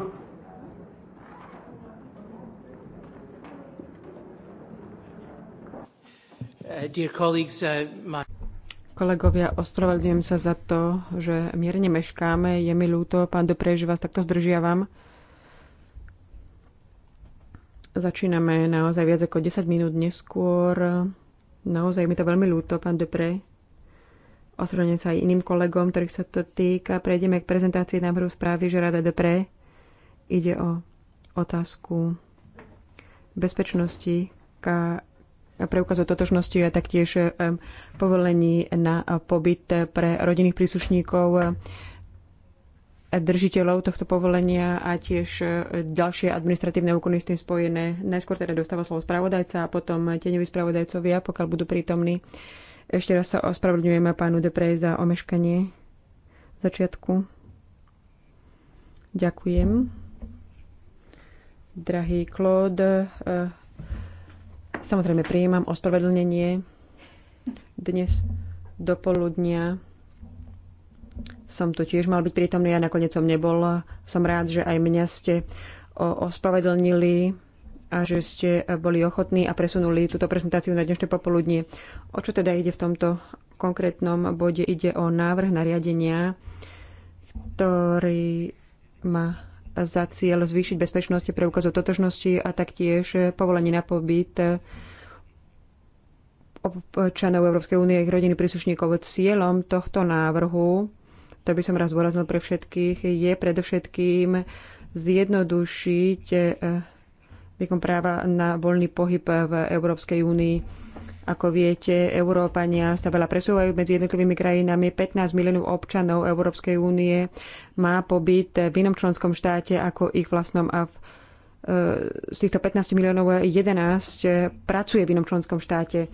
Uh, uh, Kolegovia, ospravedlňujem sa za to, že mierne meškáme. Je mi ľúto, pán Doprej, že vás takto zdržiavam. Začíname naozaj viac ako 10 minút neskôr. Naozaj mi to veľmi ľúto, pán Doprej. Ospravedlňujem sa aj iným kolegom, ktorých sa to týka. Prejdeme k prezentácii návrhu správy že rada Doprej. Ide o otázku bezpečnosti ka preukazov totožnosti a taktiež povolení na pobyt pre rodinných príslušníkov držiteľov tohto povolenia a tiež ďalšie administratívne úkony s tým spojené. Najskôr teda dostáva slovo spravodajca a potom tieňoví spravodajcovia, pokiaľ budú prítomní. Ešte raz sa ospravedlňujeme pánu Deprej za omeškanie začiatku. Ďakujem. Drahý Claude, e, samozrejme prijímam ospravedlnenie. Dnes do poludnia som tu tiež mal byť prítomný a ja nakoniec som nebol. Som rád, že aj mňa ste ospravedlnili a že ste boli ochotní a presunuli túto prezentáciu na dnešné popoludnie. O čo teda ide v tomto konkrétnom bode? Ide o návrh nariadenia, ktorý má za cieľ zvýšiť bezpečnosť preukazov totožnosti a taktiež povolenie na pobyt občanov Európskej únie a ich rodiny príslušníkov. Cieľom tohto návrhu, to by som raz dôraznil pre všetkých, je predovšetkým zjednodušiť výkon práva na voľný pohyb v Európskej únii. Ako viete, Európania sa veľa presúvajú medzi jednotlivými krajinami. 15 miliónov občanov Európskej únie má pobyt v inom členskom štáte ako ich vlastnom a v, e, z týchto 15 miliónov 11 pracuje v inom členskom štáte.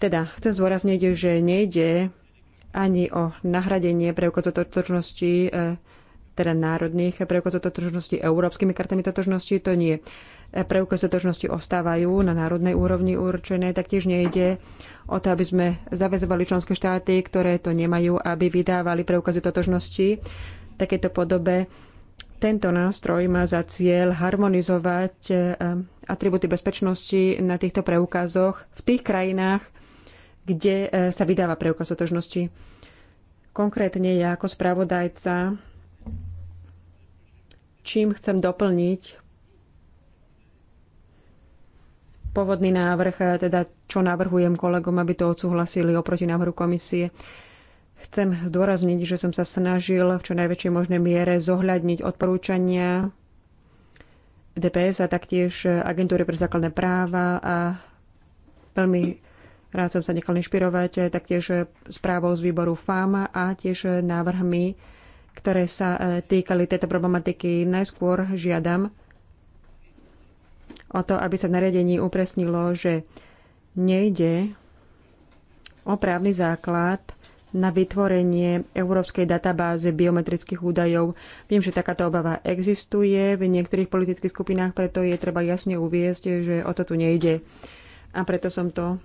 Teda chcem zdôrazniť, že nejde ani o nahradenie preukazov totožnosti, e, teda národných preukazov totožnosti európskymi kartami totožnosti, to nie. Prvky sotočnosti ostávajú na národnej úrovni určené. Taktiež nejde o to, aby sme zavezovali členské štáty, ktoré to nemajú, aby vydávali preukazy totožnosti v takejto podobe. Tento nástroj má za cieľ harmonizovať eh, atributy bezpečnosti na týchto preukazoch v tých krajinách, kde eh, sa vydáva preukaz totožnosti. Konkrétne ja ako spravodajca, čím chcem doplniť pôvodný návrh, eh, teda čo navrhujem kolegom, aby to odsúhlasili oproti návrhu komisie. Chcem zdôrazniť, že som sa snažil v čo najväčšej možnej miere zohľadniť odporúčania DPS a taktiež agentúry pre základné práva a veľmi rád som sa nechal inšpirovať eh, taktiež správou z výboru FAMA a tiež návrhmi, ktoré sa eh, týkali tejto problematiky. Najskôr žiadam, o to, aby sa v nariadení upresnilo, že nejde o právny základ na vytvorenie európskej databáze biometrických údajov. Viem, že takáto obava existuje v niektorých politických skupinách, preto je treba jasne uviezť, že o to tu nejde. A preto som to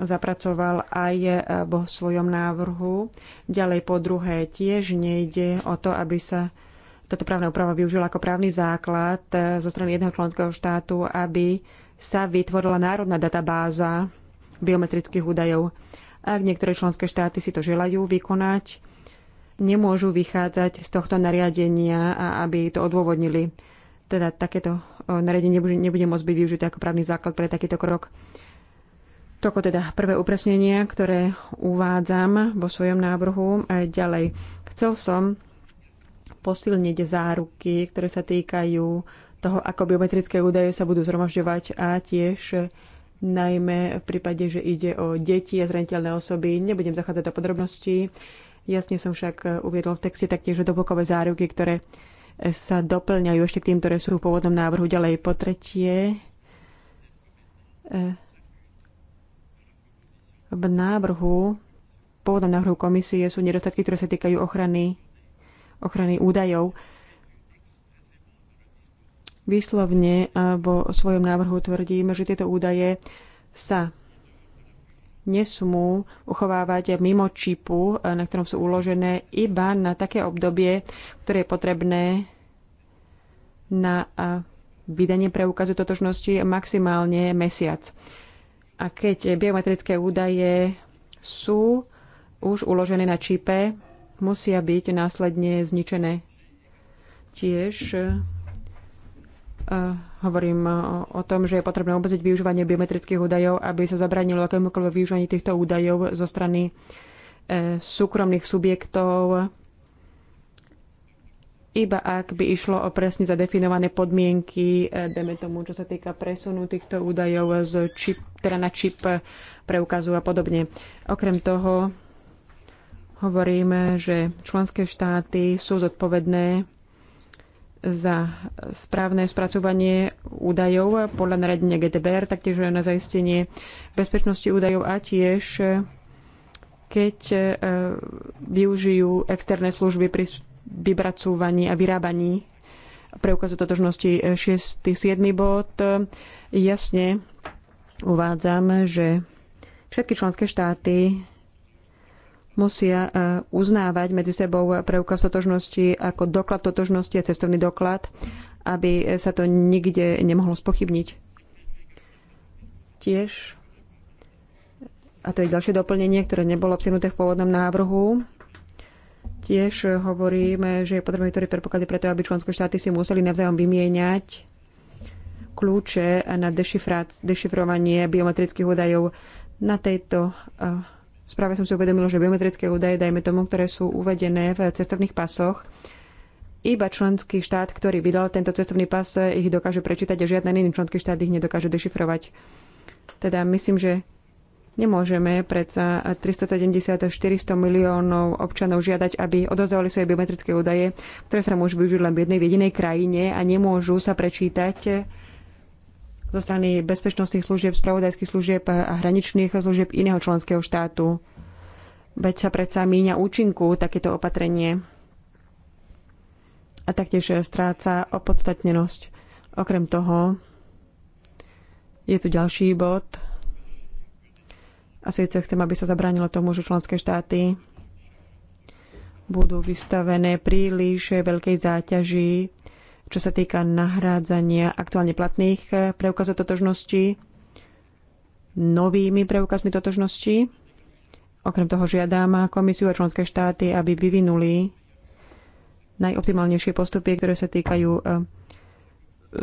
zapracoval aj eh, vo svojom návrhu. Ďalej po druhé tiež nejde o to, aby sa táto právna úprava využila ako právny základ e, zo strany jedného členského štátu, aby sa vytvorila národná databáza biometrických údajov. Ak niektoré členské štáty si to želajú vykonať, nemôžu vychádzať z tohto nariadenia, a aby to odôvodnili. Teda takéto e, nariadenie nebude, nebude môcť byť využité ako právny základ pre takýto krok. Toko teda prvé upresnenia, ktoré uvádzam vo svojom návrhu. E, ďalej, chcel som posilniť záruky, ktoré sa týkajú toho, ako biometrické údaje sa budú zhromažďovať a tiež najmä v prípade, že ide o deti a zraniteľné osoby. Nebudem zachádzať do podrobností. Jasne som však uviedol v texte taktiež doblokové záruky, ktoré sa doplňajú ešte k tým, ktoré sú v pôvodnom návrhu ďalej. Po tretie, eh, v návrhu, pôvodnom návrhu komisie sú nedostatky, ktoré sa týkajú ochrany ochrany údajov. Výslovne e, vo svojom návrhu tvrdím, že tieto údaje sa nesmú uchovávať mimo čipu, e, na ktorom sú uložené, iba na také obdobie, ktoré je potrebné na e, vydanie preukazu totožnosti maximálne mesiac. A keď biometrické údaje sú už uložené na čipe, musia byť následne zničené. Tiež e, hovorím o tom, že je potrebné obmedziť využívanie biometrických údajov, aby sa zabránilo akémukoľvek využívaní týchto údajov zo strany e, súkromných subjektov, iba ak by išlo o presne zadefinované podmienky, e, dajme tomu, čo sa týka presunu týchto údajov z čip, teda na čip preukazu a podobne. Okrem toho, hovoríme, že členské štáty sú zodpovedné za správne spracovanie údajov podľa nariadenia GDPR, taktiež na zaistenie bezpečnosti údajov a tiež keď e, využijú externé služby pri vybracúvaní a vyrábaní preukazu totožnosti 6. 7. bod. Jasne uvádzam, že všetky členské štáty musia e, uznávať medzi sebou preukaz totožnosti ako doklad totožnosti a cestovný doklad, aby e, sa to nikde nemohlo spochybniť. Tiež, a to je ďalšie doplnenie, ktoré nebolo obsiahnuté v pôvodnom návrhu, tiež hovoríme, že je potrebné vytvoriť predpoklady preto, aby členské štáty si museli navzájom vymieňať kľúče na dešifrovanie biometrických údajov. Na tejto e, v správe som si uvedomila, že biometrické údaje, dajme tomu, ktoré sú uvedené v cestovných pasoch, iba členský štát, ktorý vydal tento cestovný pas, ich dokáže prečítať a žiadny iný členský štát ich nedokáže dešifrovať. Teda myslím, že nemôžeme predsa 370-400 miliónov občanov žiadať, aby odozdovali svoje biometrické údaje, ktoré sa môžu využiť len v jednej v jedinej krajine a nemôžu sa prečítať zo strany bezpečnostných služieb, spravodajských služieb a hraničných služieb iného členského štátu. Veď sa predsa míňa účinku takéto opatrenie a taktiež stráca opodstatnenosť. Okrem toho je tu ďalší bod a síce chcem, aby sa zabránilo tomu, že členské štáty budú vystavené príliš veľkej záťaži čo sa týka nahrádzania aktuálne platných eh, preukazov totožnosti novými preukazmi totožnosti. Okrem toho žiadam komisiu a členské štáty, aby vyvinuli najoptimálnejšie postupy, ktoré sa týkajú eh,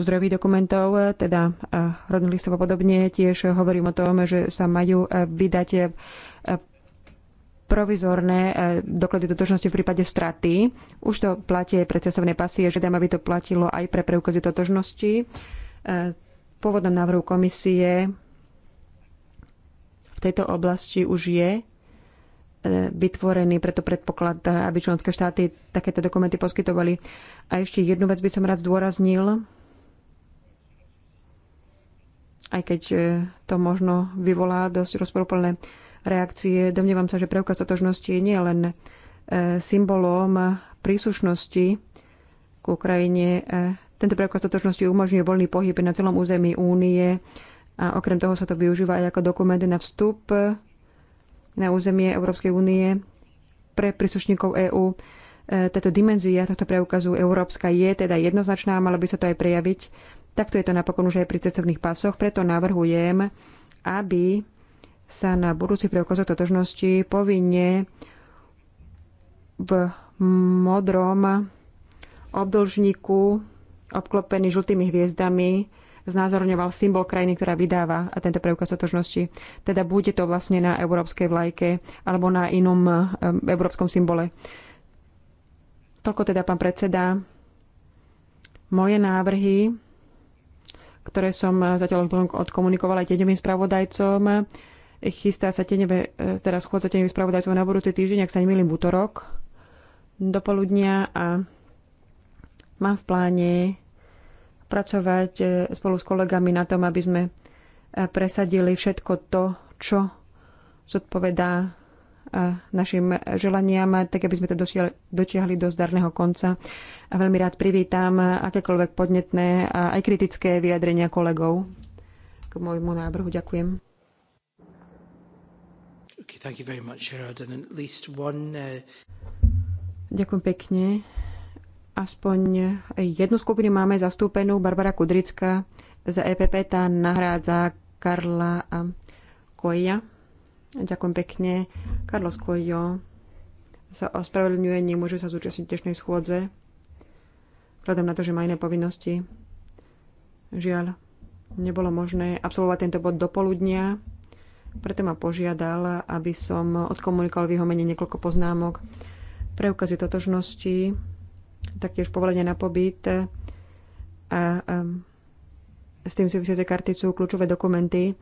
zdrojových dokumentov, eh, teda rodných listov a podobne. Tiež hovorím o tom, že sa majú vydať provizorné e, doklady totožnosti v prípade straty. Už to platí aj pre cestovné pasy, že dám, aby to platilo aj pre preukazy totožnosti. E, v pôvodnom návrhu komisie v tejto oblasti už je e, vytvorený, preto predpoklad, aby členské štáty takéto dokumenty poskytovali. A ešte jednu vec by som rád zdôraznil, aj keď to možno vyvolá dosť rozporúplné reakcie. Domnievam sa, že preukaz totožnosti je len e, symbolom príslušnosti k Ukrajine. E, tento preukaz totožnosti umožňuje voľný pohyb na celom území únie a okrem toho sa to využíva aj ako dokument na vstup na územie Európskej únie pre príslušníkov EÚ. E, táto dimenzia tohto preukazu európska je teda jednoznačná, malo by sa to aj prejaviť. Takto je to napokon už aj pri cestovných pasoch, preto navrhujem, aby sa na budúci preukaz totožnosti povinne v modrom obdlžníku obklopený žltými hviezdami znázorňoval symbol krajiny, ktorá vydáva a tento preukaz totožnosti. Teda bude to vlastne na európskej vlajke alebo na inom e, európskom symbole. Toľko teda, pán predseda, moje návrhy, ktoré som zatiaľ odkomunikovala tieňovým spravodajcom, Chystá sa tenebe, e, teraz schôdza tenebe spravodajcov na budúci týždeň, ak sa nemýlim, v útorok do poludnia a mám v pláne pracovať e, spolu s kolegami na tom, aby sme e, presadili všetko to, čo zodpovedá našim želaniam, tak aby sme to dotiahli do zdarného konca. A veľmi rád privítam akékoľvek podnetné a aj kritické vyjadrenia kolegov k môjmu návrhu. Ďakujem. Uh, Ďakujem pekne. Aspoň jednu skupinu máme zastúpenú. Barbara Kudrická za EPP, tá nahrádza Karla Koja. Ďakujem pekne. Karlo Kojo sa ospravedlňuje, nemôže sa zúčastniť dnešnej schôdze. Vzhľadom na to, že má iné povinnosti. Žiaľ, nebolo možné absolvovať tento bod do poludnia. Preto ma požiadal, aby som odkomunikoval v jeho mene niekoľko poznámok. Preukazy totožnosti, taktiež povolenie na pobyt a, a s tým súvisiace karty karticu kľúčové dokumenty.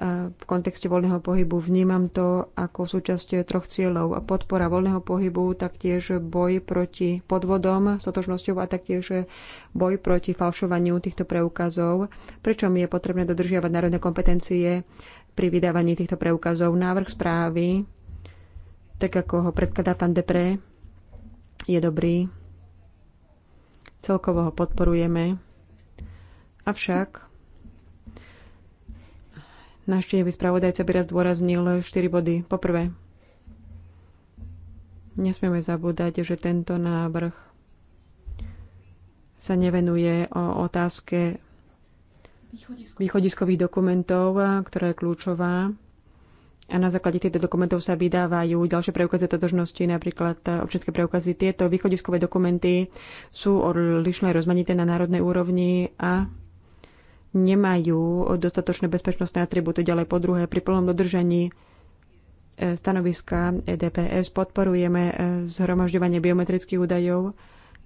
A v kontexte voľného pohybu vnímam to ako súčasť troch cieľov. podpora voľného pohybu, taktiež boj proti podvodom s totožnosťou a taktiež boj proti falšovaniu týchto preukazov, pričom je potrebné dodržiavať národné kompetencie pri vydávaní týchto preukazov. Návrh správy, tak ako ho predkladá pán Depré, je dobrý. Celkovo ho podporujeme. Avšak Návštevy spravodajca by raz dôraznil 4 body. Poprvé, nesmieme zabúdať, že tento návrh sa nevenuje o otázke východiskových dokumentov, eh, ktorá je kľúčová. A na základe týchto dokumentov sa vydávajú ďalšie preukazy totožnosti, napríklad eh, občianske preukazy. Tieto východiskové dokumenty sú odlišné rozmanité na národnej úrovni a nemajú dostatočné bezpečnostné atribúty. Ďalej po druhé, pri plnom dodržaní eh, stanoviska EDPS podporujeme zhromažďovanie biometrických údajov,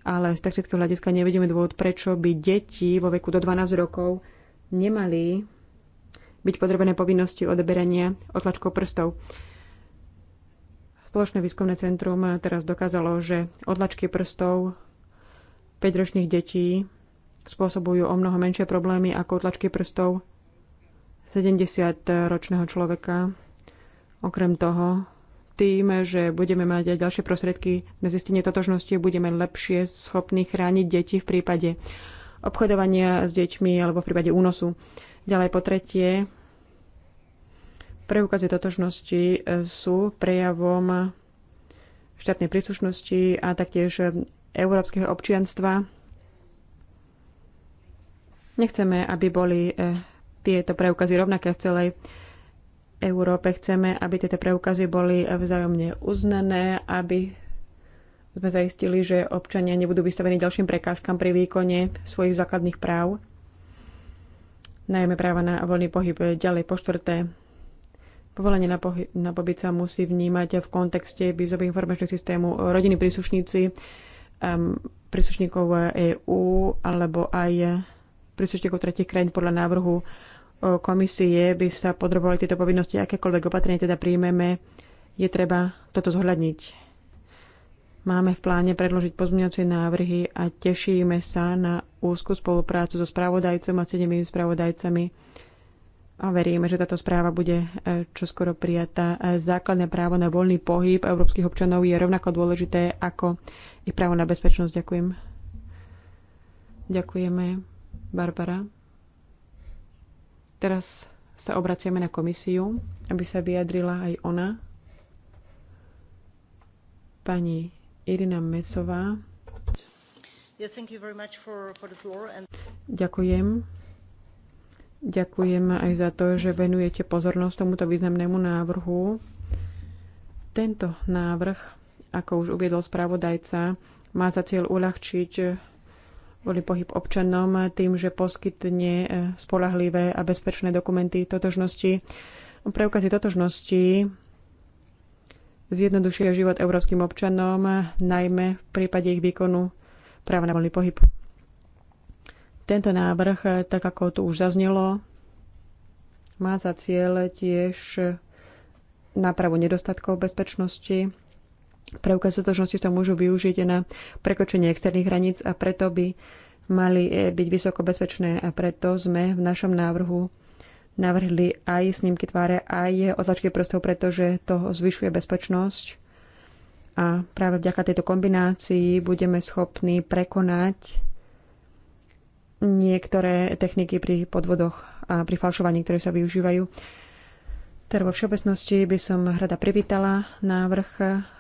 ale z technického hľadiska nevidíme dôvod, prečo by deti vo veku do 12 rokov nemali byť podrobené povinnosti odoberania otlačkov prstov. Spoločné výskumné centrum teraz dokázalo, že odlačky prstov 5-ročných detí spôsobujú o mnoho menšie problémy ako odlačky prstov 70-ročného človeka. Okrem toho, tým, že budeme mať aj ďalšie prostriedky na zistenie totožnosti, budeme lepšie schopní chrániť deti v prípade obchodovania s deťmi alebo v prípade únosu. Ďalej po tretie, preukazy totožnosti sú prejavom štátnej príslušnosti a taktiež európskeho občianstva. Nechceme, aby boli eh, tieto preukazy rovnaké v celej Európe. Chceme, aby tieto preukazy boli eh, vzájomne uznané, aby sme zaistili, že občania nebudú vystavení ďalším prekážkam pri výkone svojich základných práv, najmä práva na voľný pohyb. Ďalej po štvrté, povolenie na, pohy- na pobyt sa musí vnímať v kontexte vízových informačných systémov rodiny príslušníci, um, príslušníkov EÚ alebo aj príslušníkov tretich krajín podľa návrhu komisie by sa podrobovali tieto povinnosti, akékoľvek opatrenie teda príjmeme, je treba toto zohľadniť. Máme v pláne predložiť pozmeňovacie návrhy a tešíme sa na úzku spoluprácu so spravodajcom a sedemými spravodajcami. A veríme, že táto správa bude e, čoskoro prijatá. E, základné právo na voľný pohyb európskych občanov je rovnako dôležité ako i právo na bezpečnosť. Ďakujem. Ďakujeme, Barbara. Teraz sa obraciame na komisiu, aby sa vyjadrila aj ona. Pani Irina Mesová. Ďakujem. Ďakujem aj za to, že venujete pozornosť tomuto významnému návrhu. Tento návrh, ako už uviedol spravodajca, má za cieľ uľahčiť voľný pohyb občanom tým, že poskytne eh, spolahlivé a bezpečné dokumenty totožnosti, preukazy totožnosti zjednodušia život európskym občanom, najmä v prípade ich výkonu práva na voľný pohyb. Tento návrh, tak ako tu už zaznelo, má za cieľ tiež nápravu nedostatkov bezpečnosti. Preukaz totožnosti sa môžu využiť na prekočenie externých hraníc a preto by mali byť vysoko bezpečné a preto sme v našom návrhu navrhli aj snímky tváre, aj odlačky prstov, pretože to zvyšuje bezpečnosť. A práve vďaka tejto kombinácii budeme schopní prekonať niektoré techniky pri podvodoch a pri falšovaní, ktoré sa využívajú. Teda vo všeobecnosti by som rada privítala návrh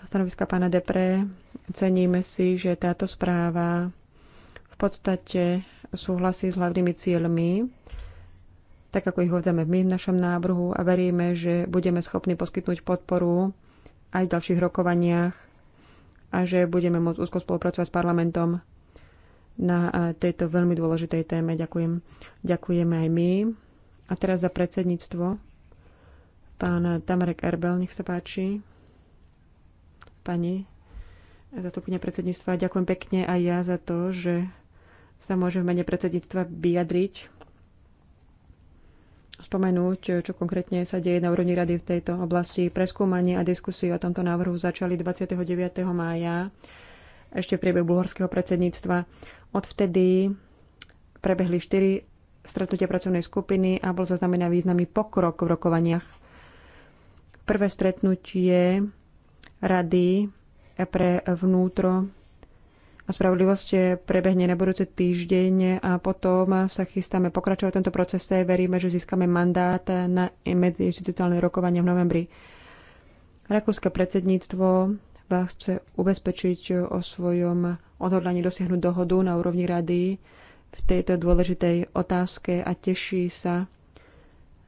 stanoviska pána Depre. Ceníme si, že táto správa v podstate súhlasí s hlavnými cieľmi tak ako ich hovoríme my v našom návrhu a veríme, že budeme schopní poskytnúť podporu aj v ďalších rokovaniach a že budeme môcť úzko spolupracovať s parlamentom na tejto veľmi dôležitej téme. Ďakujem. Ďakujeme aj my. A teraz za predsedníctvo pán Tamarek Erbel, nech sa páči. Pani zastupňa predsedníctva, ďakujem pekne aj ja za to, že sa môžem v mene predsedníctva vyjadriť spomenúť, čo konkrétne sa deje na úrovni rady v tejto oblasti. Preskúmanie a diskusie o tomto návrhu začali 29. mája ešte v priebehu bulharského predsedníctva. Odvtedy prebehli štyri stretnutia pracovnej skupiny a bol zaznamená významný pokrok v rokovaniach. Prvé stretnutie rady pre vnútro a spravodlivosť prebehne na budúci týždeň a potom sa chystáme pokračovať v proces a Veríme, že získame mandát na medziinstitucionálne rokovania v novembri. Rakúske predsedníctvo vás chce ubezpečiť o svojom odhodlaní dosiahnuť dohodu na úrovni rady v tejto dôležitej otázke a teší sa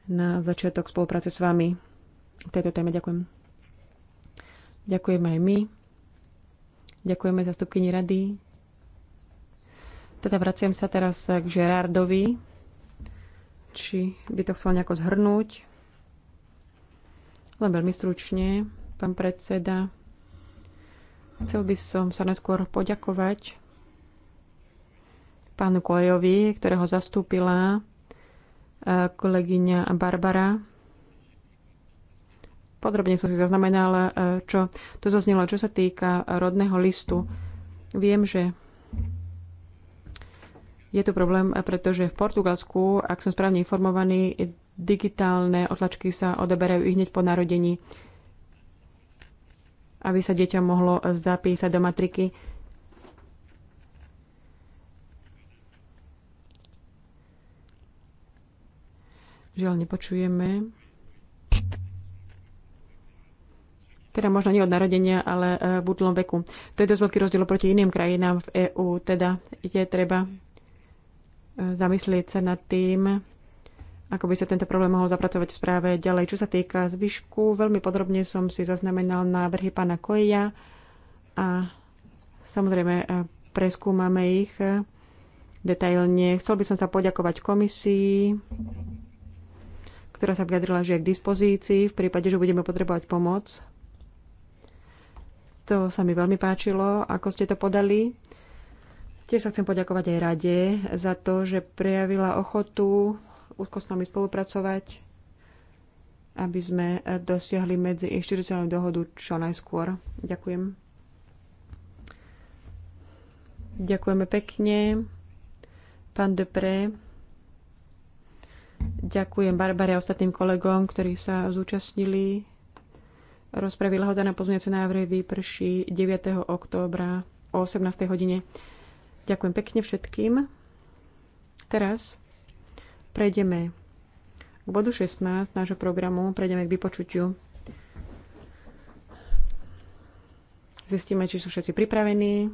na začiatok spolupráce s vami. V tejto téme ďakujem. Ďakujem aj my. Ďakujeme zastupkyni rady. Teda vraciam sa teraz k Gerardovi. Či by to chcel nejako zhrnúť? Len veľmi stručne, pán predseda. Chcel by som sa neskôr poďakovať pánu Kojovi, ktorého zastúpila eh, kolegyňa Barbara Podrobne som si zaznamenala, e, čo to zaznelo, čo sa týka rodného listu. Viem, že je tu problém, pretože v Portugalsku, ak som správne informovaný, digitálne otlačky sa odeberajú i hneď po narodení, aby sa dieťa mohlo zapísať do matriky. Žiaľ, nepočujeme. teda možno nie od narodenia, ale e, v útlom veku. To je dosť veľký rozdiel proti iným krajinám v EÚ, teda je treba e, zamyslieť sa nad tým, ako by sa tento problém mohol zapracovať v správe ďalej. Čo sa týka zvyšku, veľmi podrobne som si zaznamenal návrhy pána Koja a samozrejme e, preskúmame ich detailne. Chcel by som sa poďakovať komisii, ktorá sa vyjadrila, že je k dispozícii v prípade, že budeme potrebovať pomoc to sa mi veľmi páčilo, ako ste to podali. Tiež sa chcem poďakovať aj rade za to, že prejavila ochotu úzko s nami spolupracovať, aby sme dosiahli medzi inštitúciálnu dohodu čo najskôr. Ďakujem. Ďakujeme pekne. Pán Depré. Ďakujem Barbare a ostatným kolegom, ktorí sa zúčastnili rozpravy lehoda na pozmeňujúce návrhy vyprší 9. októbra o 18. hodine. Ďakujem pekne všetkým. Teraz prejdeme k bodu 16 nášho programu, prejdeme k vypočutiu. Zistíme, či sú všetci pripravení.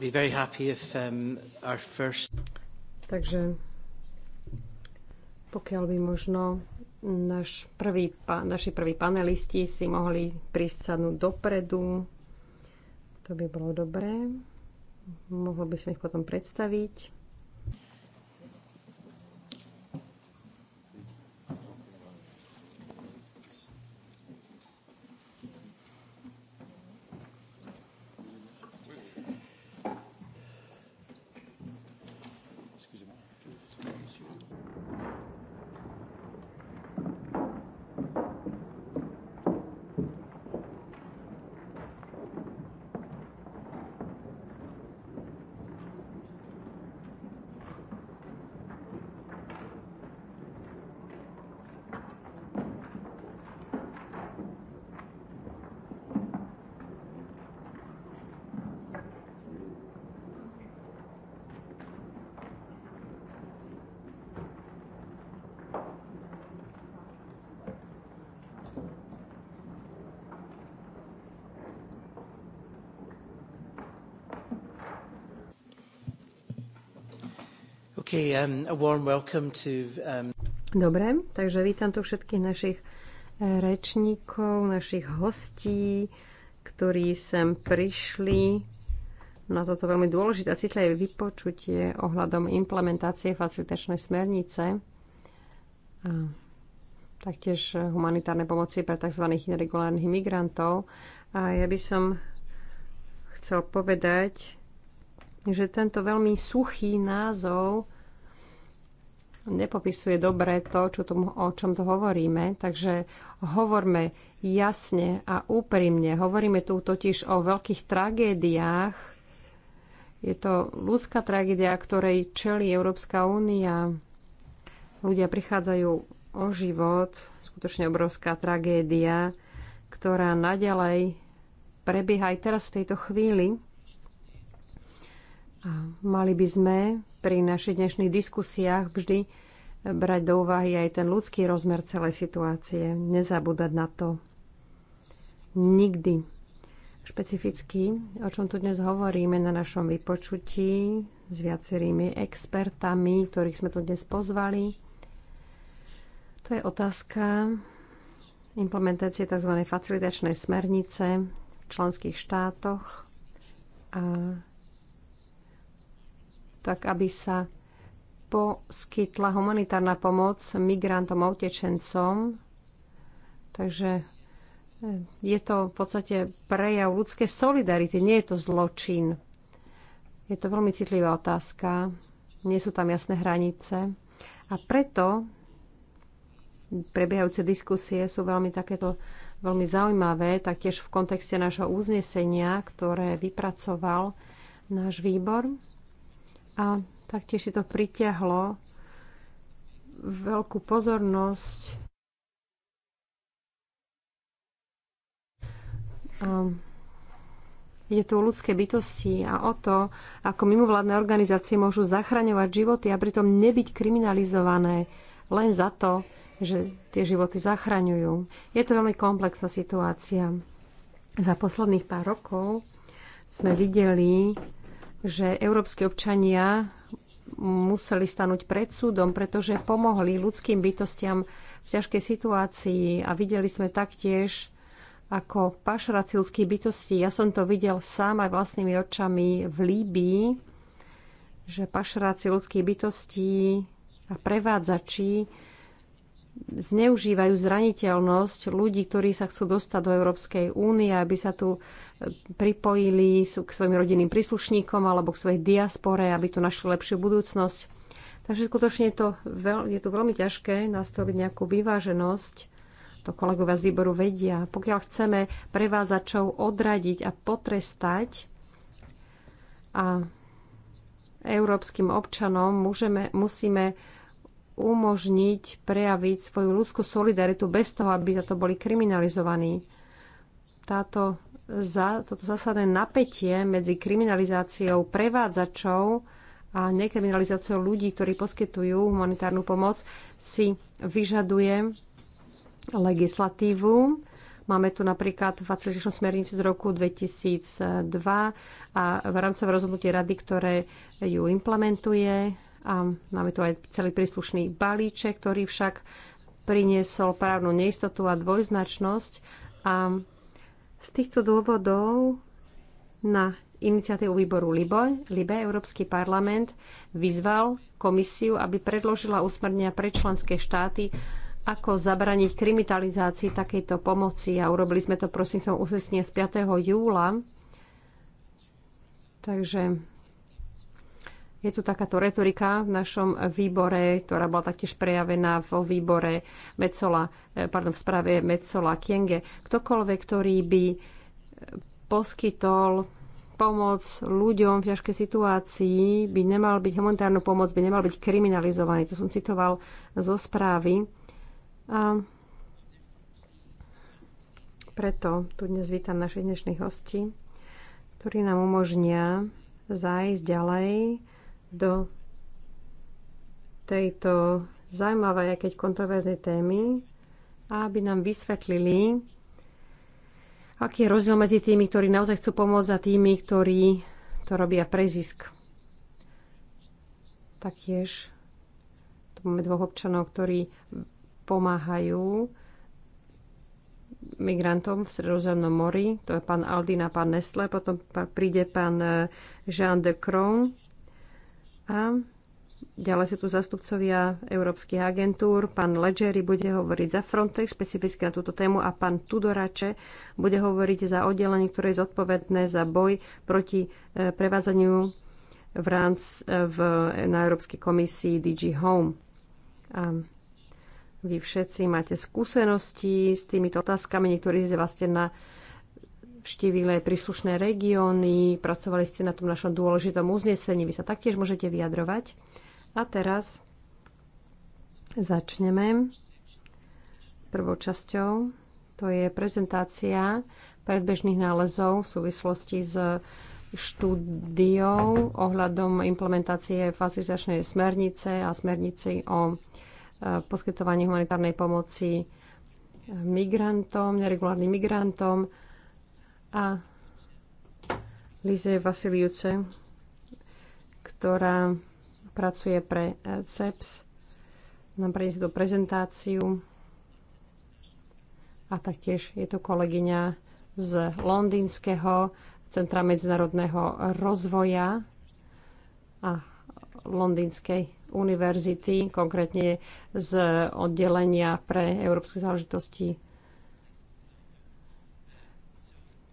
Be very happy if, um, our first... Takže pokiaľ by možno naš prvý, naši prví panelisti si mohli prísť sadnúť dopredu. To by bolo dobré. Mohlo by som ich potom predstaviť. Okay, um, a warm welcome to, um... Dobre, takže vítam tu všetkých našich eh, rečníkov, našich hostí, ktorí sem prišli na toto veľmi dôležité a citlivé vypočutie ohľadom implementácie facilitačnej smernice a taktiež humanitárnej pomoci pre tzv. neregulárnych imigrantov. A ja by som chcel povedať, že tento veľmi suchý názov nepopisuje dobre to, čo tomu, o čom tu hovoríme. Takže hovorme jasne a úprimne. Hovoríme tu totiž o veľkých tragédiách. Je to ľudská tragédia, ktorej čelí Európska únia. Ľudia prichádzajú o život. Skutočne obrovská tragédia, ktorá naďalej prebieha aj teraz v tejto chvíli. A mali by sme pri našich dnešných diskusiách vždy brať do úvahy aj ten ľudský rozmer celej situácie. Nezabúdať na to. Nikdy. Špecificky, o čom tu dnes hovoríme na našom vypočutí s viacerými expertami, ktorých sme tu dnes pozvali, to je otázka implementácie tzv. facilitačnej smernice v členských štátoch a tak aby sa poskytla humanitárna pomoc migrantom a utečencom. Takže eh, je to v podstate prejav ľudskej solidarity, nie je to zločin. Je to veľmi citlivá otázka, nie sú tam jasné hranice a preto prebiehajúce diskusie sú veľmi takéto veľmi zaujímavé, taktiež v kontexte nášho uznesenia, ktoré vypracoval náš výbor a taktiež si to pritiahlo veľkú pozornosť. Um, je tu o ľudské bytosti a o to, ako mimovládne organizácie môžu zachraňovať životy a pritom nebyť kriminalizované len za to, že tie životy zachraňujú. Je to veľmi komplexná situácia. Za posledných pár rokov sme videli, že európsky občania museli stanúť pred súdom, pretože pomohli ľudským bytostiam v ťažkej situácii a videli sme taktiež, ako pašraci ľudských bytostí. Ja som to videl sám aj vlastnými očami v Líbii, že pašraci ľudských bytostí a prevádzači zneužívajú zraniteľnosť ľudí, ktorí sa chcú dostať do Európskej únie, aby sa tu e, pripojili k svojim rodinným príslušníkom alebo k svojej diaspore, aby tu našli lepšiu budúcnosť. Takže skutočne je, to veľ, je tu veľmi ťažké nastaviť nejakú vyváženosť. To kolegovia z výboru vedia. Pokiaľ chceme prevázačov odradiť a potrestať a európskym občanom, môžeme, musíme umožniť prejaviť svoju ľudskú solidaritu bez toho, aby za to boli kriminalizovaní. Táto, za, toto zásadné napätie medzi kriminalizáciou prevádzačov a nekriminalizáciou ľudí, ktorí poskytujú humanitárnu pomoc, si vyžaduje legislatívu. Máme tu napríklad facilitačnú smernicu z roku 2002 a v rámcové rozhodnutie rady, ktoré ju implementuje. A máme tu aj celý príslušný balíček, ktorý však priniesol právnu neistotu a dvojznačnosť. A z týchto dôvodov na iniciatívu výboru LIBE, LIBE Európsky parlament vyzval komisiu, aby predložila usmernenia pre členské štáty, ako zabraniť kriminalizácii takejto pomoci. A urobili sme to prosím som uznesenie z 5. júla. Takže je tu takáto retorika v našom výbore, ktorá bola taktiež prejavená vo výbore Mecola, eh, pardon, v správe Mecola Kienge. Ktokoľvek, ktorý by eh, poskytol pomoc ľuďom v ťažkej situácii, by nemal byť humanitárnu pomoc, by nemal byť kriminalizovaný. To som citoval zo správy. A preto tu dnes vítam našich dnešných hostí, ktorí nám umožnia zájsť ďalej do tejto zaujímavej, keď kontroverznej témy, aby nám vysvetlili, aký je rozdiel medzi tými, ktorí naozaj chcú pomôcť a tými, ktorí to robia pre zisk. Taktiež tu máme dvoch občanov, ktorí pomáhajú migrantom v Sredozemnom mori. To je pán Aldina, a pán Nestle. Potom príde pán eh, Jean de Cron, a ďalej sú tu zastupcovia európskych agentúr. Pán Ledgeri bude hovoriť za Frontex špecificky na túto tému a pán Tudorače bude hovoriť za oddelenie, ktoré je zodpovedné za boj proti e, prevádzaniu v rámci e, v, na Európskej komisii DG Home. A vy všetci máte skúsenosti s týmito otázkami, niektorí z vás ste na navštívili aj príslušné regióny, pracovali ste na tom našom dôležitom uznesení, vy sa taktiež môžete vyjadrovať. A teraz začneme prvou časťou. To je prezentácia predbežných nálezov v súvislosti s štúdiou ohľadom implementácie facilitačnej smernice a smernici o e, poskytovaní humanitárnej pomoci migrantom, neregulárnym migrantom a Lize Vasiliuce, ktorá pracuje pre e, CEPS. Nám preniesie tú prezentáciu a taktiež je tu kolegyňa z Londýnskeho Centra medzinárodného rozvoja a Londýnskej univerzity, konkrétne z oddelenia pre európske záležitosti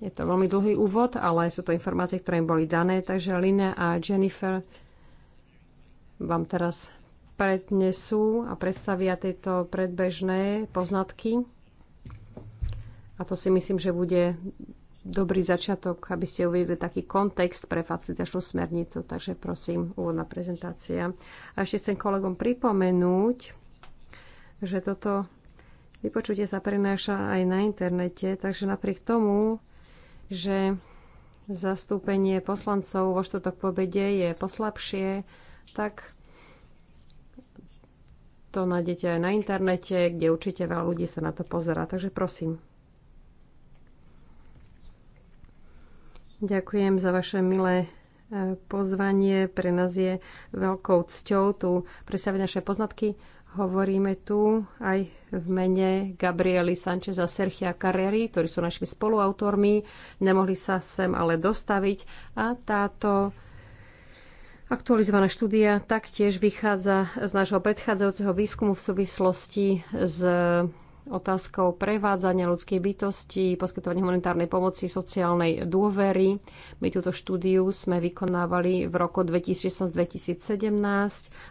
je to veľmi dlhý úvod, ale sú to informácie, ktoré im boli dané. Takže Lina a Jennifer vám teraz prednesú a predstavia tieto predbežné poznatky. A to si myslím, že bude dobrý začiatok, aby ste uvedli taký kontext pre facilitačnú smernicu. Takže prosím, úvodná prezentácia. A ešte chcem kolegom pripomenúť, že toto vypočutie sa prenáša aj na internete, takže napriek tomu, že zastúpenie poslancov vo štotok pobede je poslabšie, tak to nájdete aj na internete, kde určite veľa ľudí sa na to pozerá. Takže prosím. Ďakujem za vaše milé e, pozvanie. Pre nás je veľkou cťou tu predstaviť naše poznatky Hovoríme tu aj v mene Gabriely Sanchez a Sergia Carreri, ktorí sú našimi spoluautormi. Nemohli sa sem ale dostaviť a táto aktualizovaná štúdia taktiež vychádza z nášho predchádzajúceho výskumu v súvislosti s otázkou prevádzania ľudskej bytosti, poskytovania humanitárnej pomoci, sociálnej dôvery. My túto štúdiu sme vykonávali v roku 2016-2017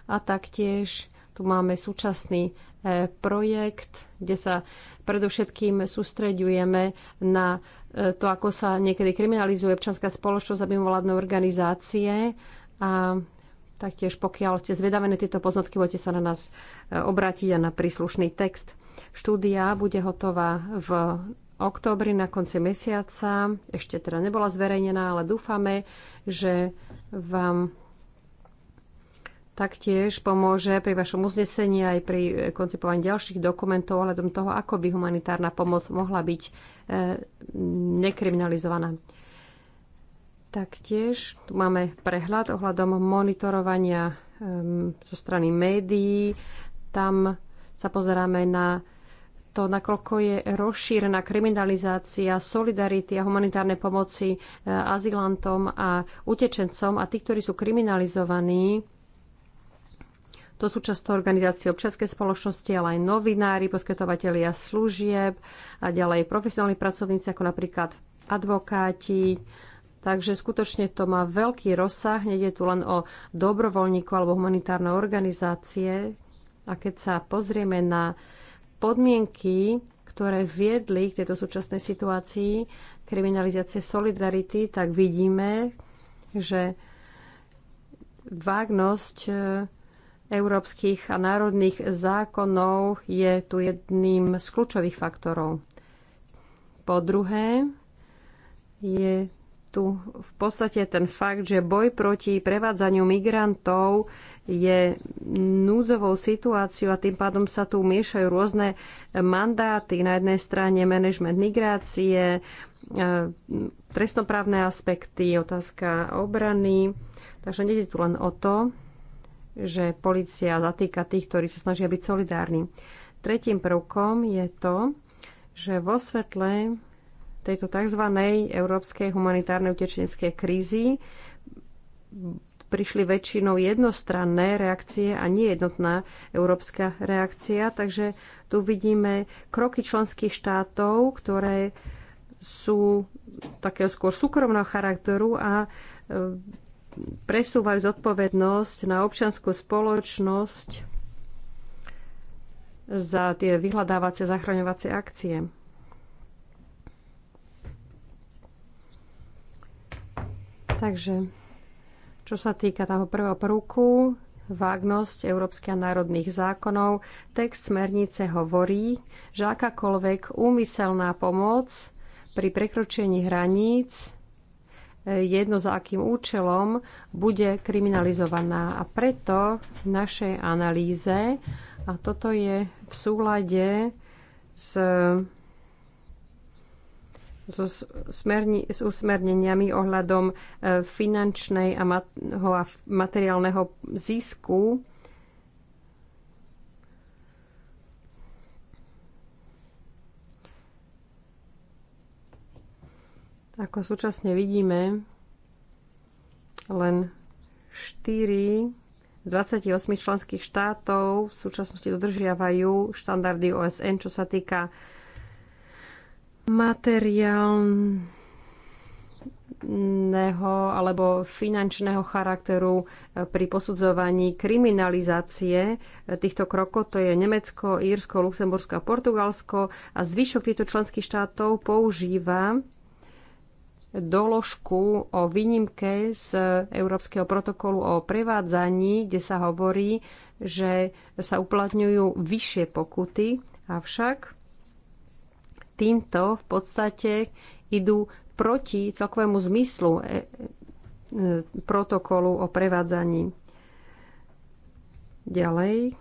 a taktiež tu máme súčasný e, projekt, kde sa predovšetkým sústreďujeme na e, to, ako sa niekedy kriminalizuje občanská spoločnosť a mimovládne organizácie. A taktiež, pokiaľ ste zvedavé tieto poznatky, môžete sa na nás e, obrátiť a na príslušný text. Štúdia bude hotová v oktobri na konci mesiaca. Ešte teda nebola zverejnená, ale dúfame, že vám taktiež pomôže pri vašom uznesení aj pri eh, koncipovaní ďalších dokumentov ohľadom toho, ako by humanitárna pomoc mohla byť eh, nekriminalizovaná. Taktiež tu máme prehľad ohľadom monitorovania ehm, zo strany médií. Tam sa pozeráme na to, nakoľko je rozšírená kriminalizácia solidarity a humanitárnej pomoci eh, azylantom a utečencom a tí, ktorí sú kriminalizovaní, to sú často organizácie občianskej spoločnosti, ale aj novinári, poskytovatelia služieb a ďalej profesionálni pracovníci, ako napríklad advokáti. Takže skutočne to má veľký rozsah. nejde tu len o dobrovoľníkov alebo humanitárne organizácie. A keď sa pozrieme na podmienky, ktoré viedli k tejto súčasnej situácii kriminalizácie solidarity, tak vidíme, že vágnosť európskych a národných zákonov je tu jedným z kľúčových faktorov. Po druhé, je tu v podstate ten fakt, že boj proti prevádzaniu migrantov je núdzovou situáciou a tým pádom sa tu miešajú rôzne mandáty. Na jednej strane management migrácie, e, trestnoprávne aspekty, otázka obrany. Takže nejde tu len o to, že policia zatýka tých, ktorí sa snažia byť solidárni. Tretím prvkom je to, že vo svetle tejto tzv. európskej humanitárnej utečeneckej krízy prišli väčšinou jednostranné reakcie a nie jednotná európska reakcia. Takže tu vidíme kroky členských štátov, ktoré sú takého skôr súkromného charakteru a e, presúvajú zodpovednosť na občianskú spoločnosť za tie vyhľadávacie, zachraňovacie akcie. Takže, čo sa týka toho prvého prúku, vágnosť európskych národných zákonov, text smernice hovorí, že akákoľvek úmyselná pomoc pri prekročení hraníc jedno za akým účelom, bude kriminalizovaná. A preto v našej analýze, a toto je v súlade s, so smerni, s usmerneniami ohľadom e, finančnej a, mat, a materiálneho zisku, Ako súčasne vidíme, len 4 z 28 členských štátov v súčasnosti dodržiavajú štandardy OSN, čo sa týka materiálneho alebo finančného charakteru pri posudzovaní kriminalizácie týchto krokov. To je Nemecko, Írsko, Luxembursko a Portugalsko. A zvyšok týchto členských štátov používa doložku o výnimke z Európskeho protokolu o prevádzaní, kde sa hovorí, že sa uplatňujú vyššie pokuty, avšak týmto v podstate idú proti celkovému zmyslu e, e, protokolu o prevádzaní. Ďalej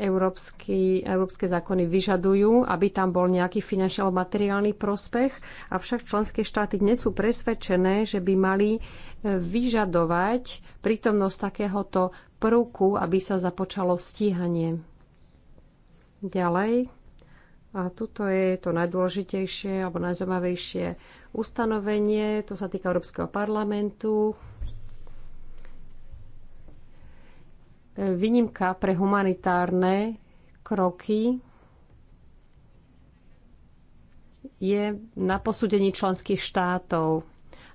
európsky, európske zákony vyžadujú, aby tam bol nejaký finančný alebo materiálny prospech, avšak členské štáty dnes sú presvedčené, že by mali e, vyžadovať prítomnosť takéhoto prvku, aby sa započalo stíhanie. Ďalej. A tuto je to najdôležitejšie alebo najzaujímavejšie ustanovenie. To sa týka Európskeho parlamentu. výnimka pre humanitárne kroky je na posúdení členských štátov.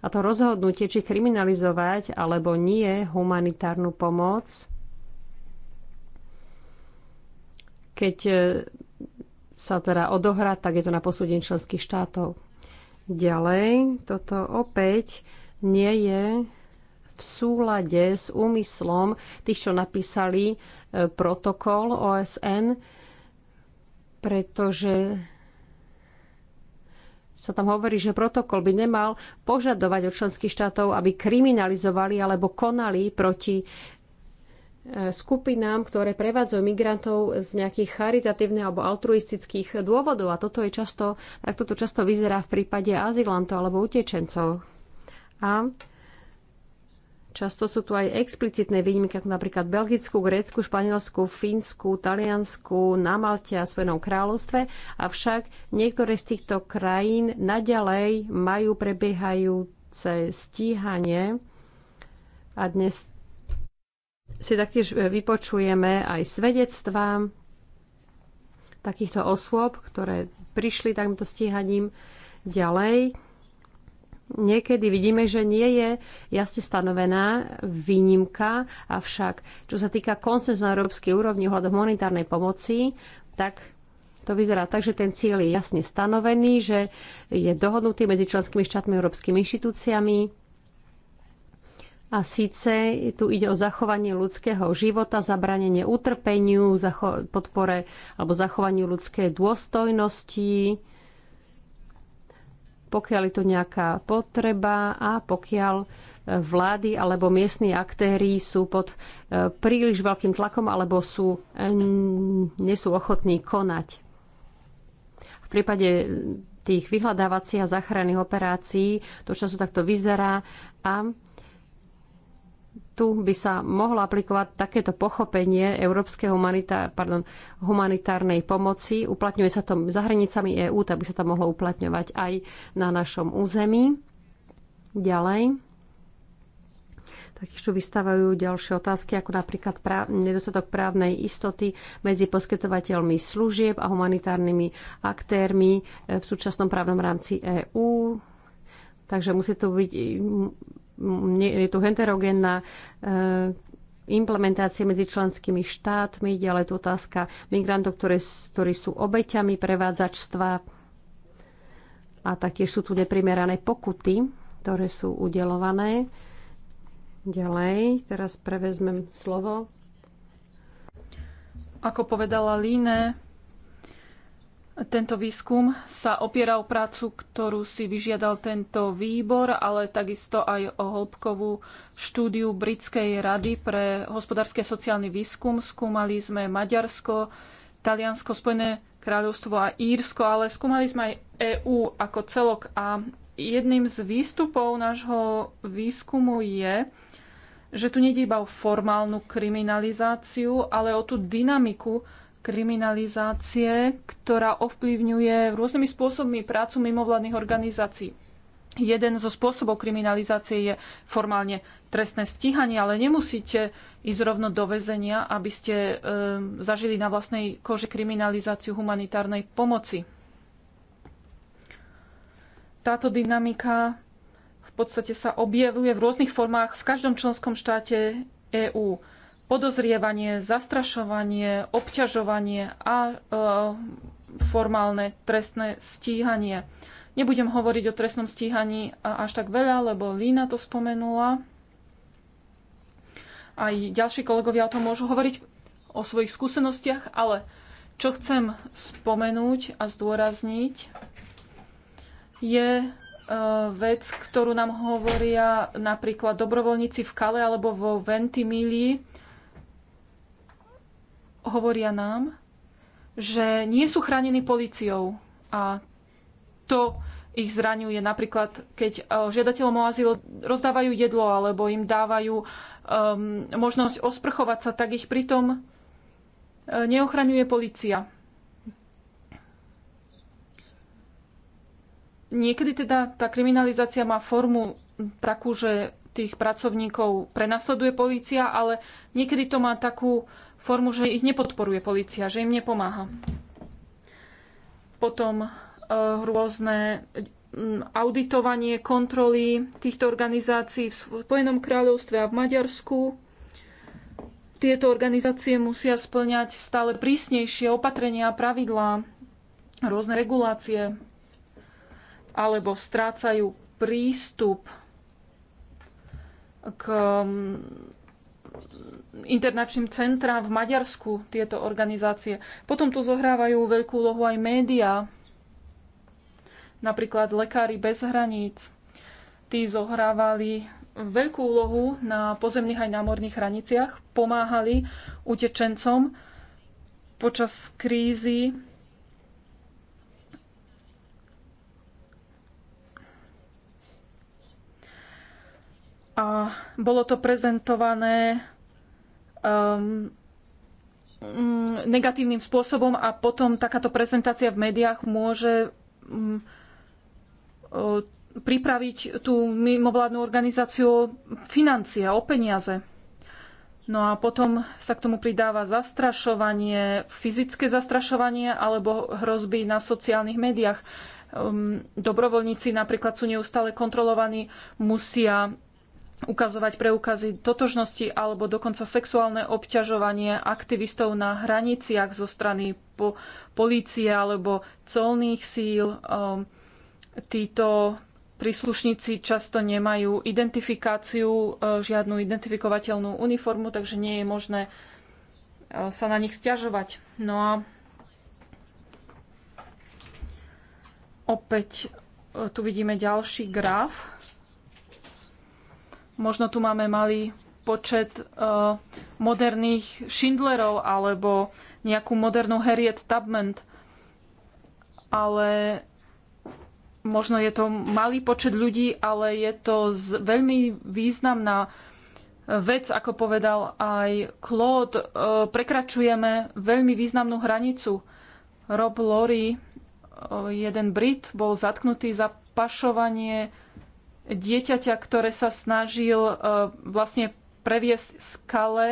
A to rozhodnutie, či kriminalizovať alebo nie humanitárnu pomoc, keď e, sa teda odohrá, tak je to na posúdení členských štátov. Ďalej, toto opäť nie je v súlade s úmyslom tých, čo napísali e, protokol OSN, pretože sa tam hovorí, že protokol by nemal požadovať od členských štátov, aby kriminalizovali alebo konali proti e, skupinám, ktoré prevádzajú migrantov z nejakých charitatívnych alebo altruistických dôvodov. A toto je často, tak toto často vyzerá v prípade azylantov alebo utečencov. A Často sú tu aj explicitné výnimky, ako napríklad belgickú, Grécku, Španielsku, Fínsku, Taliansku, na Malte a Svenom kráľovstve. Avšak niektoré z týchto krajín naďalej majú prebiehajúce stíhanie a dnes si taktiež vypočujeme aj svedectvá takýchto osôb, ktoré prišli takýmto stíhaním ďalej Niekedy vidíme, že nie je jasne stanovená výnimka, avšak čo sa týka koncenzu na európskej úrovni ohľadom humanitárnej pomoci, tak to vyzerá tak, že ten cieľ je jasne stanovený, že je dohodnutý medzi členskými štátmi a európskymi inštitúciami. A síce tu ide o zachovanie ľudského života, zabranenie utrpeniu, podpore alebo zachovaniu ľudskej dôstojnosti, pokiaľ je to nejaká potreba a pokiaľ e, vlády alebo miestni aktéry sú pod e, príliš veľkým tlakom alebo sú, nie sú ochotní konať. V prípade e, tých vyhľadávacích a záchranných operácií to času takto vyzerá a tu by sa mohlo aplikovať takéto pochopenie európskej humanitá- pardon, humanitárnej pomoci. Uplatňuje sa to za hranicami EÚ, tak by sa to mohlo uplatňovať aj na našom území. Ďalej. Taktiež tu vystávajú ďalšie otázky, ako napríklad práv, nedostatok právnej istoty medzi poskytovateľmi služieb a humanitárnymi aktérmi e, v súčasnom právnom rámci EÚ. Takže musí to byť je tu heterogénna eh, implementácie medzi členskými štátmi, ďalej tu otázka migrantov, ktoré, ktorí sú obeťami prevádzačstva a taktiež sú tu neprimerané pokuty, ktoré sú udelované. Ďalej, teraz prevezmem slovo. Ako povedala Líne, tento výskum sa opiera o prácu, ktorú si vyžiadal tento výbor, ale takisto aj o hĺbkovú štúdiu Britskej rady pre hospodársky a sociálny výskum. Skúmali sme Maďarsko, Taliansko, Spojené kráľovstvo a Írsko, ale skúmali sme aj EÚ ako celok. A jedným z výstupov nášho výskumu je, že tu nejde iba o formálnu kriminalizáciu, ale o tú dynamiku, kriminalizácie, ktorá ovplyvňuje rôznymi spôsobmi prácu mimovládnych organizácií. Jeden zo spôsobov kriminalizácie je formálne trestné stíhanie, ale nemusíte ísť rovno do väzenia, aby ste e, zažili na vlastnej koži kriminalizáciu humanitárnej pomoci. Táto dynamika v podstate sa objavuje v rôznych formách v každom členskom štáte EÚ podozrievanie, zastrašovanie, obťažovanie a e, formálne trestné stíhanie. Nebudem hovoriť o trestnom stíhaní až tak veľa, lebo Lína to spomenula. Aj ďalší kolegovia o tom môžu hovoriť o svojich skúsenostiach, ale čo chcem spomenúť a zdôrazniť, je e, vec, ktorú nám hovoria napríklad dobrovoľníci v Kale alebo vo Ventimilii, hovoria nám, že nie sú chránení policiou a to ich zraňuje. Napríklad, keď e, žiadateľom o azyl rozdávajú jedlo alebo im dávajú um, možnosť osprchovať sa, tak ich pritom e, neochraňuje policia. Niekedy teda tá kriminalizácia má formu takú, že tých pracovníkov prenasleduje polícia, ale niekedy to má takú formu, že ich nepodporuje policia, že im nepomáha. Potom eh, rôzne auditovanie, kontroly týchto organizácií v Spojenom kráľovstve a v Maďarsku. Tieto organizácie musia splňať stále prísnejšie opatrenia a pravidlá, rôzne regulácie, alebo strácajú prístup k internačným centrám v Maďarsku tieto organizácie. Potom tu zohrávajú veľkú úlohu aj médiá, napríklad Lekári bez hraníc. Tí zohrávali veľkú úlohu na pozemných aj námorných hraniciach, pomáhali utečencom počas krízy a bolo to prezentované um, mm, negatívnym spôsobom a potom takáto prezentácia v médiách môže um, um, pripraviť tú mimovládnu organizáciu financie, o peniaze. No a potom sa k tomu pridáva zastrašovanie, fyzické zastrašovanie alebo hrozby na sociálnych médiách. Um, dobrovoľníci napríklad sú neustále kontrolovaní, musia ukazovať preukazy totožnosti alebo dokonca sexuálne obťažovanie aktivistov na hraniciach zo strany po, polície alebo colných síl. Um, títo príslušníci často nemajú identifikáciu, e, žiadnu identifikovateľnú uniformu, takže nie je možné e, sa na nich stiažovať. No a opäť e, tu vidíme ďalší graf Možno tu máme malý počet uh, moderných Schindlerov alebo nejakú modernú Harriet Tubman. Ale možno je to malý počet ľudí, ale je to z, veľmi významná e, vec, ako povedal aj Claude. Uh, prekračujeme veľmi významnú hranicu. Rob Lory, uh, jeden Brit, bol zatknutý za pašovanie dieťaťa, ktoré sa snažil e, vlastne previesť z Kale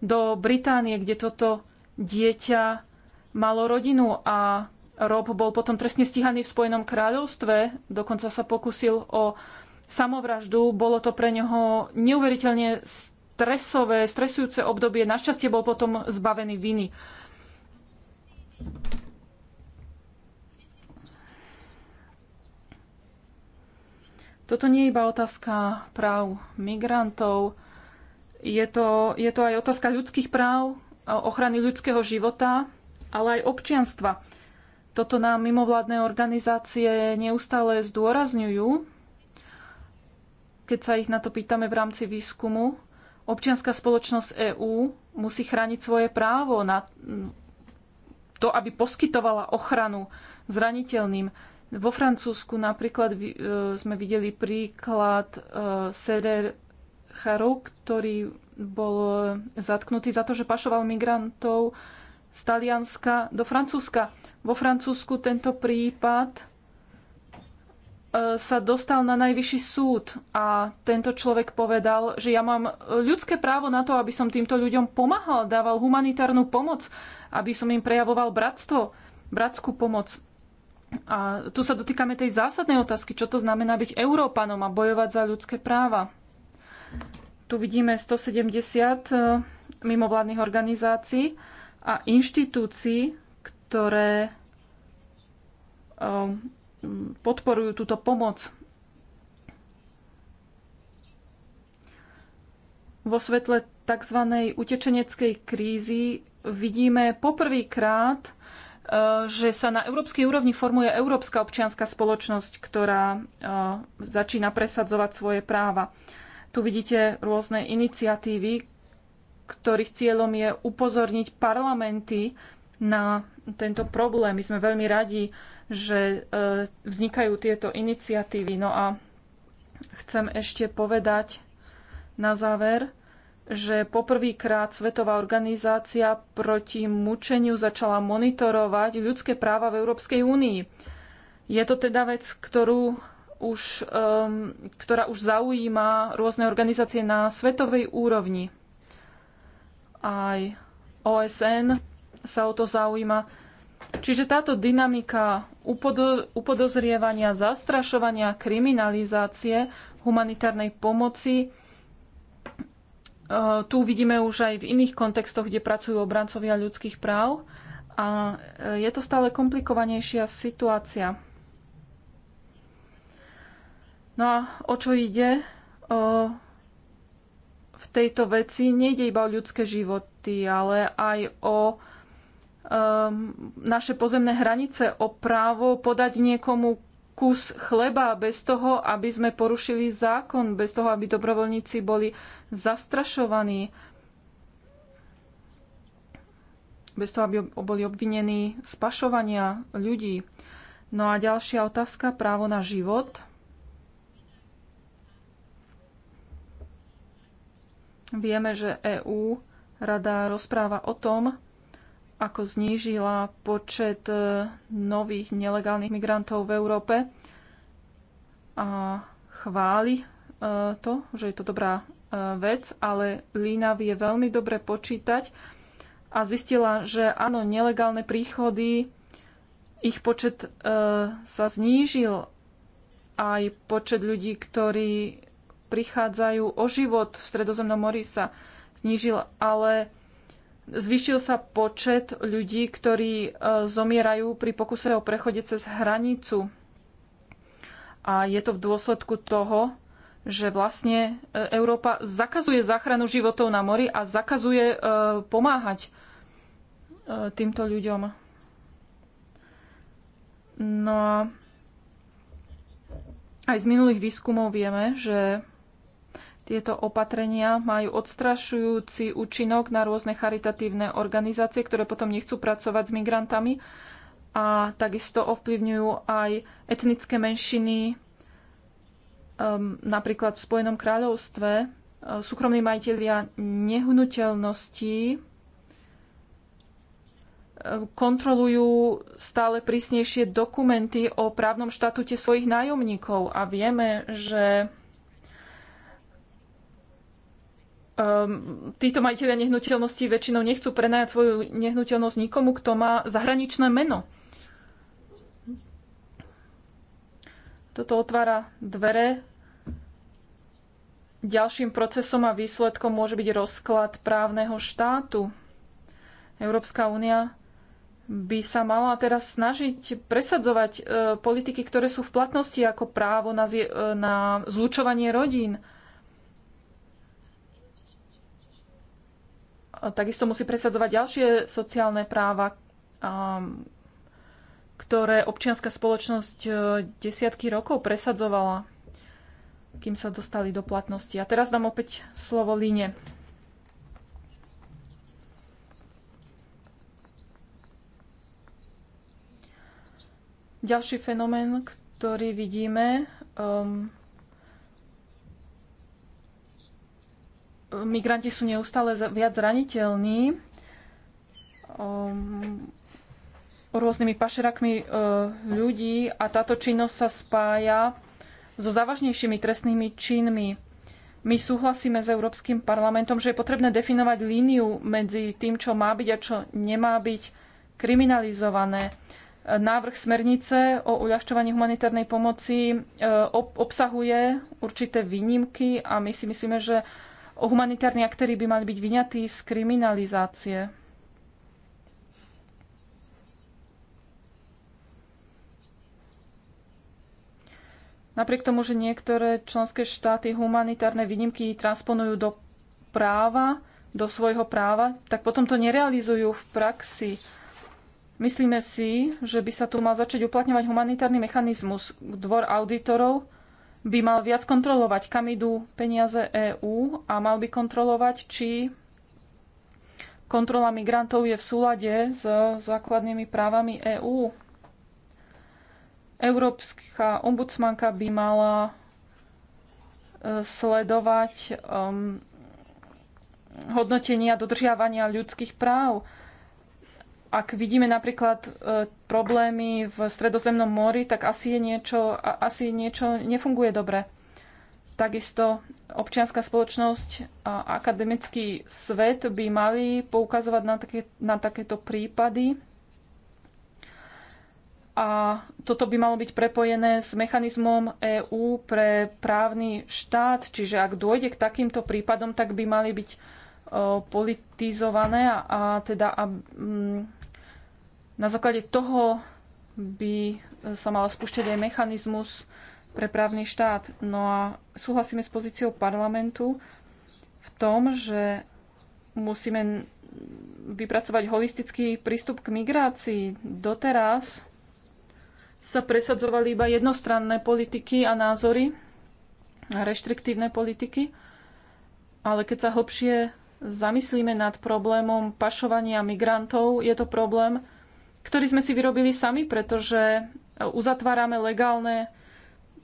do Británie, kde toto dieťa malo rodinu a Rob bol potom trestne stíhaný v Spojenom kráľovstve, dokonca sa pokusil o samovraždu. Bolo to pre neho neuveriteľne stresové, stresujúce obdobie. Našťastie bol potom zbavený viny. Toto nie je iba otázka práv migrantov, je to, je to aj otázka ľudských práv, ochrany ľudského života, ale aj občianstva. Toto nám mimovládne organizácie neustále zdôrazňujú, keď sa ich na to pýtame v rámci výskumu. Občianská spoločnosť EÚ musí chrániť svoje právo na to, aby poskytovala ochranu zraniteľným. Vo Francúzsku napríklad e, sme videli príklad e, Serer Charu, ktorý bol zatknutý za to, že pašoval migrantov z Talianska do Francúzska. Vo Francúzsku tento prípad e, sa dostal na najvyšší súd a tento človek povedal, že ja mám ľudské právo na to, aby som týmto ľuďom pomáhal, dával humanitárnu pomoc, aby som im prejavoval bratstvo, bratskú pomoc. A tu sa dotýkame tej zásadnej otázky, čo to znamená byť Európanom a bojovať za ľudské práva. Tu vidíme 170 e, mimovládnych organizácií a inštitúcií, ktoré e, podporujú túto pomoc. Vo svetle tzv. utečeneckej krízy vidíme poprvýkrát, Eh, že sa na európskej úrovni formuje európska občianská spoločnosť, ktorá eh, začína presadzovať svoje práva. Tu vidíte rôzne iniciatívy, ktorých cieľom je upozorniť parlamenty na tento problém. My sme veľmi radi, že eh, vznikajú tieto iniciatívy. No a chcem ešte povedať na záver, že poprvýkrát Svetová organizácia proti mučeniu začala monitorovať ľudské práva v Európskej únii. Je to teda vec, ktorú už, um, ktorá už zaujíma rôzne organizácie na svetovej úrovni. Aj OSN sa o to zaujíma. Čiže táto dynamika upodo- upodozrievania, zastrašovania, kriminalizácie humanitárnej pomoci Eh, tu vidíme už aj v iných kontextoch, kde pracujú obrancovia ľudských práv a eh, je to stále komplikovanejšia situácia. No a o čo ide eh, v tejto veci? Nejde iba o ľudské životy, ale aj o naše pozemné hranice, o právo podať niekomu kus chleba bez toho, aby sme porušili zákon, bez toho, aby dobrovoľníci boli zastrašovaní, bez toho, aby boli obvinení z pašovania ľudí. No a ďalšia otázka, právo na život. Vieme, že EÚ rada rozpráva o tom, ako znížila počet e, nových nelegálnych migrantov v Európe a chváli e, to, že je to dobrá e, vec, ale Lína vie veľmi dobre počítať a zistila, že áno, nelegálne príchody, ich počet sa znížil, aj počet ľudí, ktorí prichádzajú o život v Stredozemnom mori sa znížil, ale Zvýšil sa počet ľudí, ktorí e, zomierajú pri pokuse o prechode cez hranicu. A je to v dôsledku toho, že vlastne e, Európa zakazuje záchranu životov na mori a zakazuje e, pomáhať týmto ľuďom. No a aj z minulých výskumov vieme, že tieto opatrenia majú odstrašujúci účinok na rôzne charitatívne organizácie, ktoré potom nechcú pracovať s migrantami a takisto ovplyvňujú aj etnické menšiny, ehm, napríklad v Spojenom kráľovstve. Ehm, súkromní majiteľia nehnuteľností ehm, kontrolujú stále prísnejšie dokumenty o právnom štatúte svojich nájomníkov a vieme, že um, títo majiteľia nehnuteľností väčšinou nechcú prenajať svoju nehnuteľnosť nikomu, kto má zahraničné meno. Toto otvára dvere. Ďalším procesom a výsledkom môže byť rozklad právneho štátu. Európska únia by sa mala teraz snažiť presadzovať e, politiky, ktoré sú v platnosti ako právo na, e, na zlučovanie rodín, takisto musí presadzovať ďalšie sociálne práva, um, ktoré občianská spoločnosť uh, desiatky rokov presadzovala, kým sa dostali do platnosti. A teraz dám opäť slovo Líne. Ďalší fenomén, ktorý vidíme, um, migranti sú neustále viac zraniteľní um, rôznymi pašerakmi uh, ľudí a táto činnosť sa spája so závažnejšími trestnými činmi. My súhlasíme s Európskym parlamentom, že je potrebné definovať líniu medzi tým, čo má byť a čo nemá byť kriminalizované. Návrh smernice o uľahčovaní humanitárnej pomoci uh, obsahuje určité výnimky a my si myslíme, že humanitárni aktéry by mali byť vyňatí z kriminalizácie. Napriek tomu, že niektoré členské štáty humanitárne výnimky transponujú do práva, do svojho práva, tak potom to nerealizujú v praxi. Myslíme si, že by sa tu mal začať uplatňovať humanitárny mechanizmus. Dvor auditorov by mal viac kontrolovať, kam idú peniaze EÚ a mal by kontrolovať, či kontrola migrantov je v súlade s základnými právami EÚ. Európska ombudsmanka by mala e, sledovať um, hodnotenia dodržiavania ľudských práv ak vidíme napríklad e, problémy v Stredozemnom mori, tak asi, je niečo, asi niečo nefunguje dobre. Takisto občianská spoločnosť a akademický svet by mali poukazovať na, také, na takéto prípady. A toto by malo byť prepojené s mechanizmom EÚ pre právny štát, čiže ak dôjde k takýmto prípadom, tak by mali byť e, politizované a, a teda a, mm, na základe toho by e, sa mala spúšťať aj mechanizmus pre právny štát. No a súhlasíme s pozíciou parlamentu v tom, že musíme vypracovať holistický prístup k migrácii. Doteraz sa presadzovali iba jednostranné politiky a názory, reštriktívne politiky, ale keď sa hlbšie zamyslíme nad problémom pašovania migrantov, je to problém, ktorý sme si vyrobili sami, pretože uzatvárame legálne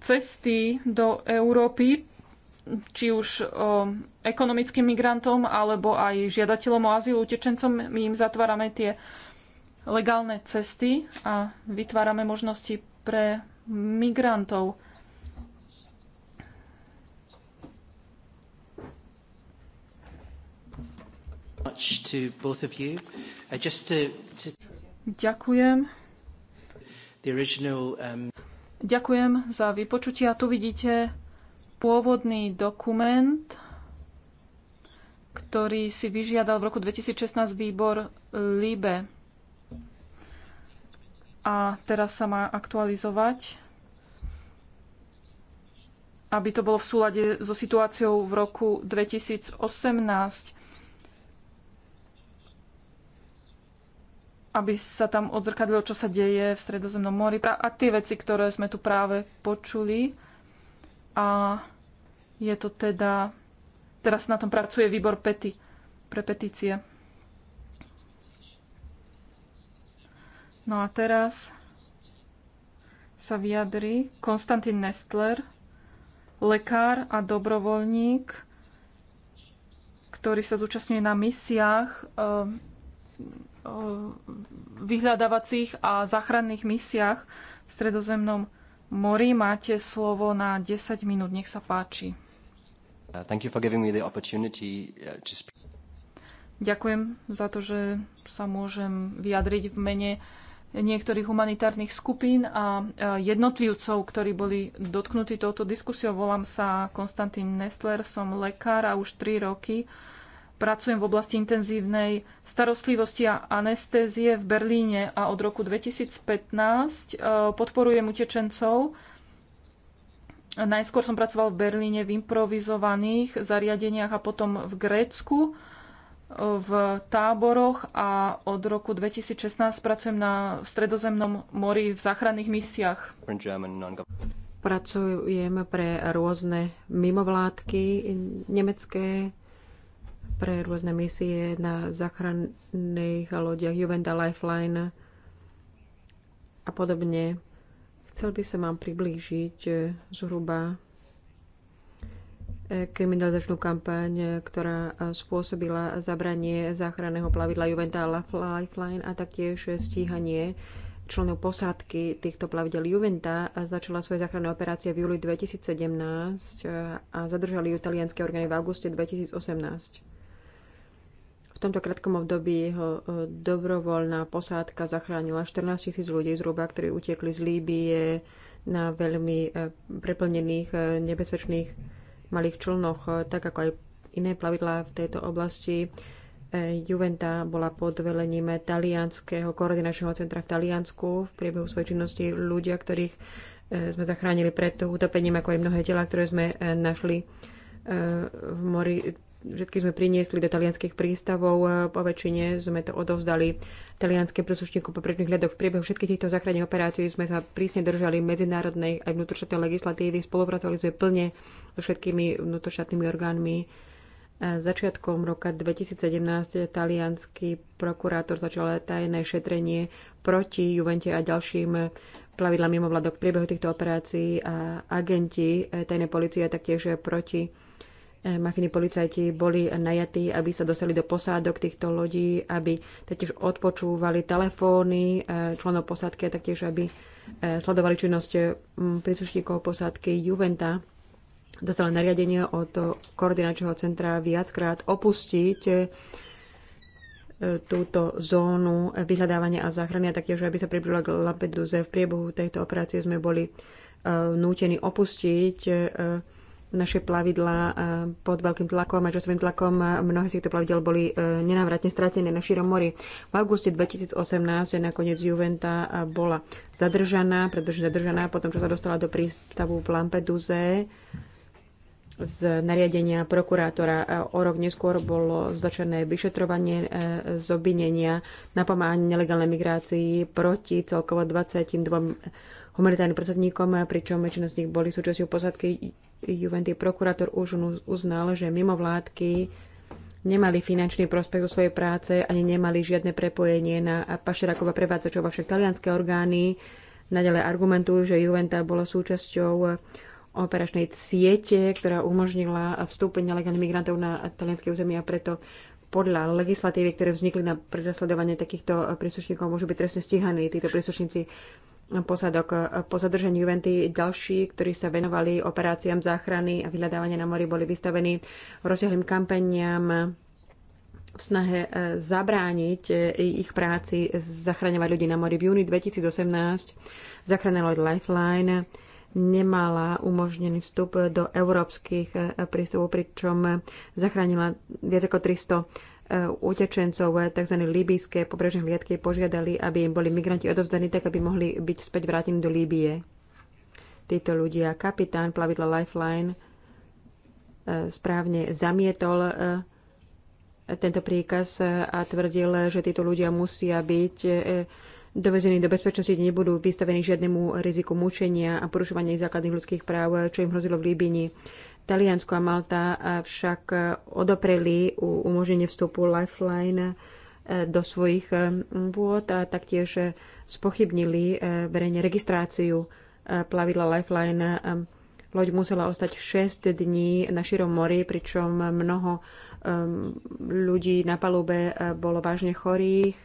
cesty do Európy, či už ekonomickým migrantom alebo aj žiadateľom o azyl, utečencom. My im zatvárame tie legálne cesty a vytvárame možnosti pre migrantov. Uh, Ďakujem. Original, um... Ďakujem za vypočutie. A tu vidíte pôvodný dokument, ktorý si vyžiadal v roku 2016 výbor e, LIBE. A teraz sa má aktualizovať, aby to bolo v súlade so situáciou v roku 2018. aby sa tam odzrkadlilo, čo sa deje v Stredozemnom mori a tie veci, ktoré sme tu práve počuli. A je to teda... Teraz na tom pracuje výbor PETI pre petície. No a teraz sa vyjadri Konstantin Nestler, lekár a dobrovoľník, ktorý sa zúčastňuje na misiách ehm, Eh, vyhľadávacích a záchranných misiách v Stredozemnom mori. Máte slovo na 10 minút, nech sa páči. Uh, uh, Ďakujem za to, že sa môžem vyjadriť v mene niektorých humanitárnych skupín a eh, jednotlivcov, ktorí boli dotknutí touto diskusiou. Volám sa Konstantín Nestler, som lekár a už 3 roky Pracujem v oblasti intenzívnej starostlivosti a anestézie v Berlíne a od roku 2015 e, podporujem utečencov. Najskôr som pracoval v Berlíne v improvizovaných zariadeniach a potom v Grécku e, v táboroch a od roku 2016 pracujem na Stredozemnom mori v záchranných misiách. Pracujem pre rôzne mimovládky nemecké, pre rôzne misie na záchranných lodiach Juventa Lifeline a podobne. Chcel by som vám priblížiť e, zhruba e, kriminalizačnú kampaň, e, ktorá spôsobila zabranie záchranného plavidla Juventa Lifeline a taktiež stíhanie členov posádky týchto plavidel Juventa a začala svoje záchranné operácie v júli 2017 a zadržali ju talianské orgány v auguste 2018. V tomto krátkom období jeho e, dobrovoľná posádka zachránila 14 tisíc ľudí zhruba, ktorí utekli z Líbie na veľmi e, preplnených, e, nebezpečných malých člnoch, tak ako aj iné plavidlá v tejto oblasti. Juventa bola pod velením Talianského koordinačného centra v Taliansku. V priebehu svojej činnosti ľudia, ktorých sme zachránili pred utopením, ako aj mnohé tela, ktoré sme našli v mori, Všetky sme priniesli do talianských prístavov, e, po väčšine sme to odovzdali talianským príslušníkom prvých hľadoch. V priebehu všetkých týchto záchranných operácií sme sa prísne držali medzinárodnej aj vnútroštátnej legislatívy, spolupracovali sme plne so všetkými vnútroštátnymi orgánmi. E, začiatkom roka 2017 talianský prokurátor začal tajné šetrenie proti Juvente a ďalším plavidlám mimovládok v priebehu týchto operácií a agenti e, tajnej policie taktiež proti Eh, mafíni policajti boli najatí, aby sa dostali do posádok týchto lodí, aby taktiež odpočúvali telefóny eh, členov posádky a taktiež, aby eh, sledovali činnosť mm, príslušníkov posádky Juventa. Dostali nariadenie od koordinačného centra viackrát opustiť túto zónu vyhľadávania a záchrany a taktiež, aby sa priblížila k Lampeduze. V priebehu tejto operácie sme boli nútení opustiť naše plavidlá e, pod veľkým tlakom a časovým tlakom. E, mnohé z týchto plavidel boli e, nenávratne stratené na širom mori. V auguste 2018 nakoniec Juventa bola zadržaná, pretože zadržaná potom, čo sa dostala do prístavu v Lampeduze z nariadenia prokurátora. O rok neskôr bolo začané vyšetrovanie z obvinenia na pomáhanie nelegálnej migrácii proti celkovo 22 humanitárnym pracovníkom, pričom väčšina z nich boli súčasťou posadky Juventy prokurátor už uznal, že mimovládky nemali finančný prospekt zo svojej práce ani nemali žiadne prepojenie na Pašerakova prevádzačov, však talianské orgány nadalej argumentujú, že Juventa bola súčasťou operačnej siete, ktorá umožnila vstúpenie nelegálnych migrantov na talianské územie a preto podľa legislatívy, ktoré vznikli na predasledovanie takýchto príslušníkov, môžu byť trestne stíhaní títo príslušníci posadok. Po zadržení Juventy ďalší, ktorí sa venovali operáciám záchrany a vyhľadávania na mori, boli vystavení rozsiahlým kampaniám v snahe e, zabrániť e, ich práci zachraňovať ľudí na mori. V júni 2018 zachrana loď Lifeline nemala umožnený vstup do európskych e, prístavov, pričom zachránila viac ako 300 utečencov, tzv. líbyjské pobrežné hliadky požiadali, aby im boli migranti odovzdaní, tak aby mohli byť späť vrátení do Líbie. Títo ľudia, kapitán plavidla Lifeline e, správne zamietol e, tento príkaz e, a tvrdil, že títo ľudia musia byť dovezení do bezpečnosti, kde nebudú vystavení žiadnemu riziku mučenia a porušovania ich základných ľudských práv, čo im hrozilo v Líbini. Taliansko a Malta však odopreli umožnenie vstupu Lifeline eh, do svojich eh, vôd a taktiež eh, spochybnili verejne registráciu plavidla Lifeline. Ehm, loď musela ostať 6 dní na širom mori, pričom mnoho ehm, ľudí na palube bolo vážne chorých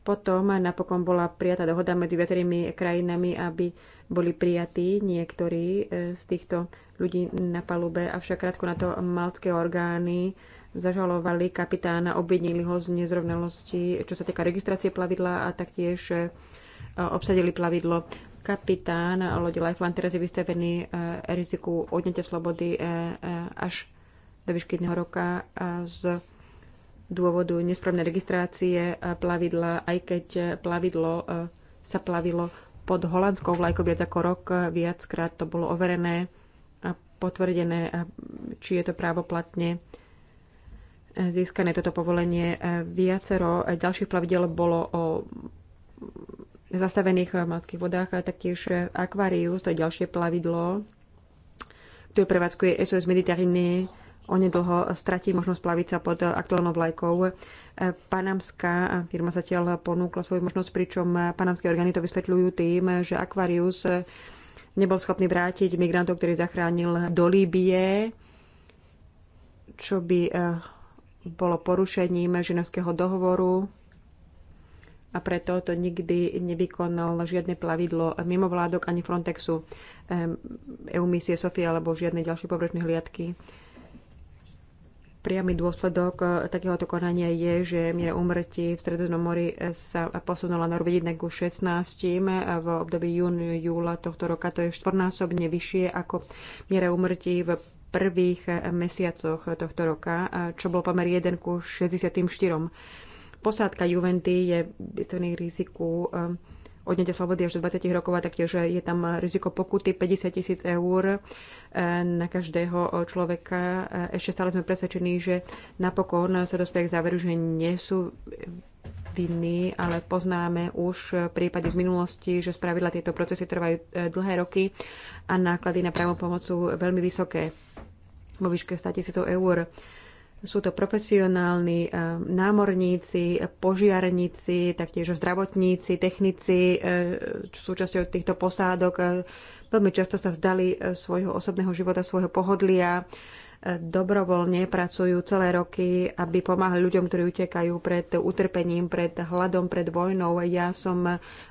potom napokon bola prijatá dohoda medzi viacerými krajinami, aby boli prijatí niektorí e, z týchto ľudí na palube. Avšak krátko na to malcké orgány zažalovali kapitána, obvinili ho z nezrovnalosti, čo sa týka registrácie plavidla a taktiež e, obsadili plavidlo. Kapitán lodi Lifeline teraz je vystavený e, riziku odnete slobody až do výšky jedného roka z dôvodu nesprávnej registrácie e, plavidla, aj keď e, plavidlo e, sa plavilo pod holandskou vlajkou viac ako rok, viackrát to bolo overené a potvrdené, či je to právoplatne získané toto povolenie. Viacero ďalších plavidel bolo o zastavených matkých vodách a taktiež Aquarius, to je ďalšie plavidlo, ktoré prevádzkuje SOS Mediterránee onedlho stratí možnosť plaviť sa pod aktuálnou vlajkou. Panamská firma zatiaľ ponúkla svoju možnosť, pričom panamské orgány to vysvetľujú tým, že Aquarius nebol schopný vrátiť migrantov, ktorý zachránil do Líbie, čo by eh, bolo porušením ženevského dohovoru a preto to nikdy nevykonal žiadne plavidlo mimo vládok ani Frontexu, EU misie Sofia alebo žiadne ďalšie povrchné hliadky. Priamy dôsledok e, takéhoto konania je, že miera úmrtí v Stredozemnom mori e, sa posunula na roveň 1 ku 16 e, v období jún-júla tohto roka. To je štvornásobne vyššie ako miera úmrtí v prvých mesiacoch tohto roka, čo bol pomer 1 ku 64. Posádka Juventy je vystavený riziku odnete slobody až do 20 rokov a taktiež je tam riziko pokuty 50 tisíc eur eh, na každého človeka. Eh, ešte stále sme presvedčení, že napokon sa dospie k záveru, že nie sú vinní, ale poznáme už prípady z minulosti, že spravidla tieto procesy trvajú eh, dlhé roky a náklady na právnu pomoc sú veľmi vysoké vo výške 100 tisícov eur. Sú to profesionálni eh, námorníci, požiarníci, taktiež zdravotníci, technici, eh, súčasťou týchto posádok. Eh, veľmi často sa vzdali svojho osobného života, svojho pohodlia dobrovoľne pracujú celé roky, aby pomáhali ľuďom, ktorí utekajú pred utrpením, pred hladom, pred vojnou. Ja som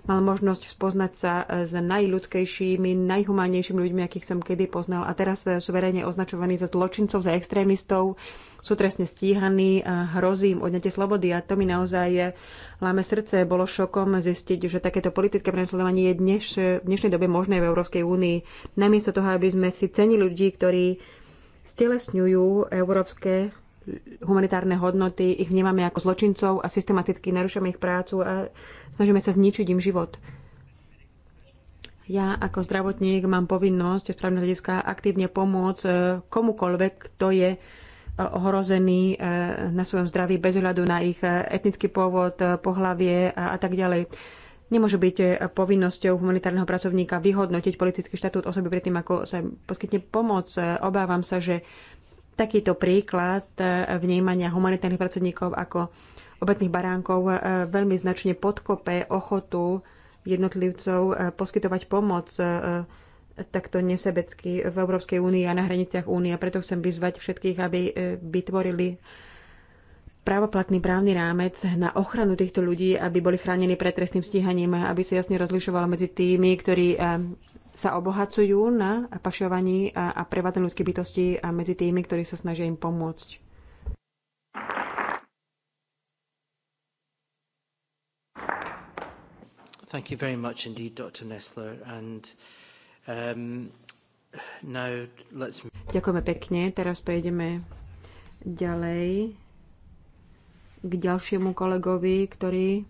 mal možnosť spoznať sa s najľudskejšími, najhumánnejšími ľuďmi, akých som kedy poznal. A teraz sú verejne označovaní za zločincov, za extrémistov, sú trestne stíhaní a hrozí im odňate slobody. A to mi naozaj láme srdce. Bolo šokom zistiť, že takéto politické prenasledovanie je dneš, v dnešnej dobe možné v Európskej únii. Namiesto toho, aby sme si cenili ľudí, ktorí stelesňujú európske humanitárne hodnoty, ich vnímame ako zločincov a systematicky narušame ich prácu a snažíme sa zničiť im život. Ja ako zdravotník mám povinnosť od právneho hľadiska aktívne pomôcť e, komukoľvek, kto je e, ohrozený e, na svojom zdraví bez hľadu na ich etnický pôvod, pohlavie a, a tak ďalej. Nemôže byť e, povinnosťou humanitárneho pracovníka vyhodnotiť politický štatút osoby predtým, ako sa poskytne pomoc. E, obávam sa, že takýto príklad e, vnímania humanitárnych pracovníkov ako obetných baránkov veľmi značne podkope ochotu jednotlivcov poskytovať pomoc takto nesebecky v Európskej únii a na hraniciach únie. Preto chcem vyzvať všetkých, aby vytvorili právoplatný právny rámec na ochranu týchto ľudí, aby boli chránení pred trestným stíhaním, aby sa jasne rozlišovalo medzi tými, ktorí eh, sa obohacujú na pašovaní a, a prevádzaní ľudských bytostí a medzi tými, ktorí sa snažia im pomôcť. Thank you very much indeed, Dr. Nessler. And um, now let's... Ďakujeme pekne. Teraz prejdeme ďalej k ďalšiemu kolegovi, ktorý e,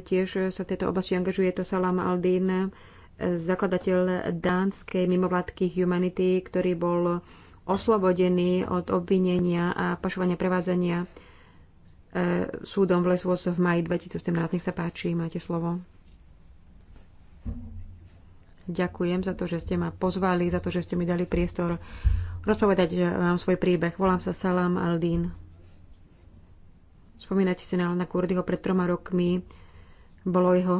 tiež sa v tejto oblasti angažuje, to Salam Aldin, e, zakladateľ dánskej mimovládky Humanity, ktorý bol oslobodený od obvinenia a pašovania prevádzania e, súdom v Lesvos v maji 2017, Nech sa páči, máte slovo. Ďakujem za to, že ste ma pozvali, za to, že ste mi dali priestor rozpovedať vám svoj príbeh. Volám sa Salam Aldín. Spomínate si na Alana Kurdyho pred troma rokmi. Bolo jeho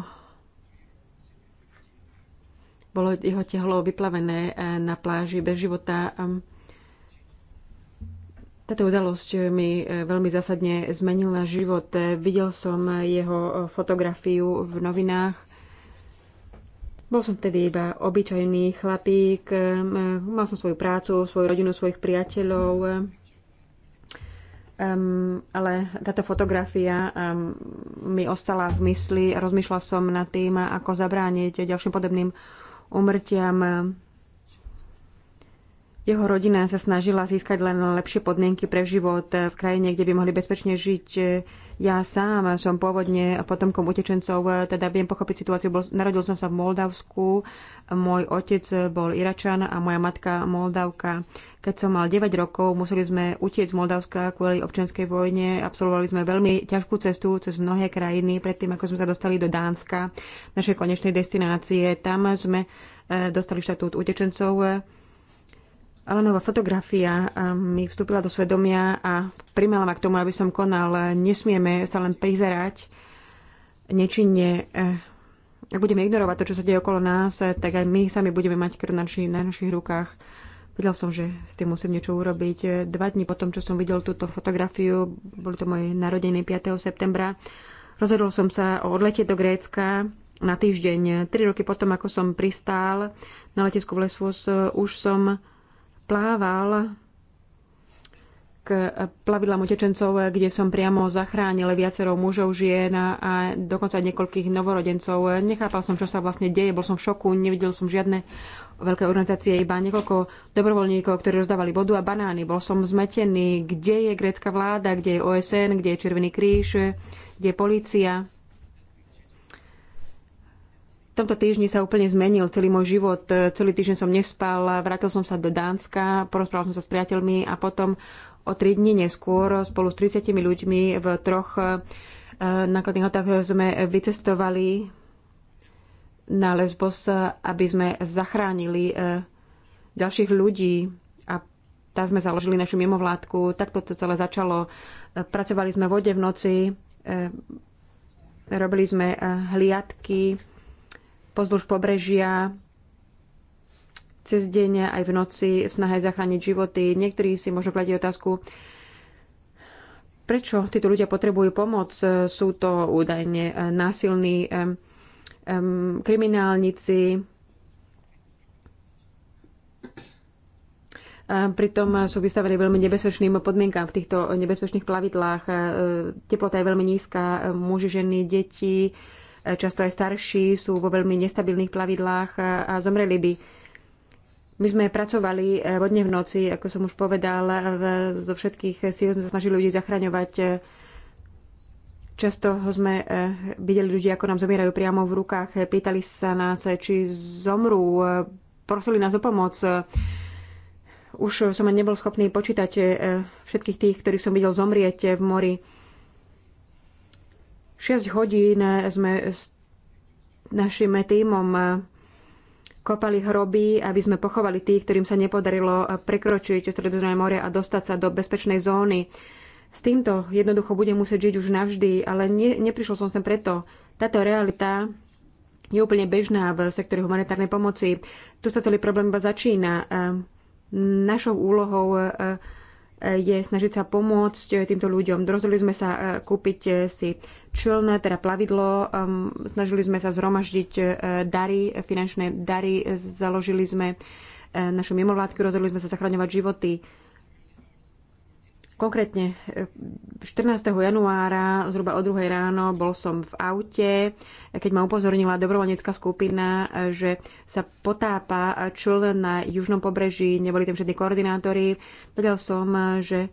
bolo jeho tehlo vyplavené eh, na pláži bez života. Ehm, táto udalosť mi eh, veľmi zásadne zmenila život. Videl som jeho eh, fotografiu v novinách. Bol som vtedy iba obyčajný chlapík, ehm, mal som svoju prácu, svoju rodinu, svojich priateľov. Um, ale táto fotografia um, mi ostala v mysli. Rozmýšľal som nad tým, ako zabrániť ďalším podobným umrtiam. Jeho rodina sa snažila získať len lepšie podmienky pre život v krajine, kde by mohli bezpečne žiť ja sám som pôvodne potomkom utečencov, teda viem pochopiť situáciu. Bol, narodil som sa v Moldavsku, môj otec bol Iračan a moja matka Moldavka. Keď som mal 9 rokov, museli sme utiec z Moldavska kvôli občianskej vojne. Absolvovali sme veľmi ťažkú cestu cez mnohé krajiny, predtým ako sme sa dostali do Dánska, našej konečnej destinácie. Tam sme eh, dostali štatút utečencov Alanová fotografia mi vstúpila do svedomia a primala ma k tomu, aby som konal. Nesmieme sa len prizerať nečinne. Ak budeme ignorovať to, čo sa deje okolo nás, tak aj my sami budeme mať krv na, naši, na našich rukách. Videl som, že s tým musím niečo urobiť. Dva dní potom, čo som videl túto fotografiu, boli to moje narodeniny 5. septembra, rozhodol som sa o odlete do Grécka na týždeň. Tri roky potom, ako som pristál na letisku v Lesvos, už som plával k plavidlám utečencov, kde som priamo zachránil viacero mužov, žien a dokonca aj niekoľkých novorodencov. Nechápal som, čo sa vlastne deje, bol som v šoku, nevidel som žiadne veľké organizácie, iba niekoľko dobrovoľníkov, ktorí rozdávali vodu a banány. Bol som zmetený, kde je grécka vláda, kde je OSN, kde je Červený kríž, kde je polícia tomto týždni sa úplne zmenil celý môj život. Celý týždeň som nespal, vrátil som sa do Dánska, porozprával som sa s priateľmi a potom o tri dni neskôr spolu s 30 ľuďmi v troch eh, nákladných hotách sme vycestovali na Lesbos, aby sme zachránili eh, ďalších ľudí a tak sme založili našu mimovládku. Takto to celé začalo. Pracovali sme vode v noci, eh, robili sme hliadky, pozdĺž pobrežia cez deň aj v noci v snahe zachrániť životy. Niektorí si možno kladie otázku, prečo títo ľudia potrebujú pomoc. Sú to údajne eh, násilní eh, eh, kriminálnici, Pritom sú vystavení veľmi nebezpečným podmienkám v týchto nebezpečných plavidlách. Teplota je veľmi nízka, muži, ženy, deti Často aj starší sú vo veľmi nestabilných plavidlách a zomreli by. My sme pracovali eh, vodne v noci, ako som už povedal, v, zo všetkých síl sme sa snažili ľudí zachraňovať. Často ho sme eh, videli ľudí, ako nám zomierajú priamo v rukách. Pýtali sa nás, eh, či zomrú. Prosili nás o pomoc. Už som nebol schopný počítať všetkých tých, ktorých som videl zomrieť v mori. 6 hodín eh, sme s našim týmom eh, kopali hroby, aby sme pochovali tých, ktorým sa nepodarilo eh, prekročiť Stredozemné more a dostať sa do bezpečnej zóny. S týmto jednoducho budem musieť žiť už navždy, ale ne, neprišiel som sem preto. Táto realita je úplne bežná v sektore humanitárnej pomoci. Tu sa celý problém iba začína. Našou úlohou je snažiť sa pomôcť eh, týmto ľuďom. Rozhodli sme sa eh, kúpiť eh, si čln, teda plavidlo, ehm, snažili sme sa zhromaždiť dary, finančné dary, založili sme našu mimovládku, rozhodli sme sa zachraňovať životy Konkrétne 14. E, januára zhruba o 2. ráno bol som v aute, keď ma upozornila dobrovoľnícka skupina, že sa potápa člen na južnom pobreží, neboli tam všetci koordinátori. Vedel som, že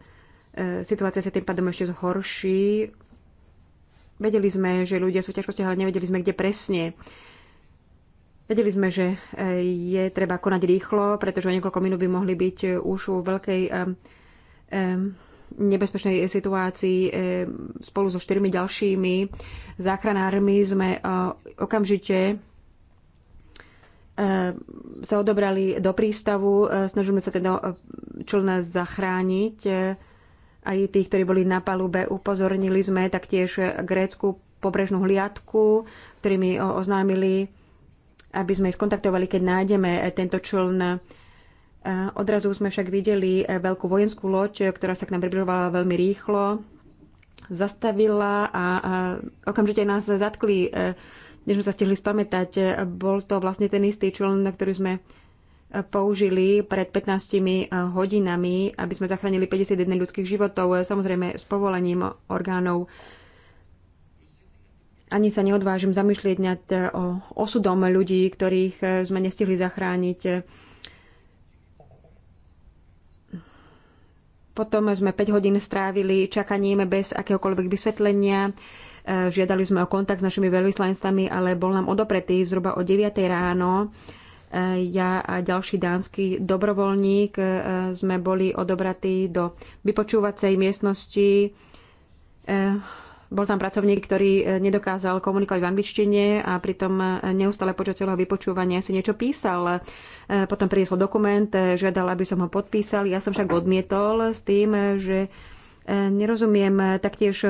e, situácia sa tým pádom ešte zhorší. Vedeli sme, že ľudia sú ťažkosti, ale nevedeli sme, kde presne. Vedeli sme, že e, je treba konať rýchlo, pretože o niekoľko minút by mohli byť už u veľkej um, um, nebezpečnej situácii eh, spolu so štyrmi ďalšími záchranármi sme eh, okamžite eh, sa odobrali do prístavu. Snažíme sa teda čo nás zachrániť. Aj tých, ktorí boli na palube, upozornili sme taktiež grécku pobrežnú hliadku, ktorými oznámili, aby sme ich skontaktovali, keď nájdeme tento čln Odrazu sme však videli eh, veľkú vojenskú loď, eh, ktorá sa k nám približovala veľmi rýchlo, zastavila a okamžite nás zatkli, eh, než sme sa stihli spamätať. Bol to vlastne ten istý člen, na ktorý sme použili pred 15 hodinami, aby sme zachránili 51 ľudských životov, samozrejme s povolením orgánov. Ani sa neodvážim zamýšľať nad osudom ľudí, ktorých sme nestihli zachrániť Potom sme 5 hodín strávili čakaním bez akéhokoľvek vysvetlenia. E, žiadali sme o kontakt s našimi veľvyslanstvami, ale bol nám odopretý zhruba o 9 ráno. E, ja a ďalší dánsky dobrovoľník e, sme boli odobratí do vypočúvacej miestnosti bol tam pracovník, ktorý e, nedokázal komunikovať v angličtine a pritom e, neustále počas celého vypočúvania si niečo písal. E, potom priniesol dokument, žiadal, aby som ho podpísal. Ja som však odmietol s tým, že nerozumiem, e, taktiež e,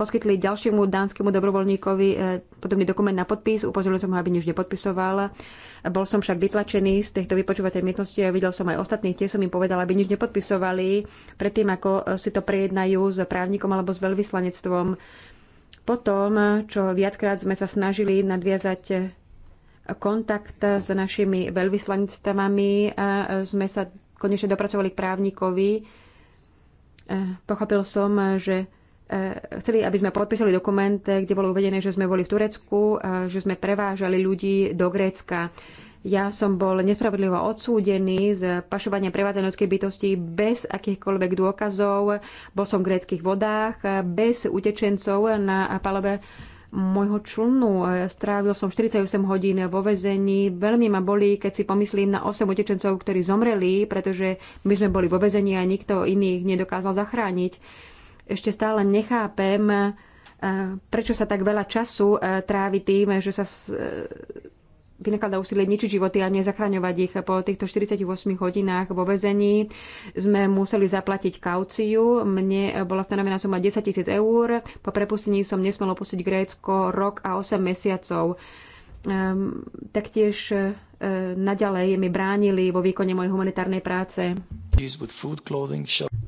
poskytli ďalšiemu dánskemu dobrovoľníkovi e, podobný dokument na podpis, upozoril som ho, aby nič nepodpisoval. Bol som však vytlačený z tejto vypočúvatej miestnosti a videl som aj ostatných, tie som im povedal, aby nič nepodpisovali predtým, ako si to prejednajú s právnikom alebo s veľvyslanectvom. Potom, čo viackrát sme sa snažili nadviazať kontakt s našimi veľvyslanectvami, sme sa konečne dopracovali k právnikovi, Pochopil som, že e, chceli, aby sme podpísali dokument, kde bolo uvedené, že sme boli v Turecku, e, že sme prevážali ľudí do Grécka. Ja som bol nespravodlivo odsúdený z pašovania prevádzanej bytosti bez akýchkoľvek dôkazov. Bol som v gréckých vodách, e, bez utečencov na palobe môjho člnu. Strávil som 48 hodín vo väzení. Veľmi ma boli, keď si pomyslím na 8 utečencov, ktorí zomreli, pretože my sme boli vo väzení a nikto iných nedokázal zachrániť. Ešte stále nechápem, eh, prečo sa tak veľa času eh, trávi tým, že sa vynakladá úsilie ničiť životy a nezachraňovať ich. Po týchto 48 hodinách vo vezení sme museli zaplatiť kauciu. Mne bola stanovená suma 10 tisíc eur. Po prepustení som nesmelo opustiť Grécko rok a 8 mesiacov. Ehm, taktiež e, naďalej mi bránili vo výkone mojej humanitárnej práce.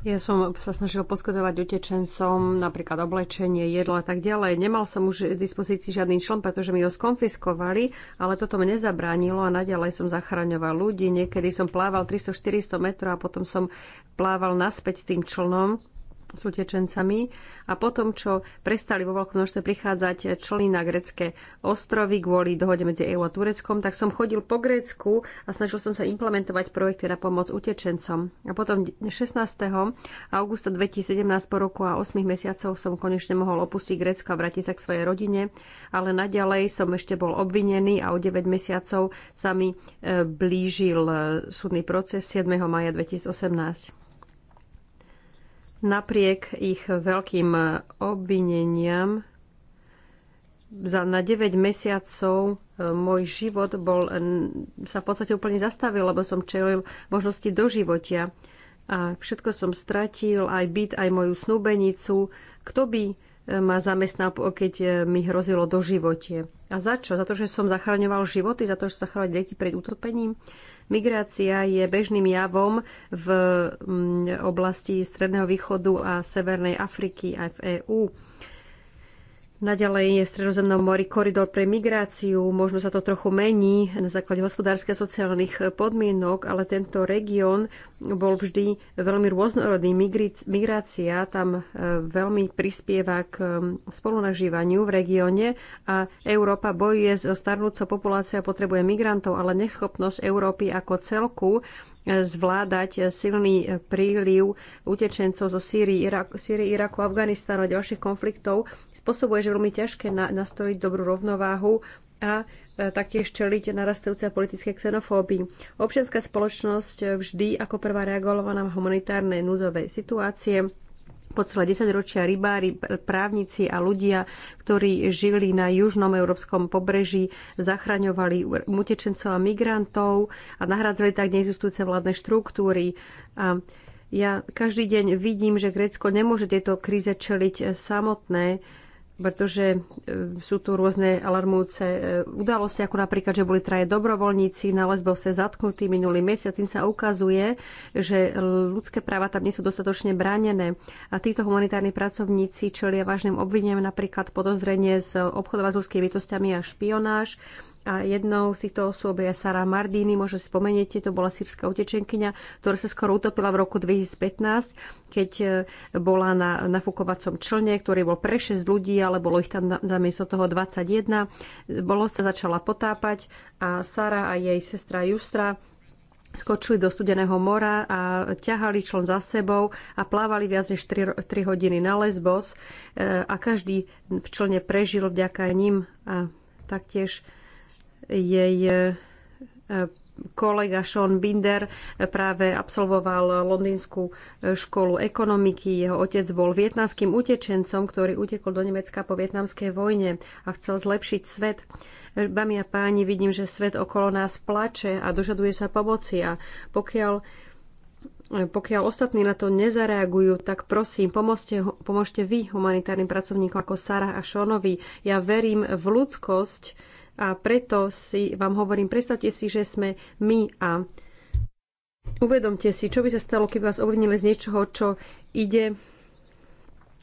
Ja som sa snažil poskytovať utečencom napríklad oblečenie, jedlo a tak ďalej. Nemal som už v dispozícii žiadny člen, pretože mi ho skonfiskovali, ale toto mi nezabránilo a naďalej som zachraňoval ľudí. Niekedy som plával 300-400 metrov a potom som plával naspäť s tým člnom s utečencami a potom, čo prestali vo veľkom množstve prichádzať člny na grecké ostrovy kvôli dohode medzi EU a Tureckom, tak som chodil po Grécku a snažil som sa implementovať projekty na pomoc utečencom. A potom 16. augusta 2017 po roku a 8 mesiacov som konečne mohol opustiť Grécko a vrátiť sa k svojej rodine, ale naďalej som ešte bol obvinený a o 9 mesiacov sa mi e, blížil e, súdny proces 7. maja 2018. Napriek ich veľkým eh, obvineniam za na 9 mesiacov eh, môj život bol, eh, sa v podstate úplne zastavil, lebo som čelil možnosti doživotia. A všetko som stratil, aj byt, aj moju snúbenicu. Kto by ma zamestnal, keď mi hrozilo doživotie? A za čo? Za to, že som zachraňoval životy? Za to, že som zachraňoval deti pred utopením? Migrácia je bežným javom v mm, oblasti Stredného východu a Severnej Afriky aj v EÚ. Naďalej je v Stredozemnom mori koridor pre migráciu, možno sa to trochu mení na základe hospodárskych a sociálnych podmienok, ale tento región bol vždy veľmi rôznorodný. Migrácia tam e, veľmi prispieva k spolunažívaniu v regióne a Európa bojuje so starnúcou populáciou a potrebuje migrantov, ale neschopnosť Európy ako celku e, zvládať silný e, príliv utečencov zo Sýrie, Iraku, Iraku Afganistanu a ďalších konfliktov spôsobuje, že veľmi ťažké nastojiť dobrú rovnováhu a e, taktiež čeliť narastajúcej politické xenofóbii. Občianská spoločnosť vždy ako prvá reagovala na humanitárne núzové situácie. Po celé 10 ročia rybári, právnici a ľudia, ktorí žili na južnom európskom pobreží, zachraňovali utečencov a migrantov a nahradzali tak neexistujúce vládne štruktúry. A ja každý deň vidím, že Grécko nemôže tieto kríze čeliť samotné pretože e, sú tu rôzne alarmujúce e, udalosti, ako napríklad, že boli traje dobrovoľníci na lesbose zatknutí minulý mesiac. Tým sa ukazuje, že ľudské práva tam nie sú dostatočne bránené. A títo humanitárni pracovníci čelia vážnym obvineniam napríklad podozrenie z obchodovať s ľudskými bytostiami a špionáž. A jednou z týchto osôb je Sara Mardini, možno si spomeniete, to bola sírska utečenkyňa, ktorá sa skoro utopila v roku 2015, keď e, bola na nafúkovacom člne, ktorý bol pre 6 ľudí, ale bolo ich tam namiesto toho 21. Bolo sa začala potápať a Sara a jej sestra Justra skočili do studeného mora a ťahali čln za sebou a plávali viac než 3, 3 hodiny na Lesbos e, a každý v člne prežil vďaka ním a taktiež jej e, e, kolega Sean Binder práve absolvoval Londýnsku e, školu ekonomiky. Jeho otec bol vietnamským utečencom, ktorý utekol do Nemecka po vietnamskej vojne a chcel zlepšiť svet. Bami a páni, vidím, že svet okolo nás plače a dožaduje sa pomoci a pokiaľ pokiaľ ostatní na to nezareagujú, tak prosím, pomôžte, pomôžte vy humanitárnym pracovníkom ako Sara a Šonovi. Ja verím v ľudskosť, a preto si vám hovorím, predstavte si, že sme my a uvedomte si, čo by sa stalo, keby vás obvinili z niečoho, čo ide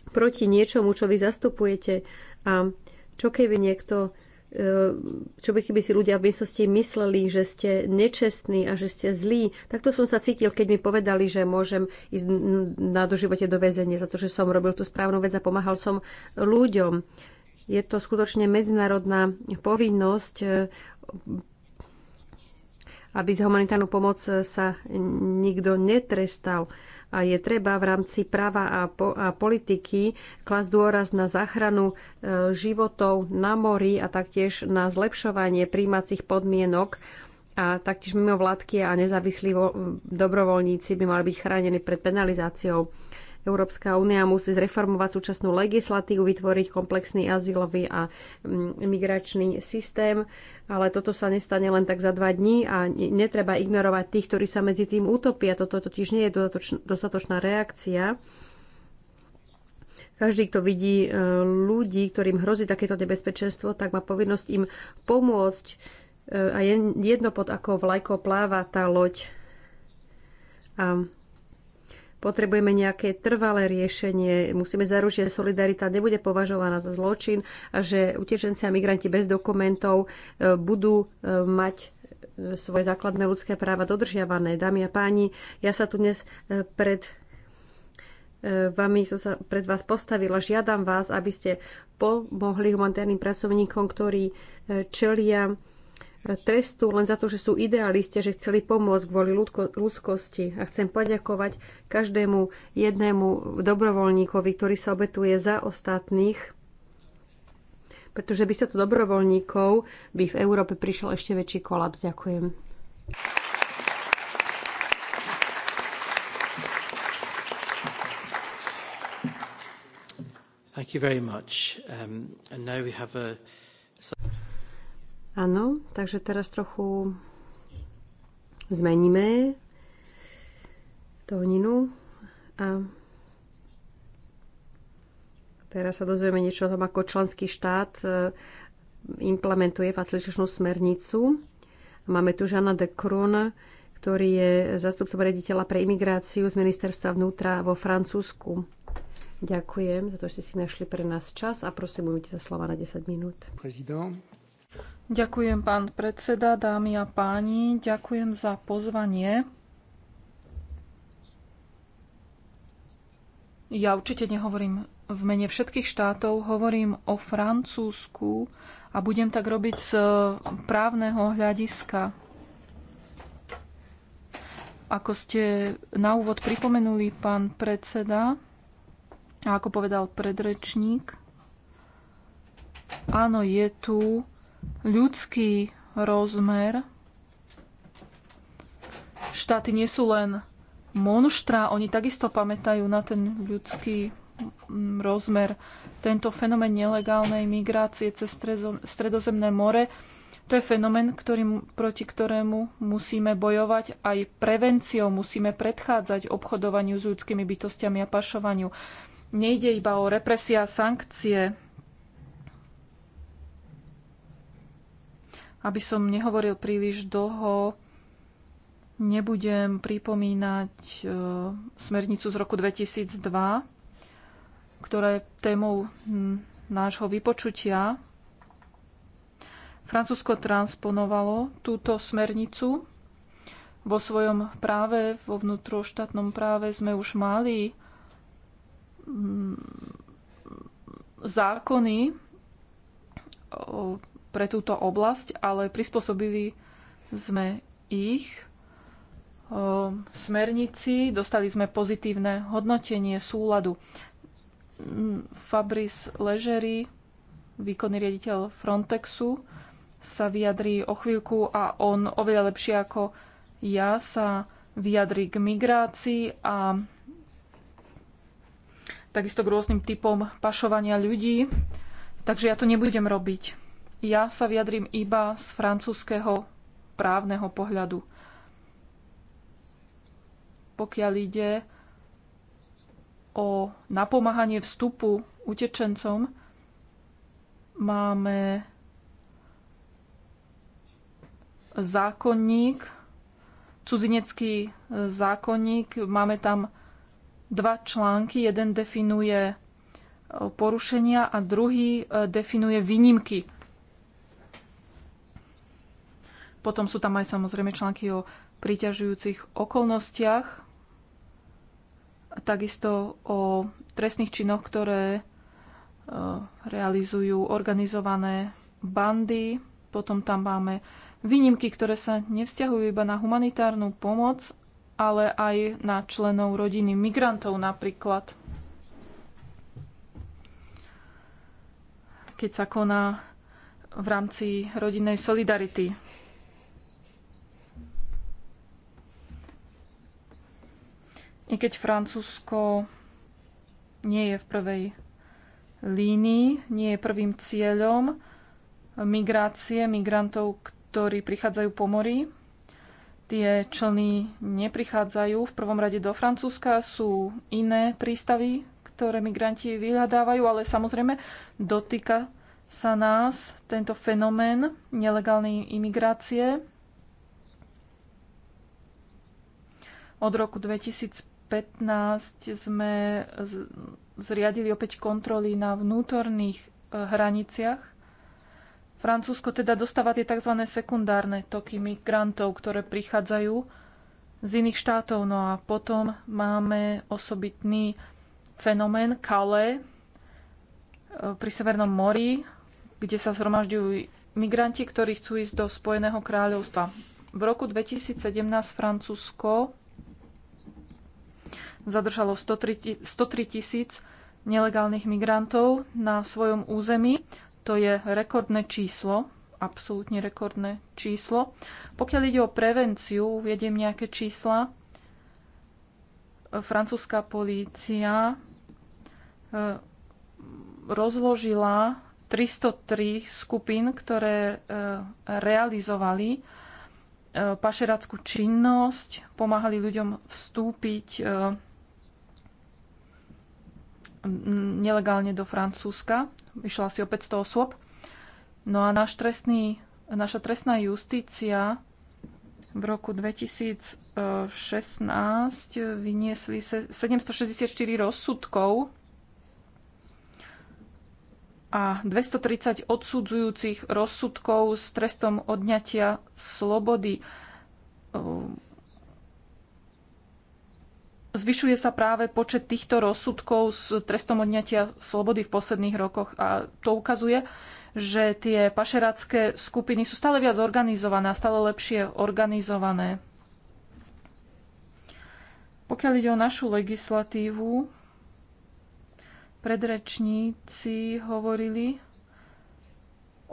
proti niečomu, čo vy zastupujete a čo keby niekto e, čo by keby si ľudia v miestnosti mysleli, že ste nečestní a že ste zlí. Takto som sa cítil, keď mi povedali, že môžem ísť na doživote do väzenia za to, že som robil tú správnu vec a pomáhal som ľuďom. Je to skutočne medzinárodná povinnosť, e, aby za humanitárnu pomoc sa nikto netrestal a je treba v rámci práva a, po, a politiky klas dôraz na záchranu e, životov na mori a taktiež na zlepšovanie príjmacích podmienok a taktiež mimo vládky a nezávislí vo, dobrovoľníci by mali byť chránení pred penalizáciou. Európska únia musí zreformovať súčasnú legislatívu, vytvoriť komplexný azylový a mm, migračný systém, ale toto sa nestane len tak za dva dní a netreba ignorovať tých, ktorí sa medzi tým utopia. Toto totiž nie je dostatočná reakcia. Každý, kto vidí e, ľudí, ktorým hrozí takéto nebezpečenstvo, tak má povinnosť im pomôcť e, a je jedno pod ako vlajko pláva tá loď. A Potrebujeme nejaké trvalé riešenie, musíme zaručiť, že solidarita nebude považovaná za zločin a že utečenci a migranti bez dokumentov e, budú e, mať e, svoje základné ľudské práva dodržiavané. Dámy a páni, ja sa tu dnes pred vami som sa pred vás postavila. Žiadam vás, aby ste pomohli humanitárnym pracovníkom, ktorí čelia trestu len za to, že sú idealisti, že chceli pomôcť kvôli ľudskosti. A chcem poďakovať každému jednému dobrovoľníkovi, ktorý sa obetuje za ostatných, pretože by sa to dobrovoľníkov by v Európe prišiel ešte väčší kolaps. Ďakujem. Thank you very much. Um, and now we have a... Áno, takže teraz trochu zmeníme tóninu a teraz sa dozvieme niečo o tom, ako členský štát e, implementuje facilitačnú smernicu. Máme tu Žana de Krun, ktorý je zastupcom rediteľa pre imigráciu z ministerstva vnútra vo Francúzsku. Ďakujem za to, že ste si našli pre nás čas a prosím, ujmite sa slova na 10 minút. Prezident. Ďakujem, pán predseda, dámy a páni. Ďakujem za pozvanie. Ja určite nehovorím v mene všetkých štátov, hovorím o Francúzsku a budem tak robiť z právneho hľadiska. Ako ste na úvod pripomenuli, pán predseda, a ako povedal predrečník, áno, je tu ľudský rozmer. Štáty nie sú len monštra, oni takisto pamätajú na ten ľudský mm, rozmer. Tento fenomén nelegálnej migrácie cez Stredozemné more to je fenomén, ktorý, proti ktorému musíme bojovať aj prevenciou, musíme predchádzať obchodovaniu s ľudskými bytostiami a pašovaniu. Nejde iba o represia a sankcie, Aby som nehovoril príliš dlho, nebudem pripomínať e, smernicu z roku 2002, ktorá je témou hm, nášho vypočutia. Francúzsko transponovalo túto smernicu. Vo svojom práve, vo vnútroštátnom práve sme už mali hm, zákony pre túto oblasť, ale prispôsobili sme ich eh, smernici, dostali sme pozitívne hodnotenie súladu. Mm, Fabrice Ležery, výkonný riaditeľ Frontexu, sa vyjadrí o chvíľku a on oveľa lepšie ako ja sa vyjadri k migrácii a takisto k rôznym typom pašovania ľudí. Takže ja to nebudem robiť. Ja sa vyjadrím iba z francúzského právneho pohľadu. Pokiaľ ide o napomáhanie vstupu utečencom, máme zákonník, cudzinecký zákonník, máme tam dva články. Jeden definuje porušenia a druhý definuje výnimky potom sú tam aj samozrejme články o priťažujúcich okolnostiach, takisto o trestných činoch, ktoré e, realizujú organizované bandy. Potom tam máme výnimky, ktoré sa nevzťahujú iba na humanitárnu pomoc, ale aj na členov rodiny migrantov napríklad. Keď sa koná v rámci rodinnej solidarity. I keď Francúzsko nie je v prvej línii, nie je prvým cieľom migrácie migrantov, ktorí prichádzajú po mori, tie člny neprichádzajú v prvom rade do Francúzska, sú iné prístavy, ktoré migranti vyhľadávajú, ale samozrejme dotýka sa nás tento fenomén nelegálnej imigrácie. Od roku 2005. 2015 sme zriadili opäť kontroly na vnútorných e, hraniciach. Francúzsko teda dostáva tie tzv. sekundárne toky migrantov, ktoré prichádzajú z iných štátov. No a potom máme osobitný fenomén Kale pri Severnom mori, kde sa zhromažďujú migranti, ktorí chcú ísť do Spojeného kráľovstva. V roku 2017 Francúzsko zadržalo 103 tisíc nelegálnych migrantov na svojom území. To je rekordné číslo, absolútne rekordné číslo. Pokiaľ ide o prevenciu, uvediem nejaké čísla. Francúzska polícia eh, rozložila 303 skupín, ktoré eh, realizovali eh, pašerackú činnosť, pomáhali ľuďom vstúpiť nelegálne do Francúzska. Išlo asi o 500 osôb. No a náš trestný, naša trestná justícia v roku 2016 vyniesli 764 rozsudkov a 230 odsudzujúcich rozsudkov s trestom odňatia slobody Zvyšuje sa práve počet týchto rozsudkov s trestom odňatia slobody v posledných rokoch a to ukazuje, že tie pašerácké skupiny sú stále viac organizované a stále lepšie organizované. Pokiaľ ide o našu legislatívu, predrečníci hovorili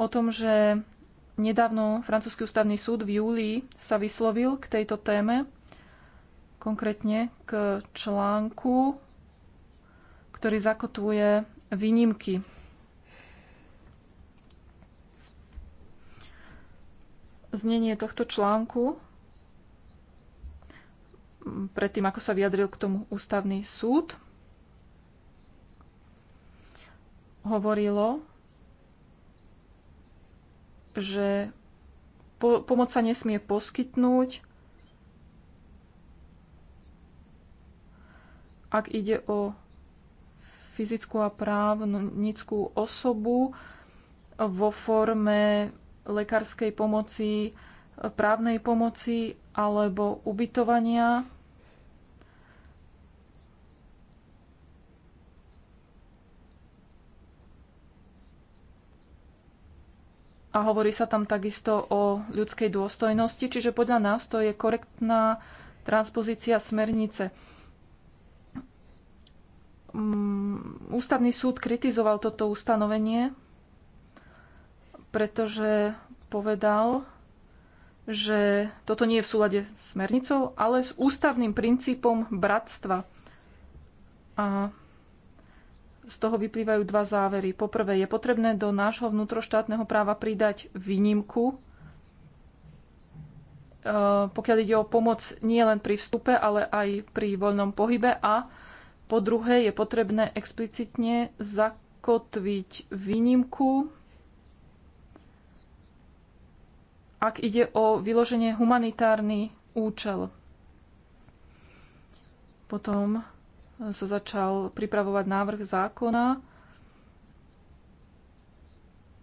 o tom, že nedávno Francúzsky ústavný súd v júli sa vyslovil k tejto téme konkrétne k článku, ktorý zakotvuje výnimky. Znenie tohto článku predtým, ako sa vyjadril k tomu ústavný súd, hovorilo, že po- pomoc sa nesmie poskytnúť ak ide o fyzickú a právnickú osobu vo forme lekárskej pomoci, právnej pomoci alebo ubytovania. A hovorí sa tam takisto o ľudskej dôstojnosti, čiže podľa nás to je korektná transpozícia smernice. Mm, ústavný súd kritizoval toto ustanovenie, pretože povedal, že toto nie je v súlade s smernicou, ale s ústavným princípom bratstva. A z toho vyplývajú dva závery. Poprvé, je potrebné do nášho vnútroštátneho práva pridať výnimku, e, pokiaľ ide o pomoc nie len pri vstupe, ale aj pri voľnom pohybe a po druhé, je potrebné explicitne zakotviť výnimku, ak ide o vyloženie humanitárny účel. Potom sa začal pripravovať návrh zákona.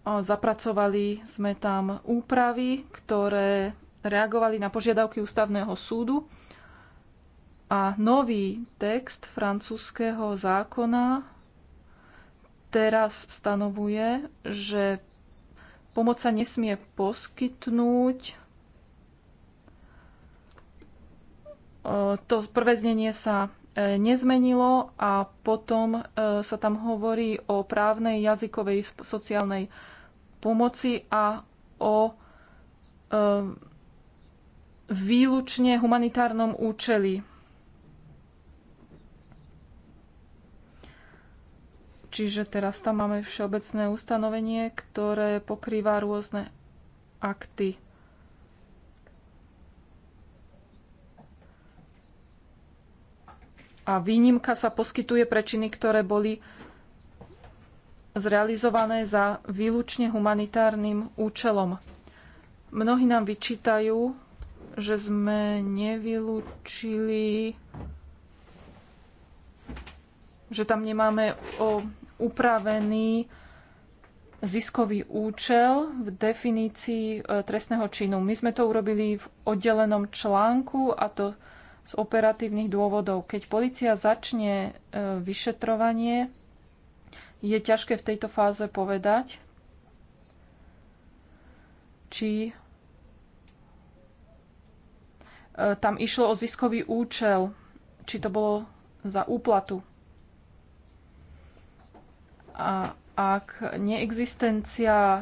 Zapracovali sme tam úpravy, ktoré reagovali na požiadavky ústavného súdu a nový text francúzského zákona teraz stanovuje, že pomoc sa nesmie poskytnúť. E, to prvé znenie sa e, nezmenilo a potom e, sa tam hovorí o právnej, jazykovej, sociálnej pomoci a o výlučne humanitárnom účeli Čiže teraz tam máme všeobecné ustanovenie, ktoré pokrýva rôzne akty. A výnimka sa poskytuje pre činy, ktoré boli zrealizované za výlučne humanitárnym účelom. Mnohí nám vyčítajú, že sme nevylúčili, že tam nemáme o upravený ziskový účel v definícii e, trestného činu. My sme to urobili v oddelenom článku a to z operatívnych dôvodov. Keď policia začne e, vyšetrovanie, je ťažké v tejto fáze povedať, či e, tam išlo o ziskový účel, či to bolo za úplatu a ak neexistencia e,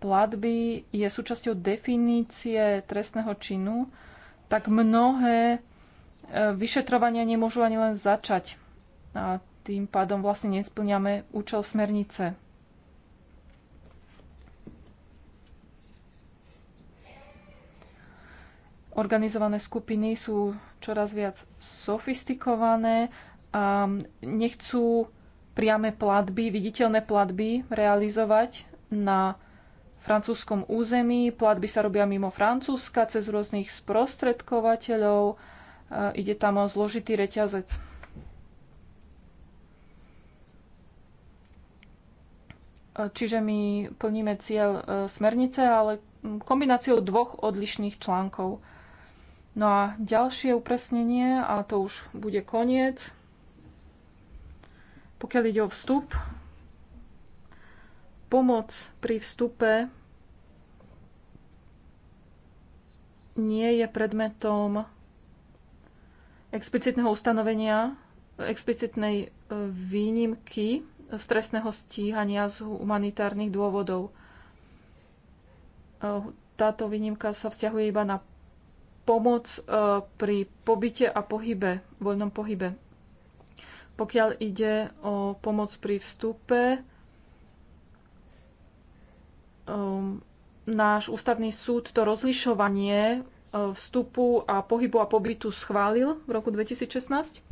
platby je súčasťou definície trestného činu, tak mnohé e, vyšetrovania nemôžu ani len začať. A tým pádom vlastne nesplňame účel smernice. Organizované skupiny sú čoraz viac sofistikované a nechcú priame platby, viditeľné platby realizovať na francúzskom území. Platby sa robia mimo Francúzska cez rôznych sprostredkovateľov. E, ide tam o zložitý reťazec. E, čiže my plníme cieľ e, smernice, ale kombináciou dvoch odlišných článkov. No a ďalšie upresnenie, a to už bude koniec, pokiaľ ide o vstup, pomoc pri vstupe nie je predmetom explicitného ustanovenia, explicitnej e, výnimky z trestného stíhania z humanitárnych dôvodov. E, táto výnimka sa vzťahuje iba na pomoc e, pri pobyte a pohybe, voľnom pohybe pokiaľ ide o pomoc pri vstupe, um, náš ústavný súd to rozlišovanie uh, vstupu a pohybu a pobytu schválil v roku 2016.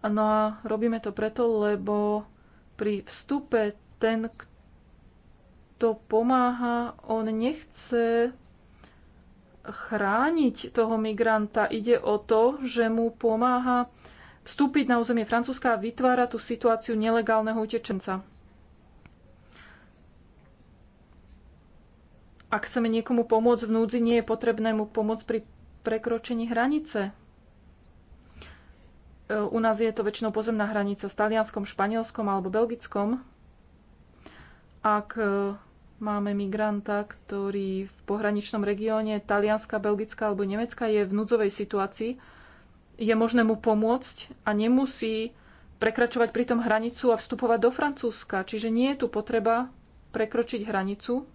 No a robíme to preto, lebo pri vstupe ten, kto pomáha, on nechce chrániť toho migranta. Ide o to, že mu pomáha vstúpiť na územie Francúzska a vytvára tú situáciu nelegálneho utečenca. Ak chceme niekomu pomôcť v núdzi, nie je potrebné mu pomôcť pri prekročení hranice. E, u nás je to väčšinou pozemná hranica s Talianskom, Španielskom alebo Belgickom. Ak e, máme migranta, ktorý v pohraničnom regióne Talianska, Belgická alebo Nemecka je v núdzovej situácii, je možné mu pomôcť a nemusí prekračovať pritom hranicu a vstupovať do Francúzska. Čiže nie je tu potreba prekročiť hranicu.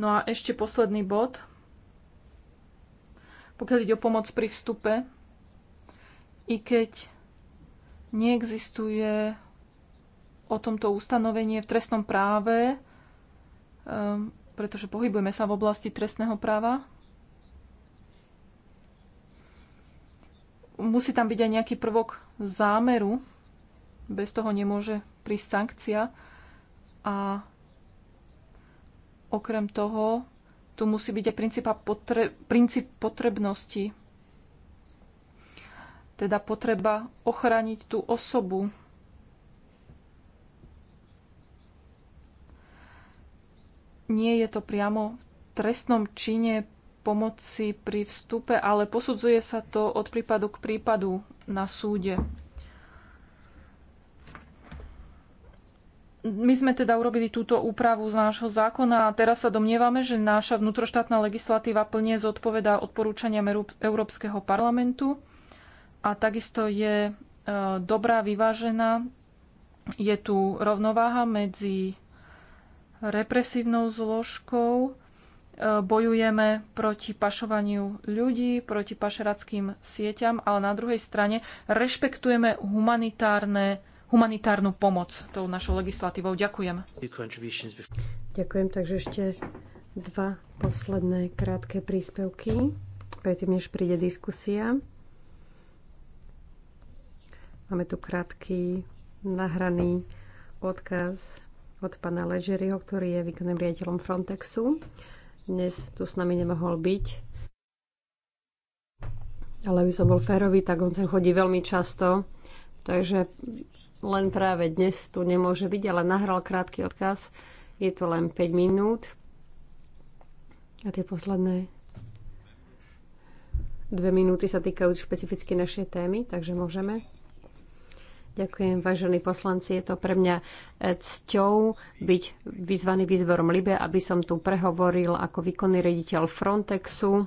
No a ešte posledný bod. Pokiaľ ide o pomoc pri vstupe, i keď neexistuje o tomto ustanovenie v trestnom práve, ehm, pretože pohybujeme sa v oblasti trestného práva. Musí tam byť aj nejaký prvok zámeru. Bez toho nemôže prísť sankcia. A okrem toho, tu musí byť aj potre- princíp potrebnosti. Teda potreba ochrániť tú osobu, nie je to priamo v trestnom čine pomoci pri vstupe, ale posudzuje sa to od prípadu k prípadu na súde. My sme teda urobili túto úpravu z nášho zákona a teraz sa domnievame, že náša vnútroštátna legislatíva plne zodpovedá odporúčaniam Európskeho parlamentu a takisto je e, dobrá, vyvážená. Je tu rovnováha medzi represívnou zložkou. E, bojujeme proti pašovaniu ľudí, proti pašerackým sieťam, ale na druhej strane rešpektujeme humanitárne humanitárnu pomoc tou našou legislatívou. Ďakujem. Ďakujem, takže ešte dva posledné krátke príspevky, predtým než príde diskusia. Máme tu krátky nahraný odkaz od pana Ležeryho, ktorý je výkonným riaditeľom Frontexu. Dnes tu s nami nemohol byť, ale by som bol férový, tak on sem chodí veľmi často. Takže len práve dnes tu nemôže byť, ale nahral krátky odkaz. Je to len 5 minút. A tie posledné dve minúty sa týkajú špecificky našej témy, takže môžeme. Ďakujem, vážení poslanci. Je to pre mňa e, cťou byť vyzvaný výzborom Libe, aby som tu prehovoril ako výkonný rediteľ Frontexu,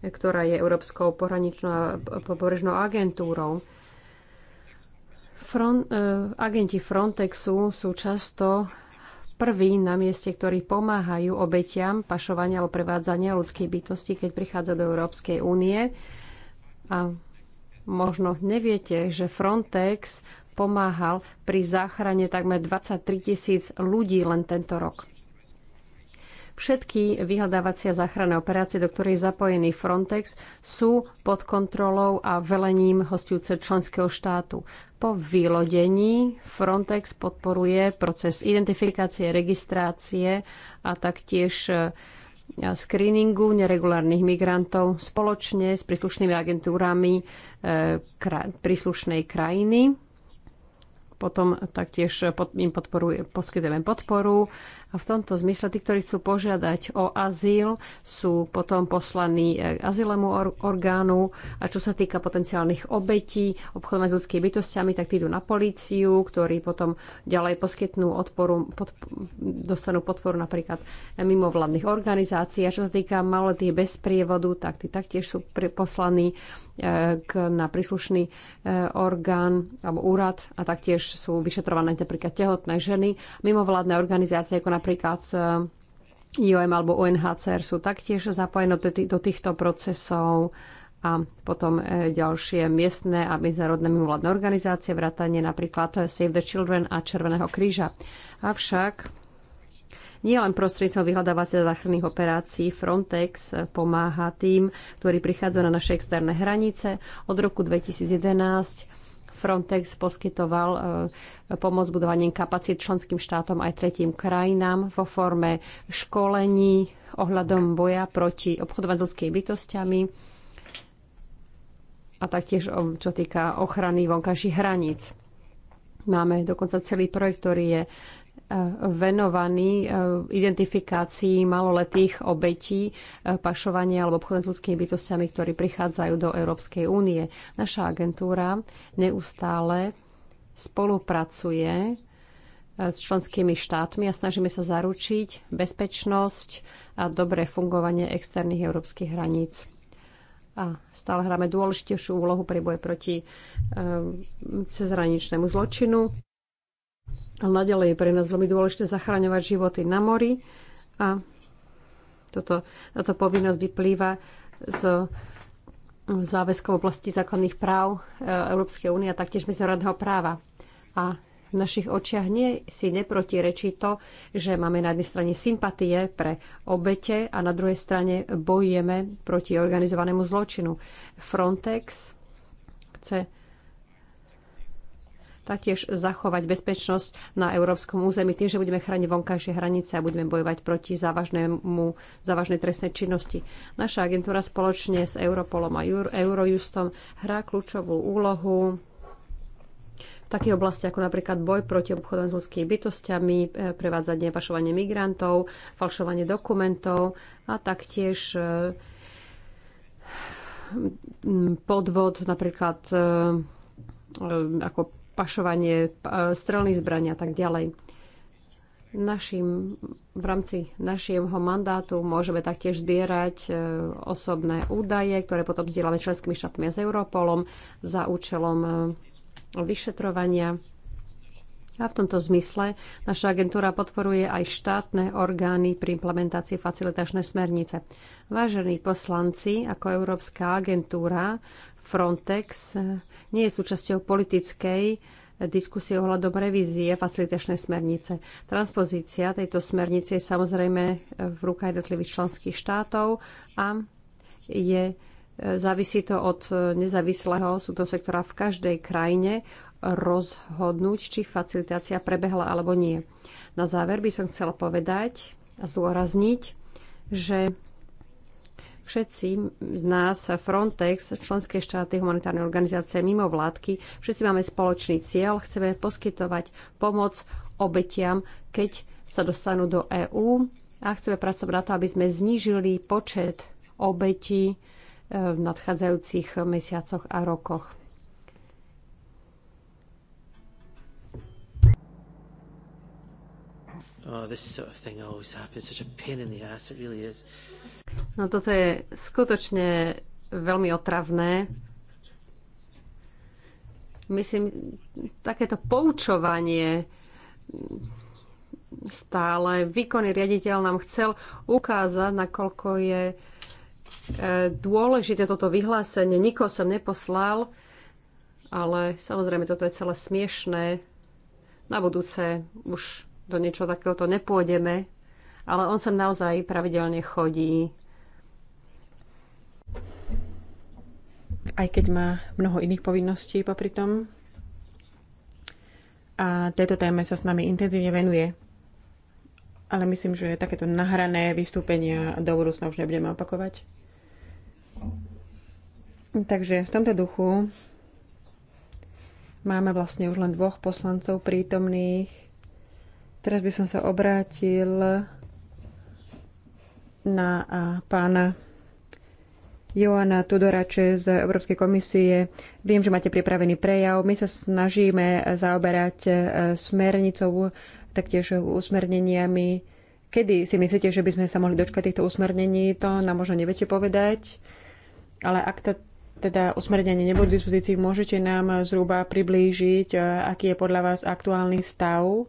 e, ktorá je Európskou pohraničnou a pobrežnou agentúrou. Front, e, agenti Frontexu sú často prví na mieste, ktorí pomáhajú obetiam pašovania alebo prevádzania ľudských bytostí, keď prichádza do Európskej únie. A Možno neviete, že Frontex pomáhal pri záchrane takmer 23 tisíc ľudí len tento rok. Všetky vyhľadávacie záchranné operácie, do ktorých je zapojený Frontex, sú pod kontrolou a velením hostujúce členského štátu. Po vylodení Frontex podporuje proces identifikácie, registrácie a taktiež screeningu neregulárnych migrantov spoločne s príslušnými agentúrami e, príslušnej krajiny. Potom taktiež im podporuje, poskytujeme podporu a v tomto zmysle tí, ktorí chcú požiadať o azyl, sú potom poslaní k e, azylému orgánu. A čo sa týka potenciálnych obetí obchodovania s ľudskými bytostiami, tak tí idú na políciu, ktorí potom ďalej poskytnú odporu, pod, dostanú podporu napríklad mimovládnych organizácií. A čo sa týka maloletých bez prievodu, tak tí taktiež sú poslaní e, k, na príslušný e, orgán alebo úrad a taktiež sú vyšetrované napríklad tehotné ženy. Mimovládne organizácie ako napríklad eh, IOM alebo UNHCR sú taktiež zapojené do týchto procesov a potom eh, ďalšie miestne a medzinárodné mimovládne organizácie, vrátanie napríklad eh, Save the Children a Červeného kríža. Avšak nie len prostredníctvom vyhľadávacích záchranných operácií Frontex pomáha tým, ktorí prichádzajú na naše externé hranice. Od roku 2011 Frontex poskytoval e, pomoc budovaním kapacít členským štátom aj tretím krajinám vo forme školení ohľadom boja proti obchodovať s ľudskými bytostiami a taktiež čo týka ochrany vonkajších hraníc. Máme dokonca celý projekt, ktorý je venovaný e, identifikácii maloletých obetí e, pašovania alebo obchodu s ľudskými bytostiami, ktorí prichádzajú do Európskej únie. Naša agentúra neustále spolupracuje e, s členskými štátmi a snažíme sa zaručiť bezpečnosť a dobré fungovanie externých európskych hraníc. A stále hráme dôležitejšiu úlohu pri boji proti cezhraničnému zločinu a naďalej je pre nás veľmi dôležité zachraňovať životy na mori a toto, táto povinnosť vyplýva z záväzkov oblasti základných práv e, Európskej únie a taktiež medzinárodného práva. A v našich očiach nie si neprotirečí to, že máme na jednej strane sympatie pre obete a na druhej strane bojujeme proti organizovanému zločinu. Frontex chce taktiež zachovať bezpečnosť na európskom území tým, že budeme chrániť vonkajšie hranice a budeme bojovať proti závažnému, závažnej trestnej činnosti. Naša agentúra spoločne s Europolom a Eurojustom hrá kľúčovú úlohu takých oblasti ako napríklad boj proti obchodom s ľudskými bytostiami, e, prevádzanie pašovanie migrantov, falšovanie dokumentov a taktiež e, podvod napríklad e, ako pašovanie strelných zbraní a tak ďalej. Našim, v rámci našieho mandátu môžeme taktiež zbierať e, osobné údaje, ktoré potom vzdielame členskými štátmi a s Europolom za účelom e, vyšetrovania. A v tomto zmysle naša agentúra podporuje aj štátne orgány pri implementácii facilitačnej smernice. Vážení poslanci, ako Európska agentúra Frontex eh, nie je súčasťou politickej eh, diskusie ohľadom revízie facilitačnej smernice. Transpozícia tejto smernice je samozrejme eh, v rukách jednotlivých členských štátov a je, závisí to od nezávislého súdov sektora v každej krajine rozhodnúť, či facilitácia prebehla alebo nie. Na záver by som chcela povedať a zdôrazniť, že Všetci z nás, Frontex, členské štáty, humanitárne organizácie, mimo vládky, všetci máme spoločný cieľ, chceme poskytovať pomoc obetiam, keď sa dostanú do EÚ a chceme pracovať na to, aby sme znížili počet obetí e, v nadchádzajúcich mesiacoch a rokoch. Oh, this sort of thing always happens. Such a pain in the ass, it really is. No toto je skutočne veľmi otravné. Myslím, takéto poučovanie stále. Výkonný riaditeľ nám chcel ukázať, nakoľko je e, dôležité toto vyhlásenie. Niko som neposlal, ale samozrejme toto je celé smiešné. Na budúce už do niečo takéhoto nepôjdeme ale on sem naozaj pravidelne chodí. Aj keď má mnoho iných povinností popri tom. A tejto téme sa s nami intenzívne venuje. Ale myslím, že takéto nahrané vystúpenia do budúcna už nebudeme opakovať. Takže v tomto duchu máme vlastne už len dvoch poslancov prítomných. Teraz by som sa obrátil na pána Joana Tudorače z Európskej komisie. Viem, že máte pripravený prejav. My sa snažíme zaoberať e, smernicou, taktiež usmerneniami. Kedy si myslíte, že by sme sa mohli dočkať týchto usmernení? To nám možno neviete povedať. Ale ak ta, teda usmernenie nebudú v dispozícii, môžete nám zhruba priblížiť, e, aký je podľa vás aktuálny stav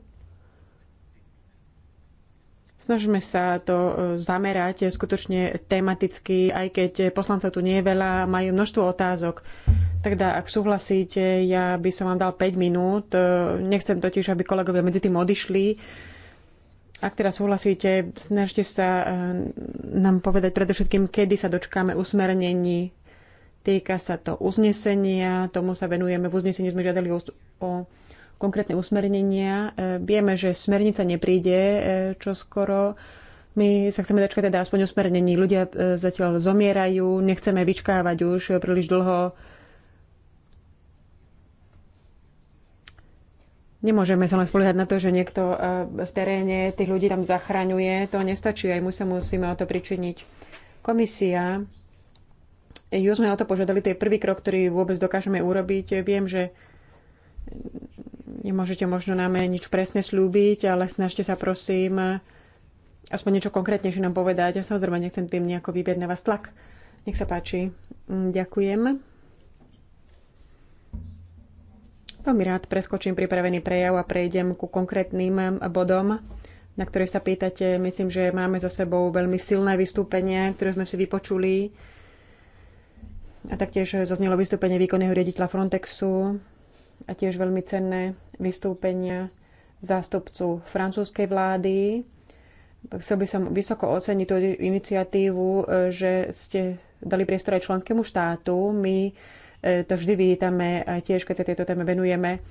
Snažíme sa to e, zamerať skutočne tematicky, aj keď poslancov tu nie je veľa, majú množstvo otázok. Teda, ak súhlasíte, ja by som vám dal 5 minút. E, nechcem totiž, aby kolegovia medzi tým odišli. Ak teda súhlasíte, snažte sa e, nám povedať predovšetkým, kedy sa dočkáme usmernení. Týka sa to uznesenia, tomu sa venujeme. V uznesení sme žiadali o konkrétne usmernenia. E, vieme, že smernica nepríde e, čo skoro. My sa chceme dočkať teda aspoň usmernení. Ľudia e, zatiaľ zomierajú, nechceme vyčkávať už príliš dlho. Nemôžeme sa len spoliehať na to, že niekto v teréne tých ľudí tam zachraňuje. To nestačí, aj my sa musíme o to pričiniť. Komisia, ju sme o to požiadali, to je prvý krok, ktorý vôbec dokážeme urobiť. Viem, že Nemôžete možno nám nič presne slúbiť, ale snažte sa prosím aspoň niečo konkrétnejšie nám povedať. Ja samozrejme nechcem tým nejako vybieť na vás tlak. Nech sa páči. Mm, ďakujem. Veľmi rád preskočím pripravený prejav a prejdem ku konkrétnym bodom, na ktoré sa pýtate. Myslím, že máme za sebou veľmi silné vystúpenie, ktoré sme si vypočuli. A taktiež zaznelo vystúpenie výkonného riaditeľa Frontexu a tiež veľmi cenné vystúpenia zástupcu francúzskej vlády. Chcel by som vysoko oceniť tú iniciatívu, e, že ste dali priestor aj členskému štátu. My e, to vždy vítame a tiež, keď sa tejto téme venujeme.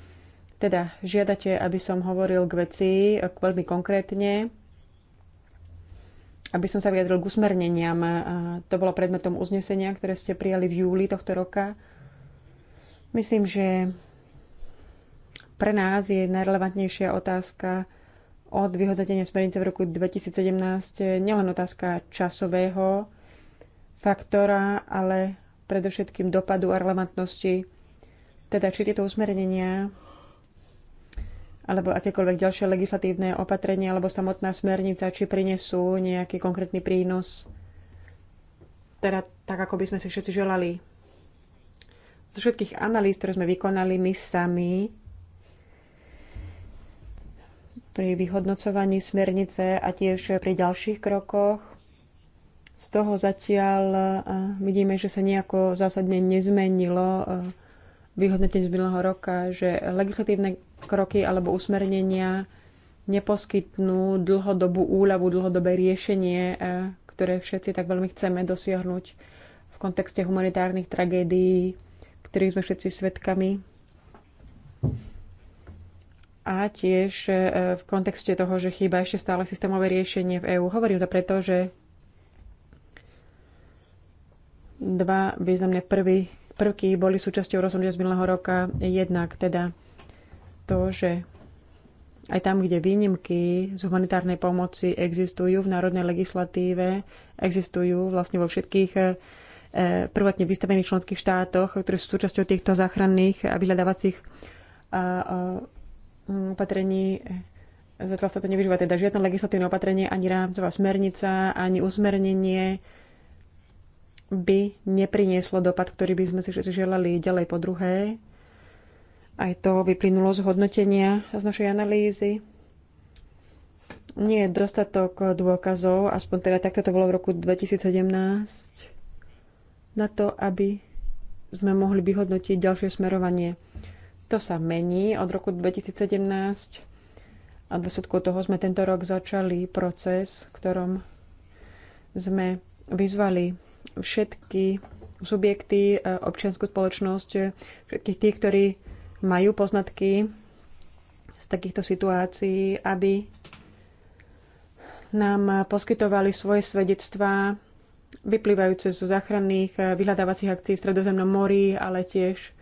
Teda žiadate, aby som hovoril k veci e, veľmi konkrétne, aby som sa vyjadril k usmerneniam. To bolo predmetom uznesenia, ktoré ste prijali v júli tohto roka. Myslím, že pre nás je najrelevantnejšia otázka od vyhodnotenia smernice v roku 2017 nielen otázka časového faktora, ale predovšetkým dopadu a relevantnosti. Teda či tieto usmernenia alebo akékoľvek ďalšie legislatívne opatrenie alebo samotná smernica, či prinesú nejaký konkrétny prínos, teda tak, ako by sme si všetci želali. Zo všetkých analýz, ktoré sme vykonali my sami, pri vyhodnocovaní smernice a tiež pri ďalších krokoch. Z toho zatiaľ vidíme, že sa nejako zásadne nezmenilo vyhodnotenie z minulého roka, že legislatívne kroky alebo usmernenia neposkytnú dlhodobú úľavu, dlhodobé riešenie, ktoré všetci tak veľmi chceme dosiahnuť v kontexte humanitárnych tragédií, ktorých sme všetci svetkami a tiež e, v kontexte toho, že chýba ešte stále systémové riešenie v EÚ. Hovorím to preto, že dva významné prvý, prvky boli súčasťou rozhodnutia z minulého roka. Jednak teda to, že aj tam, kde výnimky z humanitárnej pomoci existujú v národnej legislatíve, existujú vlastne vo všetkých e, e, prvotne vystavených členských štátoch, ktoré sú súčasťou týchto záchranných a vyhľadávacích opatrení e, zatiaľ sa to nevyžíva teda žiadne legislatívne opatrenie, ani rámcová smernica, ani usmernenie by neprinieslo dopad, ktorý by sme si všetci želali ďalej po druhé. Aj to vyplynulo z hodnotenia z našej analýzy. Nie je dostatok dôkazov, aspoň teda takto to bolo v roku 2017, na to, aby sme mohli vyhodnotiť ďalšie smerovanie. To sa mení od roku 2017 a v dôsledku toho sme tento rok začali proces, v ktorom sme vyzvali všetky subjekty, e, občianskú spoločnosť, e, všetkých tých, ktorí majú poznatky z takýchto situácií, aby nám poskytovali svoje svedectvá vyplývajúce zo záchranných e, vyhľadávacích akcií v Stredozemnom mori, ale tiež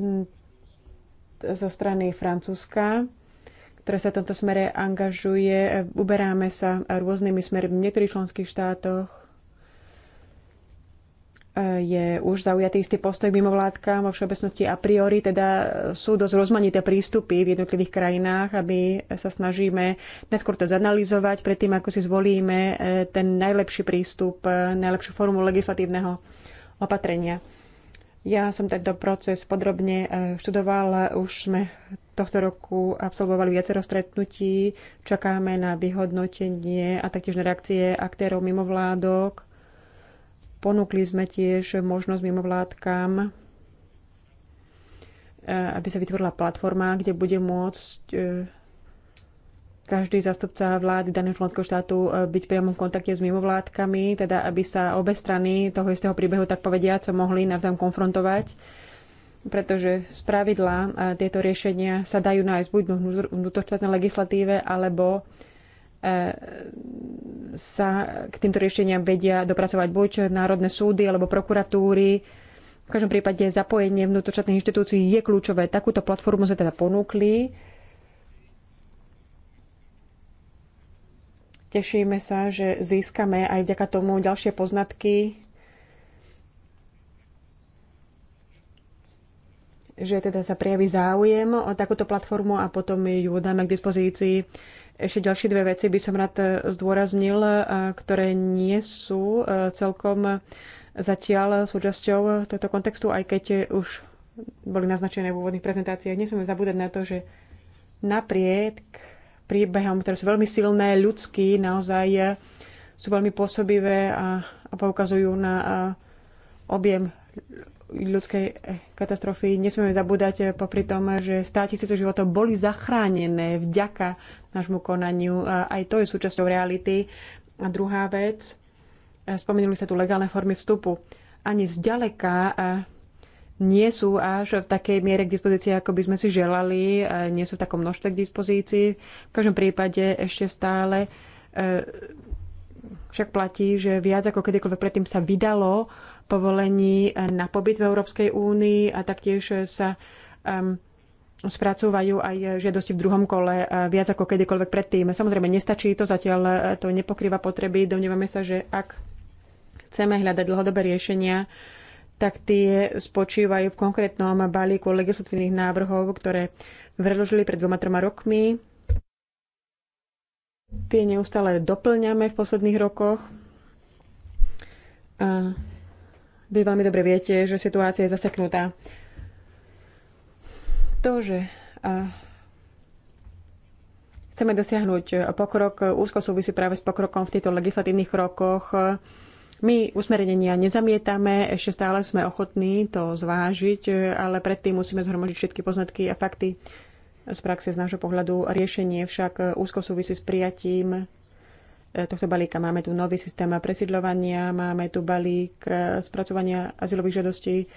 Mm, zo strany Francúzska, ktoré sa v tomto smere angažuje. Uberáme sa rôznymi smermi v niektorých členských štátoch. E, je už zaujatý istý postoj mimovládkam vo všeobecnosti a priori, teda e, sú dosť rozmanité prístupy v jednotlivých krajinách, aby sa snažíme neskôr to zanalizovať predtým, ako si zvolíme e, ten najlepší prístup, najlepšiu formu legislatívneho opatrenia. Ja som tento proces podrobne e, študoval, už sme tohto roku absolvovali viacero stretnutí, čakáme na vyhodnotenie a taktiež na reakcie aktérov mimovládok. Ponúkli sme tiež možnosť mimovládkam, e, aby sa vytvorila platforma, kde bude môcť e, každý zastupca vlády daného členského štátu e, byť priamo v kontakte s mimovládkami, teda aby sa obe strany toho istého príbehu, tak povedia, co mohli navzájom konfrontovať, pretože z pravidla e, tieto riešenia sa dajú nájsť buď v vnútroštátnej legislatíve, alebo e, sa k týmto riešeniam vedia dopracovať buď národné súdy alebo prokuratúry. V každom prípade zapojenie vnútroštátnych inštitúcií je kľúčové. Takúto platformu sa teda ponúkli Tešíme sa, že získame aj vďaka tomu ďalšie poznatky, že teda sa prijaví záujem o takúto platformu a potom ju dáme k dispozícii. Ešte ďalšie dve veci by som rád e, zdôraznil, e, ktoré nie sú e, celkom zatiaľ súčasťou tohto kontextu, aj keď už boli naznačené v úvodných prezentáciách. Nesmieme zabúdať na to, že napriek príbehom, ktoré sú veľmi silné, ľudské, naozaj e, sú veľmi pôsobivé a, a poukazujú na a e, objem ľudskej e, katastrofy. Nesmieme zabúdať popri tom, že stá tisíce životov boli zachránené vďaka nášmu konaniu. a Aj to je súčasťou reality. A druhá vec, spomenuli sa tu legálne formy vstupu. Ani zďaleka nie sú až v takej miere k dispozícii, ako by sme si želali, nie sú v takom množstve k dispozícii. V každom prípade ešte stále e, však platí, že viac ako kedykoľvek predtým sa vydalo povolení na pobyt v Európskej únii a taktiež sa um, spracúvajú aj žiadosti v druhom kole e, viac ako kedykoľvek predtým. Samozrejme, nestačí to, zatiaľ e, to nepokrýva potreby. Domnievame sa, že ak chceme hľadať dlhodobé riešenia tak tie spočívajú v konkrétnom balíku legislatívnych návrhov, ktoré predložili pred dvoma, troma rokmi. Tie neustále doplňame v posledných rokoch. A vy veľmi dobre viete, že situácia je zaseknutá. To, že chceme dosiahnuť pokrok, úzko súvisí práve s pokrokom v týchto legislatívnych krokoch, my usmerenia nezamietame, ešte stále sme ochotní to zvážiť, ale predtým musíme zhromažiť všetky poznatky a fakty z praxe z nášho pohľadu. Riešenie však úzko súvisí s prijatím eh, tohto balíka. Máme tu nový systém presidľovania, máme tu balík eh, spracovania azylových žiadostí,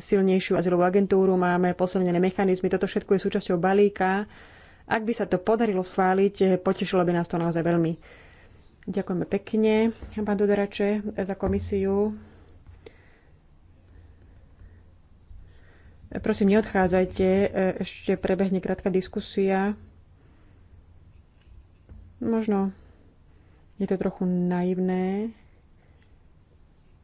silnejšiu azylovú agentúru, máme posilnené mechanizmy. Toto všetko je súčasťou balíka. Ak by sa to podarilo schváliť, eh, potešilo by nás to naozaj veľmi. Ďakujeme pekne, pán Dodarače, za komisiu. Prosím, neodchádzajte, ešte prebehne krátka diskusia. Možno je to trochu naivné,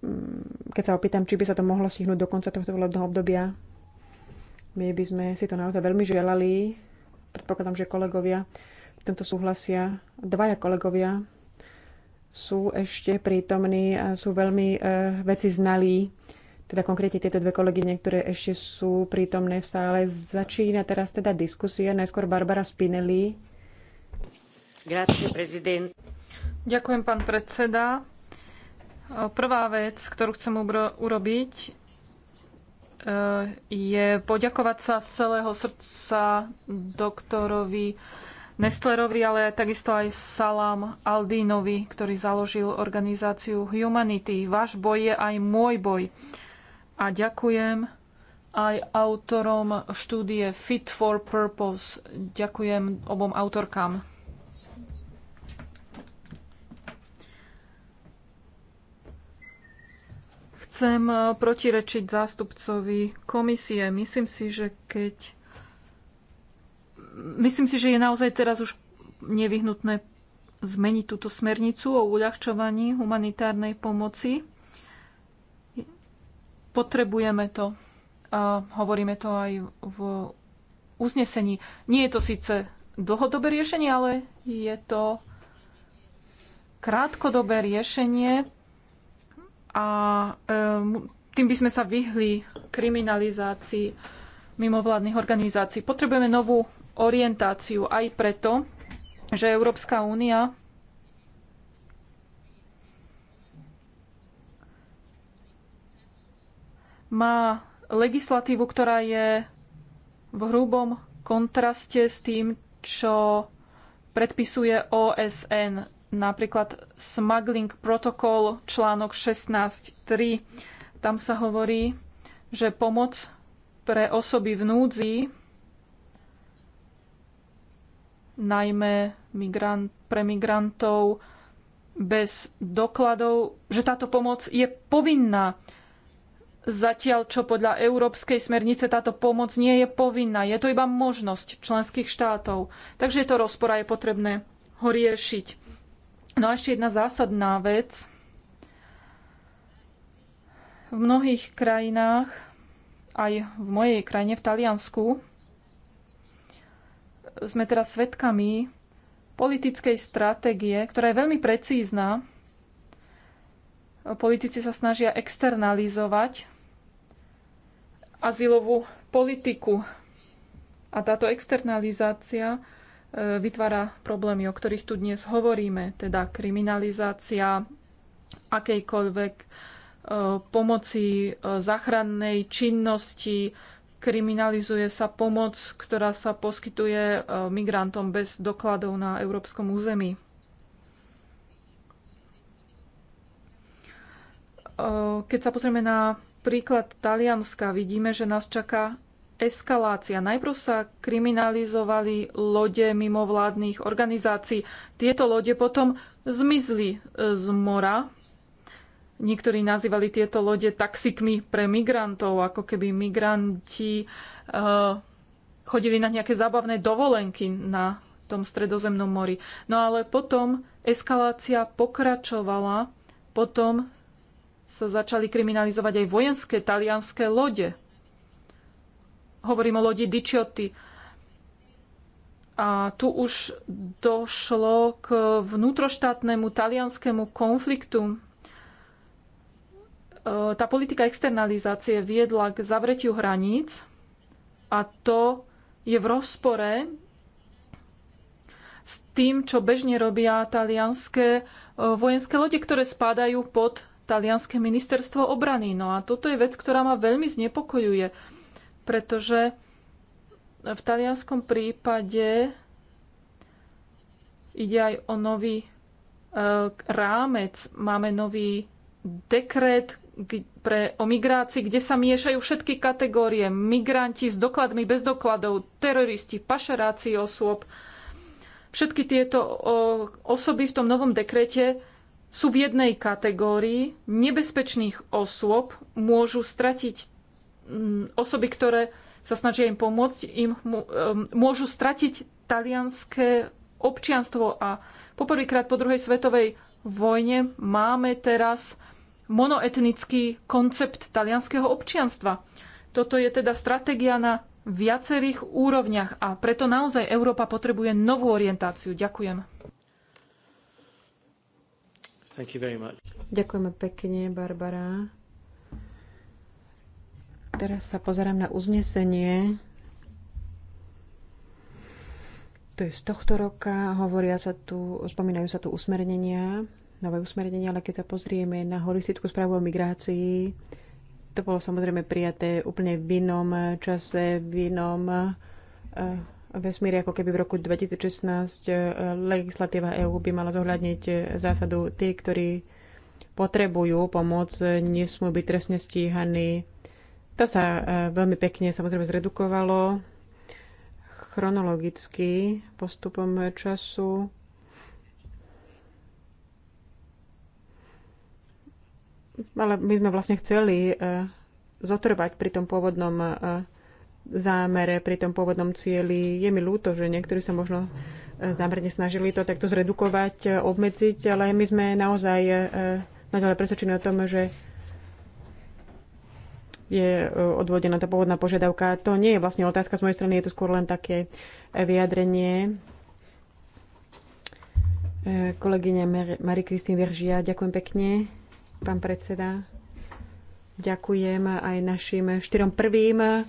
mm, keď sa opýtam, či by sa to mohlo stihnúť do konca tohto volebného obdobia. My by sme si to naozaj veľmi želali. Predpokladám, že kolegovia v tomto súhlasia. Dvaja kolegovia sú ešte prítomní a sú veľmi e, veci znalí. Teda konkrétne tieto dve kolegyne, ktoré ešte sú prítomné v sále. Začína teraz teda diskusia. Najskôr Barbara Spinelli. Grazie, prezident. Ďakujem, pán predseda. E, prvá vec, ktorú chcem urobiť, e, je poďakovať sa z celého srdca doktorovi Nestlerovi, ale takisto aj Salam Aldínovi, ktorý založil organizáciu Humanity. Váš boj je aj môj boj. A ďakujem aj autorom štúdie Fit for Purpose. Ďakujem obom autorkám. Chcem eh, protirečiť zástupcovi komisie. Myslím si, že keď myslím si, že je naozaj teraz už nevyhnutné zmeniť túto smernicu o uľahčovaní humanitárnej pomoci. Potrebujeme to. A hovoríme to aj v uznesení. Nie je to síce dlhodobé riešenie, ale je to krátkodobé riešenie a e, tým by sme sa vyhli kriminalizácii mimovládnych organizácií. Potrebujeme novú orientáciu aj preto, že Európska únia má legislatívu, ktorá je v hrubom kontraste s tým, čo predpisuje OSN, napríklad Smuggling Protocol článok 16.3. Tam sa hovorí, že pomoc pre osoby v núdzi najmä migrant, pre migrantov bez dokladov, že táto pomoc je povinná. Zatiaľ, čo podľa Európskej smernice táto pomoc nie je povinná. Je to iba možnosť členských štátov. Takže je to rozpor a je potrebné ho riešiť. No a ešte jedna zásadná vec. V mnohých krajinách, aj v mojej krajine, v Taliansku, sme teraz svedkami politickej stratégie, ktorá je veľmi precízna. Politici sa snažia externalizovať azylovú politiku. A táto externalizácia e, vytvára problémy, o ktorých tu dnes hovoríme, teda kriminalizácia akejkoľvek e, pomoci e, záchrannej činnosti, kriminalizuje sa pomoc, ktorá sa poskytuje e, migrantom bez dokladov na európskom území. E, keď sa pozrieme na príklad Talianska, vidíme, že nás čaká eskalácia. Najprv sa kriminalizovali lode mimovládnych organizácií. Tieto lode potom zmizli e, z mora Niektorí nazývali tieto lode taxikmi pre migrantov, ako keby migranti uh, chodili na nejaké zábavné dovolenky na tom stredozemnom mori. No ale potom eskalácia pokračovala, potom sa začali kriminalizovať aj vojenské talianské lode. Hovorím o lodi Dičioty. A tu už došlo k vnútroštátnemu talianskému konfliktu E, tá politika externalizácie viedla k zavretiu hraníc a to je v rozpore s tým, čo bežne robia talianské e, vojenské lode, ktoré spadajú pod talianské ministerstvo obrany. No a toto je vec, ktorá ma veľmi znepokojuje, pretože v talianskom prípade ide aj o nový e, rámec. Máme nový dekret, pre, o migrácii, kde sa miešajú všetky kategórie. Migranti s dokladmi, bez dokladov, teroristi, pašeráci osôb. Všetky tieto osoby v tom novom dekrete sú v jednej kategórii nebezpečných osôb, môžu stratiť mm, osoby, ktoré sa snažia im pomôcť, im môžu stratiť talianské občianstvo. A poprvýkrát po druhej svetovej vojne máme teraz monoetnický koncept talianského občianstva. Toto je teda stratégia na viacerých úrovniach a preto naozaj Európa potrebuje novú orientáciu. Ďakujem. Ďakujeme pekne, Barbara. Teraz sa pozerám na uznesenie. To je z tohto roka. Hovoria sa tu, spomínajú sa tu usmernenia nové usmernenie, ale keď sa pozrieme na holistickú správu o migrácii, to bolo samozrejme prijaté úplne v inom čase, v inom eh, vesmíre, ako keby v roku 2016 eh, legislatíva EÚ by mala zohľadniť eh, zásadu tí, ktorí potrebujú pomoc, nesmú byť trestne stíhaní. To sa veľmi pekne samozrejme zredukovalo chronologicky postupom času ale my sme vlastne chceli e, zotrvať pri tom pôvodnom e, zámere, pri tom pôvodnom cieli. Je mi ľúto, že niektorí sa možno e, zámerne snažili to takto zredukovať, obmedziť, ale my sme naozaj naďalej presvedčení o tom, že je odvodená tá pôvodná požiadavka. To nie je vlastne otázka z mojej strany, je to skôr len také vyjadrenie. Kolegyňa Marie-Christine Veržia, ďakujem pekne pán predseda. Ďakujem aj našim štyrom prvým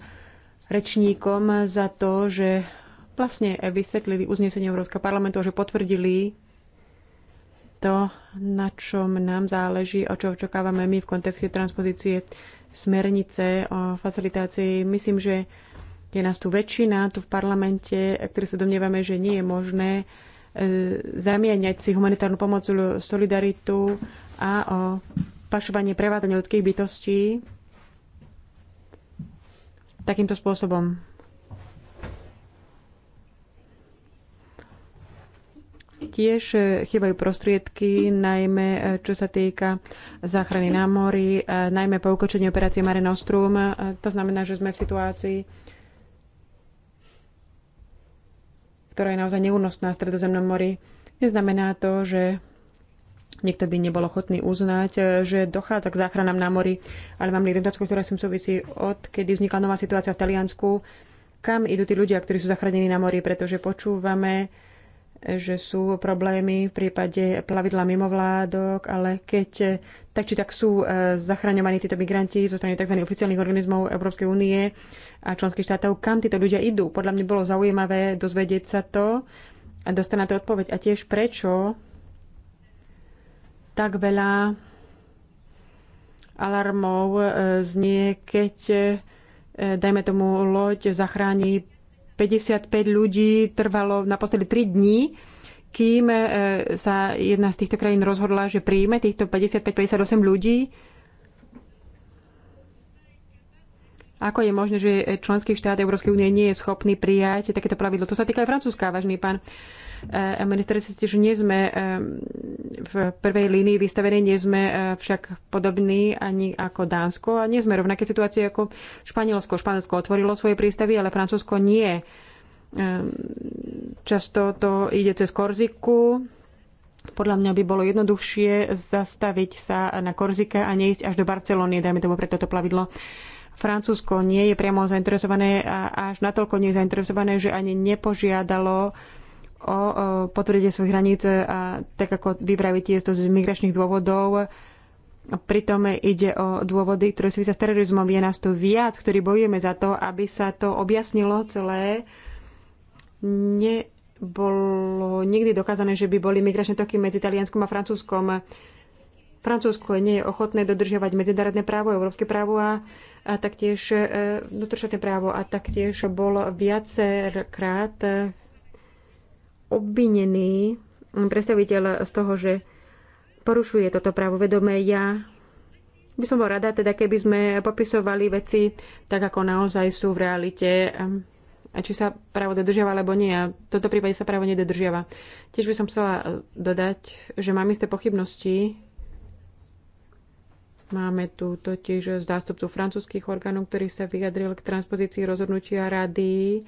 rečníkom za to, že vlastne vysvetlili uznesenie Európskeho parlamentu že potvrdili to, na čom nám záleží, o čo očakávame my v kontexte transpozície smernice o facilitácii. Myslím, že je nás tu väčšina tu v parlamente, ktoré sa domnievame, že nie je možné E, zamieňať si humanitárnu pomoc, solidaritu a o pašovanie prevádzania ľudských bytostí takýmto spôsobom. Tiež e, chýbajú prostriedky, najmä e, čo sa týka záchrany na mori, najmä po ukončení operácie Mare Nostrum. To znamená, že sme v situácii, ktorá je naozaj neúnosná v Stredozemnom mori. Neznamená to, že niekto by nebol ochotný uznať, e, že dochádza k záchranám na mori, ale mám jednu otázku, ktorá som súvisí od kedy vznikla nová situácia v Taliansku, kam idú tí ľudia, ktorí sú zachránení na mori, pretože počúvame že sú problémy v prípade plavidla mimovládok, ale keď eh, tak či tak sú eh, zachraňovaní títo migranti zo strany tzv. oficiálnych organizmov Európskej únie a členských štátov, kam títo ľudia idú. Podľa mňa bolo zaujímavé dozvedieť sa to a dostať na to odpoveď. A tiež prečo tak veľa alarmov eh, znie, keď dajme tomu loď zachráni 55 ľudí trvalo naposledy 3 dní, kým e, sa jedna z týchto krajín rozhodla, že príjme týchto 55-58 ľudí. Ako je možné, že členský štát Európskej únie nie je schopný prijať takéto pravidlo? To sa týka aj Francúzska, vážny pán Eh, Minister si tiež nie sme eh, v prvej línii vystavení, nie sme eh, však podobní ani ako Dánsko a nie sme rovnaké situácie ako Španielsko. Španielsko otvorilo svoje prístavy, ale Francúzsko nie. Často to ide cez Korziku. Podľa mňa by bolo jednoduchšie zastaviť sa na Korzike a neísť až do Barcelóny, dajme tomu pre toto plavidlo. Francúzsko nie je priamo zainteresované a až natoľko nie je zainteresované, že ani nepožiadalo uh, o potvrdenie svojich hraníc e, a tak ako vypraviť je to z migračných dôvodov. Pritom ide o dôvody, ktoré súvisia s terorizmom. Je nás tu viac, ktorí bojujeme za to, aby sa to objasnilo celé. Nebolo nikdy dokázané, že by boli migračné toky medzi Talianskom a Francúzskom. Francúzsko nie je ochotné dodržiavať medzinárodné právo, európske právo a, a taktiež e, právo a taktiež bol viacerkrát obvinený predstaviteľ z toho, že porušuje toto právo vedomé. Ja by som bol rada, teda keby sme popisovali veci tak, ako naozaj sú v realite. A či sa právo dodržiava alebo nie. A v tomto prípade sa právo nedodržiava. Tiež by som chcela e, dodať, že mám isté pochybnosti. Máme tu totiž zástupcu francúzských orgánov, ktorý sa vyjadril k transpozícii rozhodnutia rady,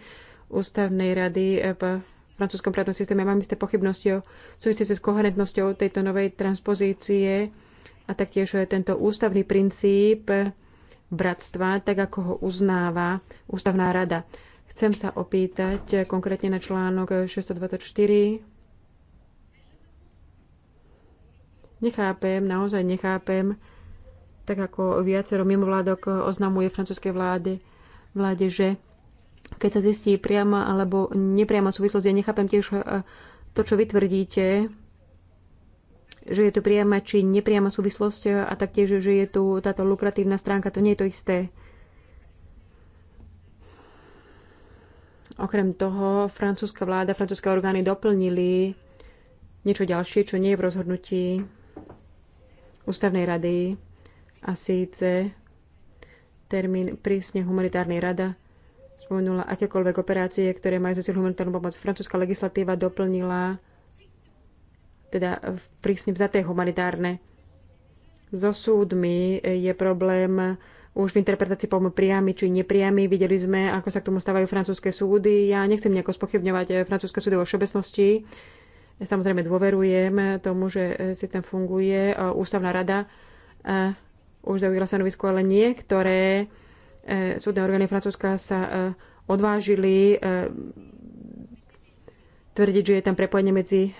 ústavnej rady v e francúzskom právnom systéme. Mám isté pochybnosti o súvisiace s koherentnosťou tejto novej transpozície a taktiež je eh, tento ústavný princíp eh, bratstva, tak ako ho uznáva ústavná rada. Chcem sa opýtať eh, konkrétne na článok 624. Nechápem, naozaj nechápem, tak ako viacero mimovládok oznamuje francúzskej vláde, vláde, že keď sa zistí priama alebo nepriama súvislosť. Ja nechápem tiež eh, to, čo vy tvrdíte, že je tu priama či nepriama súvislosť eh, a taktiež, že je tu táto lukratívna stránka. To nie je to isté. Okrem toho, francúzska vláda, francúzske orgány doplnili niečo ďalšie, čo nie je v rozhodnutí ústavnej rady a síce termín prísne humanitárnej rada spomenula akékoľvek operácie, ktoré majú za cieľ humanitárnu pomoc. Francúzska legislatíva doplnila teda prísne vzaté humanitárne. So súdmi je problém už v interpretácii pomôcť priamy či nepriamy. Videli sme, ako sa k tomu stávajú francúzske súdy. Ja nechcem nejako spochybňovať eh, francúzske súdy vo všeobecnosti. Samozrejme dôverujem tomu, že eh, systém funguje. Eh, Ústavná rada už zaujala stanovisko, ale niektoré E, súdne orgány Francúzska sa e, odvážili e, tvrdiť, že je tam prepojenie medzi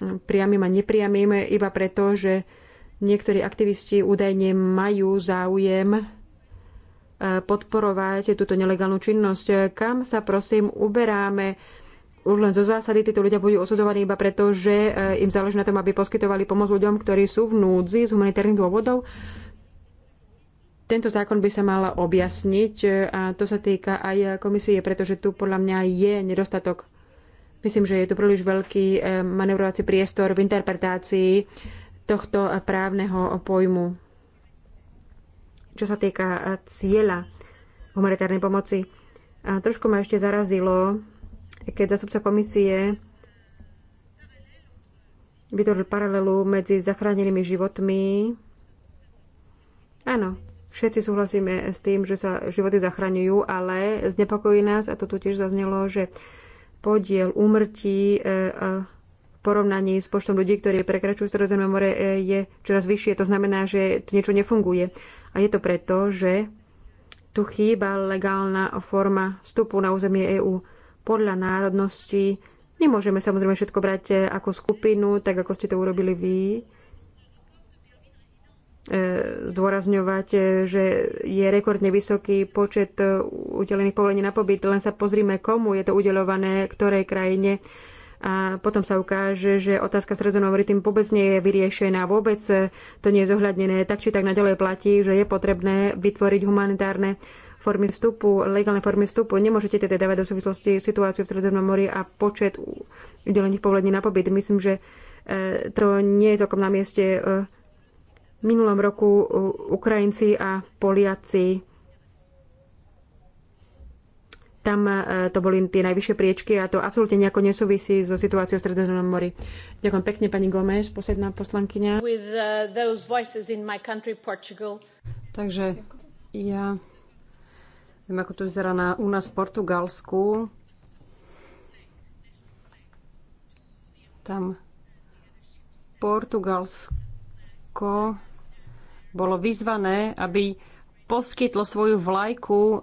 priamým a nepriamým iba preto, že niektorí aktivisti údajne majú záujem podporovať túto nelegálnu činnosť. Kam sa prosím uberáme? Už len zo zásady títo ľudia budú osudovaní iba preto, že im záleží na tom, aby poskytovali pomoc ľuďom, ktorí sú v núdzi z humanitárnych dôvodov. Tento zákon by sa mal objasniť e, a to sa týka aj komisie, pretože tu podľa mňa je nedostatok. Myslím, že je tu príliš veľký e, manevrovací priestor v interpretácii tohto právneho pojmu. Čo sa týka e, cieľa humanitárnej pomoci. A trošku ma ešte zarazilo, keď zastupca komisie vytvoril paralelu medzi zachránenými životmi Áno, Všetci súhlasíme s tým, že sa životy zachraňujú, ale znepokojí nás, a to tu tiež zaznelo, že podiel úmrtí e, e, v porovnaní s počtom ľudí, ktorí prekračujú Stredozemné more, e, je čoraz vyššie. To znamená, že tu niečo nefunguje. A je to preto, že tu chýba legálna forma vstupu na územie EÚ podľa národnosti. Nemôžeme samozrejme všetko brať ako skupinu, tak ako ste to urobili vy E, zdôrazňovať, e, že je rekordne vysoký počet e, udelených povolení na pobyt. Len sa pozrime, komu je to udelované, ktorej krajine. A potom sa ukáže, že otázka s rezonom rytm vôbec nie je vyriešená, vôbec to nie je zohľadnené. Tak či tak naďalej platí, že je potrebné vytvoriť humanitárne formy vstupu, legálne formy vstupu. Nemôžete teda dávať do súvislosti situáciu v Stredozemnom mori a počet udelených povolení na pobyt. Myslím, že to nie je celkom na mieste v minulom roku uh, Ukrajinci a Poliaci tam uh, to boli tie najvyššie priečky a to absolútne nejako nesúvisí so situáciou v Stredozemnom mori. Ďakujem pekne, pani Gomez, posledná poslankyňa. With, uh, country, Takže ja viem, ako to vyzerá na, u nás v Portugalsku. Tam Portugalsko bolo vyzvané, aby poskytlo svoju vlajku e,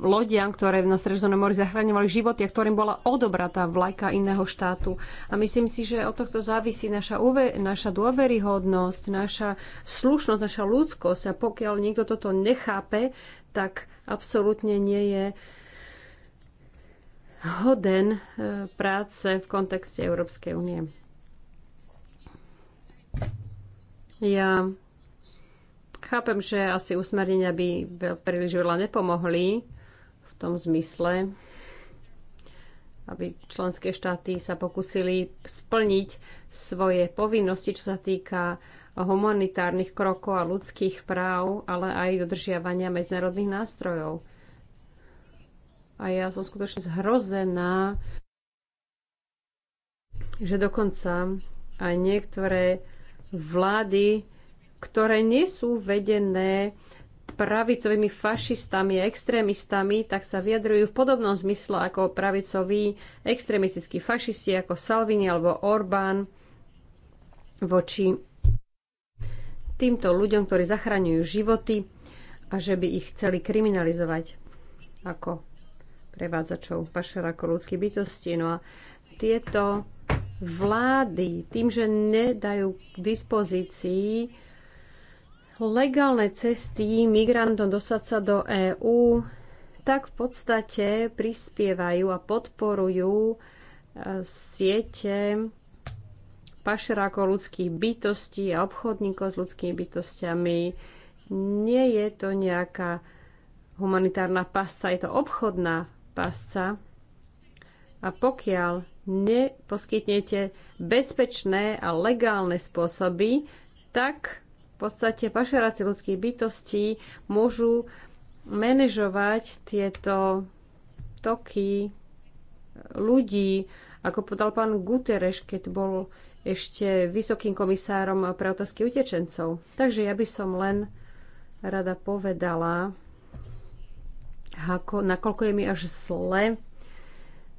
lodiam, ktoré na Stredozemnom mori zachraňovali životy a ktorým bola odobratá vlajka iného štátu. A myslím si, že od tohto závisí naša, uve, naša dôveryhodnosť, naša slušnosť, naša ľudskosť. A pokiaľ niekto toto nechápe, tak absolútne nie je hoden e, práce v kontexte Európskej únie. Ja Chápem, že asi usmernenia by príliš veľa nepomohli v tom zmysle, aby členské štáty sa pokusili splniť svoje povinnosti, čo sa týka humanitárnych krokov a ľudských práv, ale aj dodržiavania medzinárodných nástrojov. A ja som skutočne zhrozená, že dokonca aj niektoré vlády ktoré nie sú vedené pravicovými fašistami a extrémistami, tak sa vyjadrujú v podobnom zmysle ako pravicoví extrémistickí fašisti ako Salvini alebo Orbán voči týmto ľuďom, ktorí zachraňujú životy a že by ich chceli kriminalizovať ako prevádzačov pašer ako ľudských bytosti. No a tieto vlády tým, že nedajú k dispozícii legálne cesty migrantom dostať sa do EÚ, tak v podstate prispievajú a podporujú e, siete pašerákov ľudských bytostí a obchodníkov s ľudskými bytostiami. Nie je to nejaká humanitárna pasca, je to obchodná pasca. A pokiaľ neposkytnete bezpečné a legálne spôsoby, tak v podstate pašeráci ľudských bytostí môžu manažovať tieto toky ľudí, ako povedal pán Guterres, keď bol ešte vysokým komisárom pre otázky utečencov. Takže ja by som len rada povedala, ako, nakoľko je mi až zle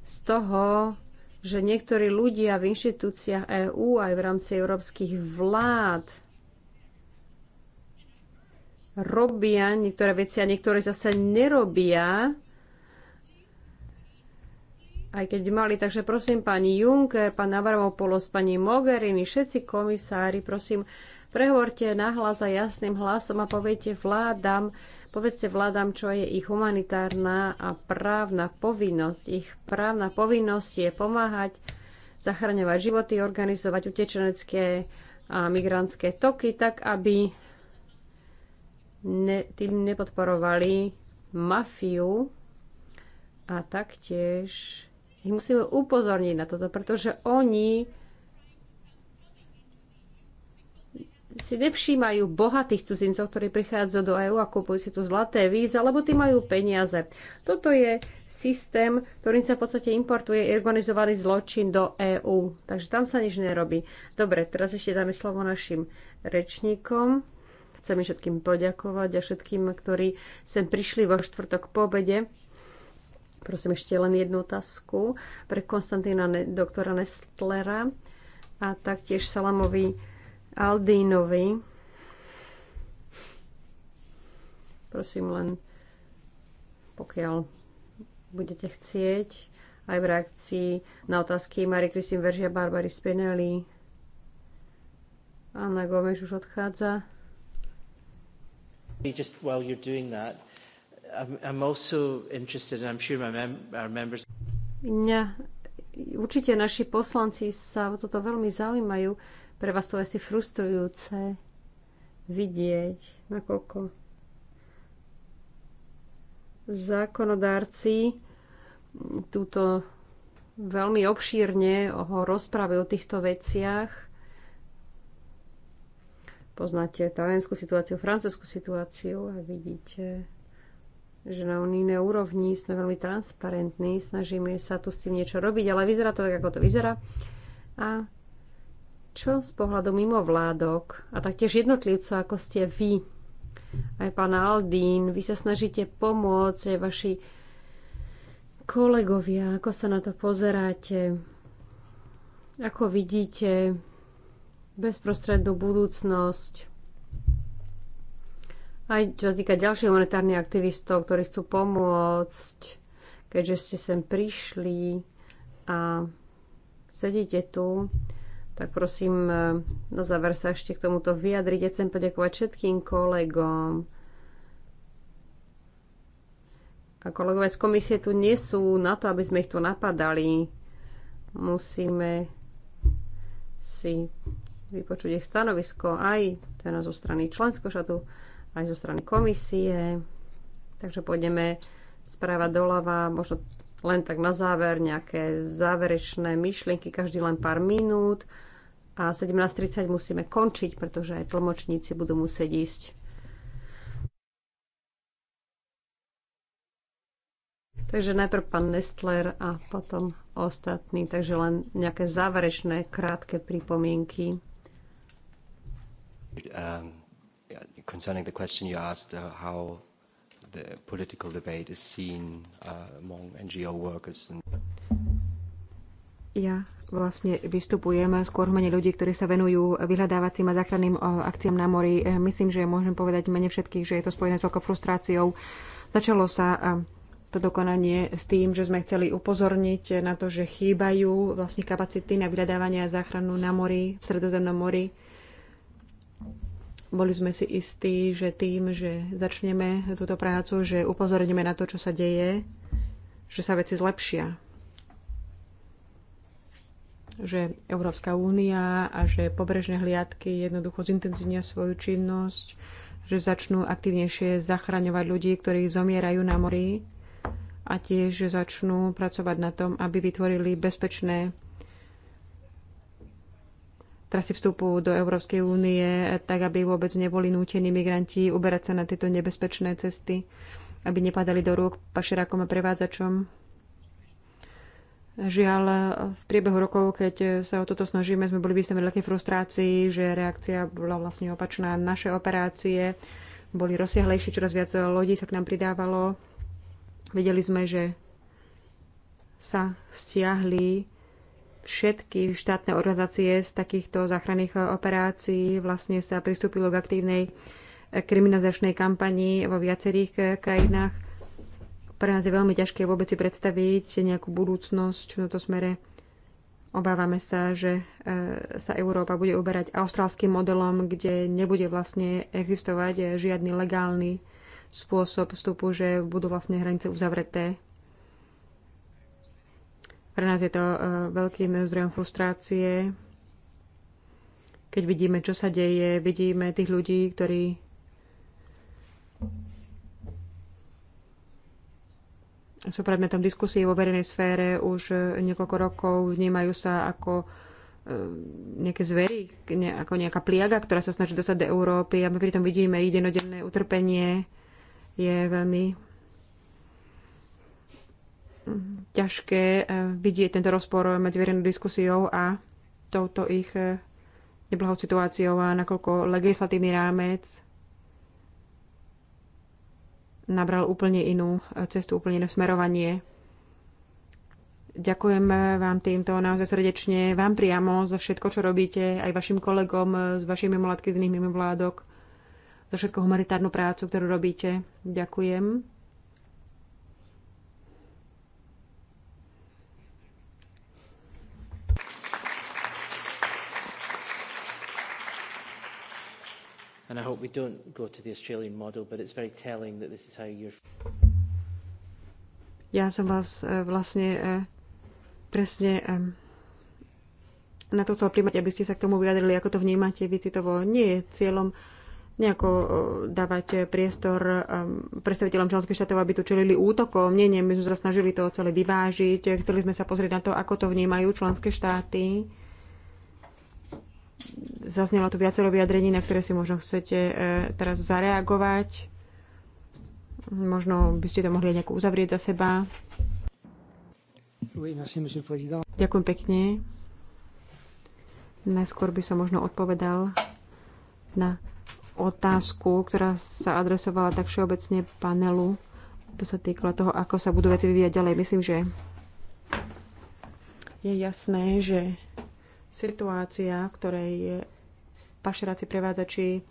z toho, že niektorí ľudia v inštitúciách EÚ aj v rámci európskych vlád robia niektoré veci a niektoré zase nerobia, aj keď mali. Takže prosím, pani Juncker, pán Avramopoulos, pani Mogherini, všetci komisári, prosím, prehovorte nahlas a jasným hlasom a poviete vládam, povedzte vládam, čo je ich humanitárna a právna povinnosť. Ich právna povinnosť je pomáhať, zachraňovať životy, organizovať utečenecké a migrantské toky, tak aby ne, tým nepodporovali mafiu a taktiež ich musíme upozorniť na toto, pretože oni si nevšímajú bohatých cudzincov, ktorí prichádzajú do EÚ a kúpujú si tu zlaté víza, lebo tí majú peniaze. Toto je systém, ktorým sa v podstate importuje organizovaný zločin do EÚ. Takže tam sa nič nerobí. Dobre, teraz ešte dáme slovo našim rečníkom. Chcem všetkým poďakovať a všetkým, ktorí sem prišli vo štvrtok po obede. Prosím ešte len jednu otázku pre Konstantína doktora Nestlera a taktiež Salamovi Aldínovi. Prosím len, pokiaľ budete chcieť, aj v reakcii na otázky Mary Kristín Veržia, Barbary Spinelli. Anna Gomeš už odchádza. Just while you're doing that, I'm, I'm also interested, and I'm sure my mem- our members... Mňa, určite naši poslanci sa o toto veľmi zaujímajú. Pre vás to je asi frustrujúce vidieť, nakoľko zákonodárci túto veľmi obšírne ho rozprávajú o týchto veciach Poznáte talianskú situáciu, francúzskú situáciu a vidíte, že na iné úrovni sme veľmi transparentní, snažíme sa tu s tým niečo robiť, ale vyzerá to tak, ako to vyzerá. A čo z pohľadu vládok a taktiež jednotlivcov, ako ste vy, aj pán Aldín, vy sa snažíte pomôcť, aj vaši kolegovia, ako sa na to pozeráte, ako vidíte bezprostrednú budúcnosť. Aj čo sa týka ďalších monetárnych aktivistov, ktorí chcú pomôcť, keďže ste sem prišli a sedíte tu, tak prosím, eh, na záver sa ešte k tomuto vyjadriť. chcem poďakovať všetkým kolegom. A kolegové z komisie tu nie sú na to, aby sme ich tu napadali. Musíme si vypočuť ich stanovisko aj teda zo strany členského aj zo strany komisie. Takže pôjdeme správa doľava, možno len tak na záver nejaké záverečné myšlienky, každý len pár minút. A 17.30 musíme končiť, pretože aj tlmočníci budú musieť ísť. Takže najprv pán Nestler a potom ostatní. Takže len nejaké záverečné krátke pripomienky. Um, concerning the question you asked uh, how the political debate is seen uh, among NGO workers and ja vlastne vystupujem skôr v mene ľudí, ktorí sa venujú vyhľadávacím a záchranným uh, akciám na mori. Eh, myslím, že môžem povedať mene všetkých, že je to spojené s veľkou frustráciou. Začalo sa eh, to dokonanie s tým, že sme chceli upozorniť na to, že chýbajú vlastne kapacity na vyhľadávanie a záchranu na mori, v Stredozemnom mori. Boli sme si istí, že tým, že začneme túto prácu, že upozorníme na to, čo sa deje, že sa veci zlepšia. Že Európska únia a že pobrežné hliadky jednoducho zintenzívnia svoju činnosť, že začnú aktívnejšie zachraňovať ľudí, ktorí zomierajú na mori a tiež že začnú pracovať na tom, aby vytvorili bezpečné trasy vstupu do Európskej únie, tak aby vôbec neboli nútení migranti uberať sa na tieto nebezpečné cesty, aby nepadali do rúk pašerákom a prevádzačom. Žiaľ, v priebehu rokov, keď sa o toto snažíme, sme boli vystavení veľkej frustrácii, že reakcia bola vlastne opačná. Naše operácie boli rozsiahlejšie, čoraz viac lodí sa k nám pridávalo. Vedeli sme, že sa stiahli všetky štátne organizácie z takýchto záchranných operácií vlastne sa pristúpilo k aktívnej kriminalizačnej kampanii vo viacerých krajinách. Pre nás je veľmi ťažké vôbec si predstaviť nejakú budúcnosť v tomto smere. Obávame sa, že e, sa Európa bude uberať austrálským modelom, kde nebude vlastne existovať žiadny legálny spôsob vstupu, že budú vlastne hranice uzavreté pre nás je to e, veľkým zdrojom frustrácie, keď vidíme, čo sa deje, vidíme tých ľudí, ktorí sú predmetom diskusie vo verejnej sfére už e, niekoľko rokov, vnímajú sa ako e, nejaké zvery, ako nejaká pliaga, ktorá sa snaží dostať do Európy a my pritom vidíme ich denodenné utrpenie je veľmi ťažké eh, vidieť tento rozpor medzi verejnou diskusiou a touto ich eh, neblahou situáciou a nakoľko legislatívny rámec nabral úplne inú eh, cestu, úplne iné smerovanie. Ďakujem vám týmto naozaj srdečne, vám priamo za všetko, čo robíte, aj vašim kolegom s vašimi mladky z iných mimovládok, za všetko humanitárnu prácu, ktorú robíte. Ďakujem. And I hope we don't go to the Australian model, but it's very telling that this is how you're... Ja som vás e, vlastne e, presne e, na to chcel príjmať, aby ste sa k tomu vyjadrili, ako to vnímate vy citovo. Nie je cieľom nejako dávať priestor predstaviteľom členských štátov, aby tu čelili útokom. Nie, nie, my sme sa snažili to celé vyvážiť. Chceli sme sa pozrieť na to, ako to vnímajú členské štáty Zaznelo tu viacero vyjadrení, na ktoré si možno chcete e, teraz zareagovať. Možno by ste to mohli nejako uzavrieť za seba. Ďakujem pekne. Najskôr by som možno odpovedal na otázku, ktorá sa adresovala tak všeobecne panelu. To sa týkalo toho, ako sa budú veci vyvíjať ďalej. Myslím, že je jasné, že situácia, v ktorej pašeráci prevádzači e,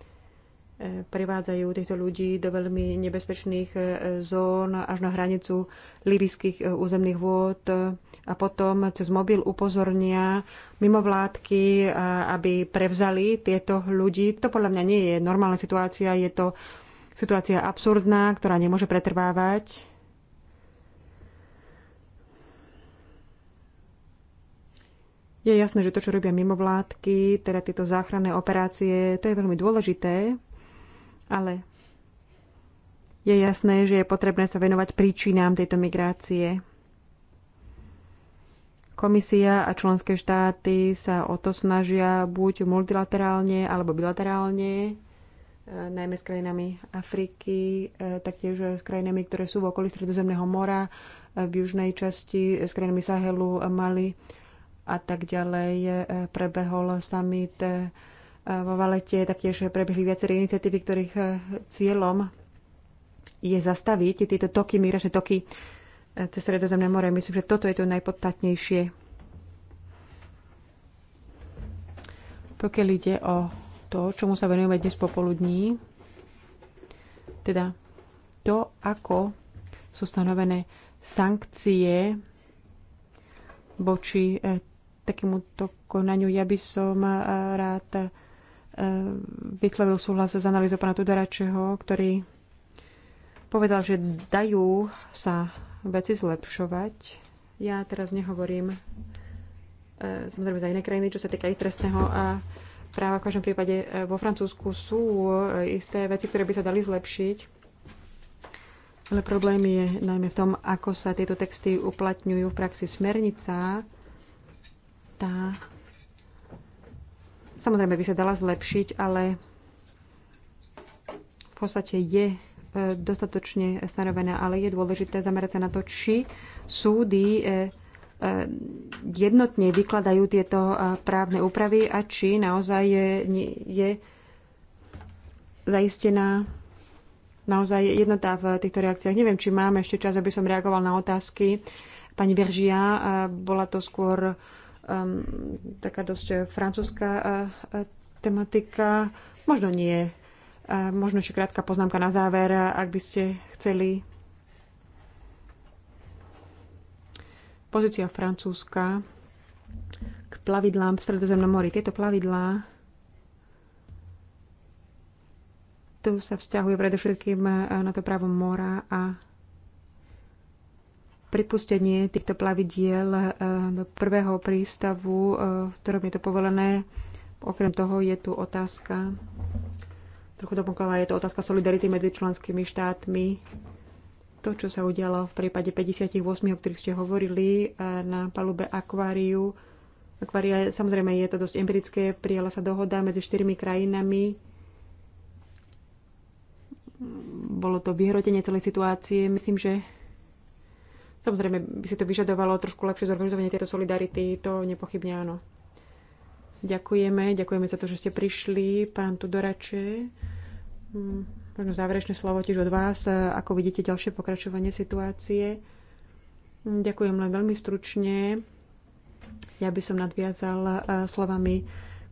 prevádzajú týchto ľudí do veľmi nebezpečných e, zón až na hranicu libyských e, územných vôd a potom cez mobil upozornia mimovládky, aby prevzali tieto ľudí. To podľa mňa nie je normálna situácia, je to situácia absurdná, ktorá nemôže pretrvávať Je jasné, že to, čo robia mimovládky, teda tieto záchranné operácie, to je veľmi dôležité, ale je jasné, že je potrebné sa venovať príčinám tejto migrácie. Komisia a členské štáty sa o to snažia buď multilaterálne alebo bilaterálne, e, najmä s krajinami Afriky, e, taktiež s krajinami, ktoré sú v okolí Stredozemného mora, e, v južnej časti, s krajinami Sahelu, Mali a tak ďalej. E, prebehol summit e, vo Valete, taktiež prebehli viaceré iniciatívy, ktorých e, cieľom je zastaviť tieto toky, migračné toky cez Sredozemné more. Myslím, že toto je to najpodstatnejšie. Pokiaľ ide o to, čomu sa venujeme dnes popoludní, teda to, ako sú stanovené sankcie voči takémuto konaniu. Ja by som eh, rád eh, vyslovil súhlas s analýzou pána Tudoračeho, ktorý povedal, že dajú sa veci zlepšovať. Ja teraz nehovorím eh, samozrejme za iné krajiny, čo sa týka ich trestného a práva. V každom prípade vo Francúzsku sú isté veci, ktoré by sa dali zlepšiť. Ale problém je najmä v tom, ako sa tieto texty uplatňujú v praxi smernica tá samozrejme by sa dala zlepšiť, ale v podstate je e, dostatočne stanovená, ale je dôležité zamerať sa na to, či súdy e, e, jednotne vykladajú tieto právne úpravy a či naozaj je, je zaistená naozaj jednota v týchto reakciách. Neviem, či máme ešte čas, aby som reagoval na otázky. Pani Beržia, bola to skôr um, taká dosť eh, francúzska uh, tematika. Možno nie. Uh, možno ešte krátka poznámka na záver, ak by ste chceli. Pozícia Francúzska k plavidlám v Stredozemnom mori. Tieto plavidlá tu sa vzťahuje predovšetkým eh, na to právo mora a pripustenie týchto plavidiel eh, do prvého prístavu, eh, v ktorom je to povolené. Okrem toho je tu otázka, trochu doplnkala, je to otázka solidarity medzi členskými štátmi. To, čo sa udialo v prípade 58, o ktorých ste hovorili eh, na palube akváriu, akvária, samozrejme je to dosť empirické, prijala sa dohoda medzi štyrmi krajinami, bolo to vyhrotenie celej situácie. Myslím, že Samozrejme by si to vyžadovalo trošku lepšie zorganizovanie tejto solidarity, to nepochybne áno. Ďakujeme, ďakujeme za to, že ste prišli, pán Tudorače. Mm, možno záverečné slovo tiež od vás, ako vidíte ďalšie pokračovanie situácie. Ďakujem len veľmi stručne. Ja by som nadviazal eh, slovami,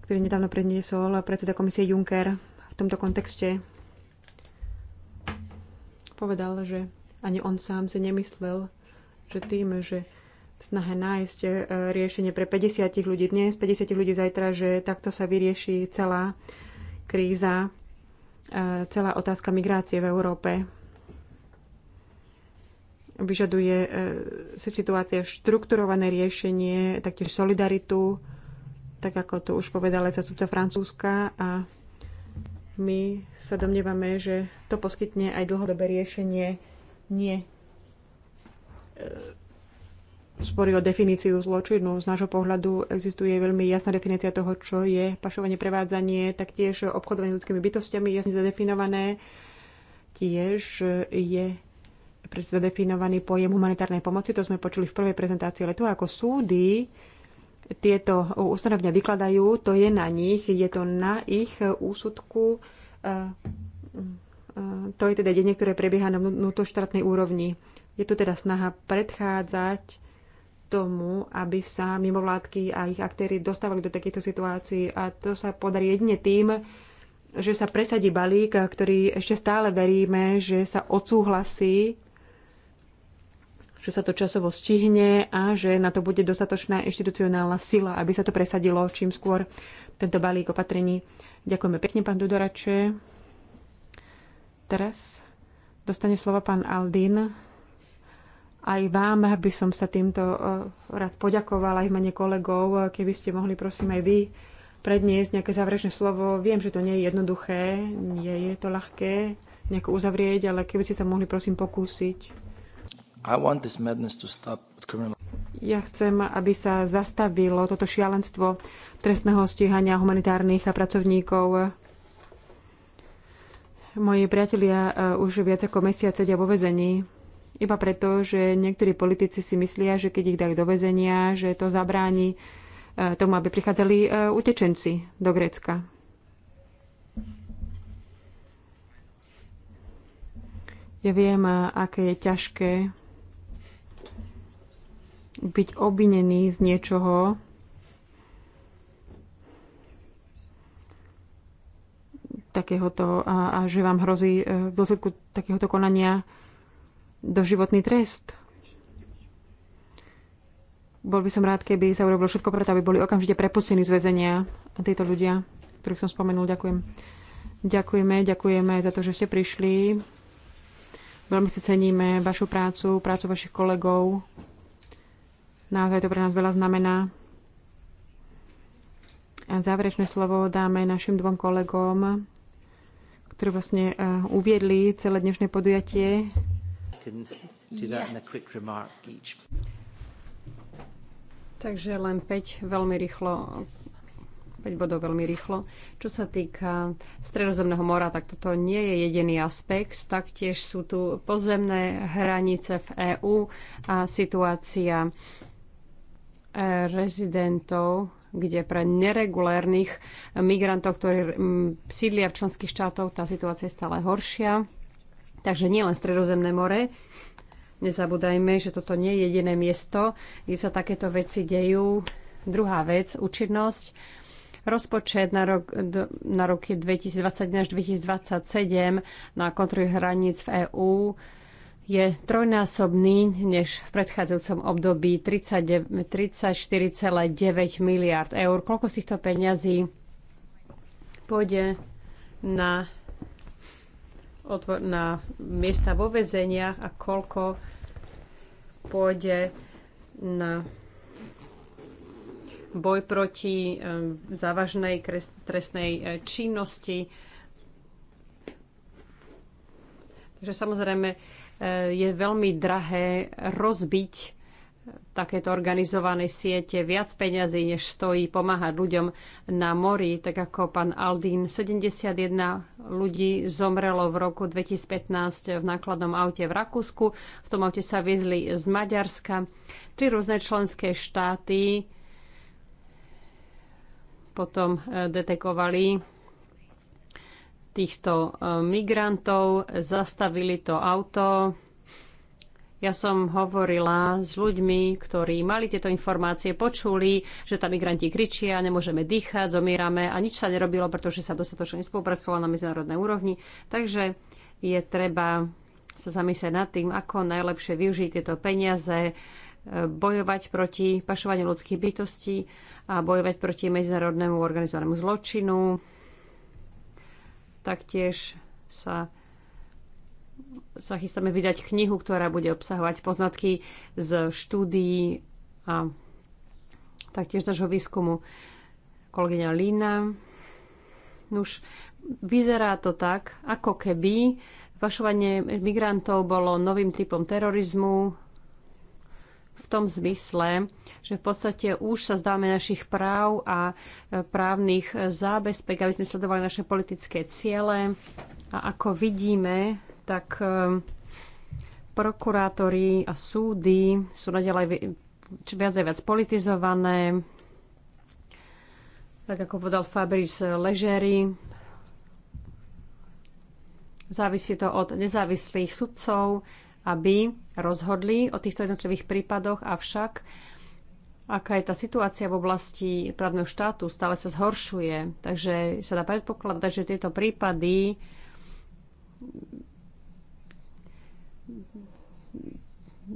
ktoré nedávno predniesol predseda komisie Juncker v tomto kontexte. Povedal, že ani on sám si nemyslel, že tým, že v snahe nájsť e, riešenie pre 50 ľudí dnes, 50 ľudí zajtra, že takto sa vyrieši celá kríza, e, celá otázka migrácie v Európe. Vyžaduje e, si situácia štrukturované riešenie, taktiež solidaritu, tak ako to už povedala zastupca Francúzska a my sa domnievame, že to poskytne aj dlhodobé riešenie, nie spory o definíciu zločinu. Z nášho pohľadu existuje veľmi jasná definícia toho, čo je pašovanie, prevádzanie, taktiež obchodovanie s ľudskými bytostiami jasne zadefinované. Tiež je presne zadefinovaný pojem humanitárnej pomoci. To sme počuli v prvej prezentácii, ale ako súdy tieto ustanovňa vykladajú, to je na nich, je to na ich úsudku. To je teda deň, ktoré prebieha na vnútoštátnej úrovni je tu teda snaha predchádzať tomu, aby sa mimovládky a ich aktéry dostávali do takéto situácií a to sa podarí jedine tým, že sa presadí balík, ktorý ešte stále veríme, že sa odsúhlasí, že sa to časovo stihne a že na to bude dostatočná inštitucionálna sila, aby sa to presadilo čím skôr tento balík opatrení. Ďakujeme pekne, pán Dudorače. Teraz dostane slova pán Aldín aj vám by som sa týmto eh, rád poďakovala aj mene kolegov, keby ste mohli prosím aj vy predniesť nejaké záverečné slovo. Viem, že to nie je jednoduché, nie je to ľahké nejako uzavrieť, ale keby ste sa mohli prosím pokúsiť. I want this madness to stop with criminal... Ja chcem, aby sa zastavilo toto šialenstvo trestného stíhania humanitárnych a pracovníkov. Moji priatelia eh, už viac ako mesiac sedia vo vezení iba preto, že niektorí politici si myslia, že keď ich dajú do väzenia, že to zabráni e, tomu, aby prichádzali e, utečenci do Grécka. Ja viem, e, aké je ťažké byť obvinený z niečoho, takéhoto a, a že vám hrozí v dôsledku takéhoto konania doživotný trest. Bol by som rád, keby sa urobilo všetko preto, aby boli okamžite prepustení z väzenia títo ľudia, ktorých som spomenul. Ďakujem. Ďakujeme, ďakujeme za to, že ste prišli. Veľmi si ceníme vašu prácu, prácu vašich kolegov. Naozaj to pre nás veľa znamená. A záverečné slovo dáme našim dvom kolegom, ktorí vlastne eh, uviedli celé dnešné podujatie can do that in a quick remark each. Takže len 5 veľmi rýchlo 5 bodov veľmi rýchlo. Čo sa týka Stredozemného mora, tak toto nie je jediný aspekt. Taktiež sú tu pozemné hranice v EÚ a situácia e, rezidentov, kde pre neregulérnych migrantov, ktorí sídlia v členských štátoch, tá situácia je stále horšia. Takže nielen Stredozemné more, nezabúdajme, že toto nie je jediné miesto, kde sa takéto veci dejú. Druhá vec, účinnosť. Rozpočet na, rok, na roky 2021 až 2027 na kontroly hraníc v EÚ je trojnásobný než v predchádzajúcom období 34,9 miliard eur. Koľko z týchto peňazí pôjde na otvor- na miesta vo väzeniach a koľko pôjde na boj proti eh, závažnej trestnej eh, činnosti. Takže samozrejme eh, je veľmi drahé rozbiť takéto organizované siete viac peňazí, než stojí pomáhať ľuďom na mori, tak ako pán Aldín. 71 ľudí zomrelo v roku 2015 v nákladnom aute v Rakúsku. V tom aute sa viezli z Maďarska. Tri rôzne členské štáty potom e, detekovali týchto e, migrantov, zastavili to auto, ja som hovorila s ľuďmi, ktorí mali tieto informácie, počuli, že tam migranti kričia, nemôžeme dýchať, zomierame a nič sa nerobilo, pretože sa dostatočne nespolupracovalo na medzinárodnej úrovni. Takže je treba sa zamyslieť nad tým, ako najlepšie využiť tieto peniaze, e, bojovať proti pašovaniu ľudských bytostí a bojovať proti medzinárodnému organizovanému zločinu. Taktiež sa sa chystáme vydať knihu, ktorá bude obsahovať poznatky z štúdií a taktiež nášho výskumu kolegyňa Lína. Nuž, vyzerá to tak, ako keby vašovanie migrantov bolo novým typom terorizmu v tom zmysle, že v podstate už sa zdáme našich práv a právnych zábezpek, aby sme sledovali naše politické ciele. A ako vidíme, tak eh, prokurátori a súdy sú naďalej viac a viac politizované. Tak ako povedal Fabrice Ležery, závisí to od nezávislých sudcov, aby rozhodli o týchto jednotlivých prípadoch, avšak aká je tá situácia v oblasti právneho štátu, stále sa zhoršuje. Takže sa dá predpokladať, že tieto prípady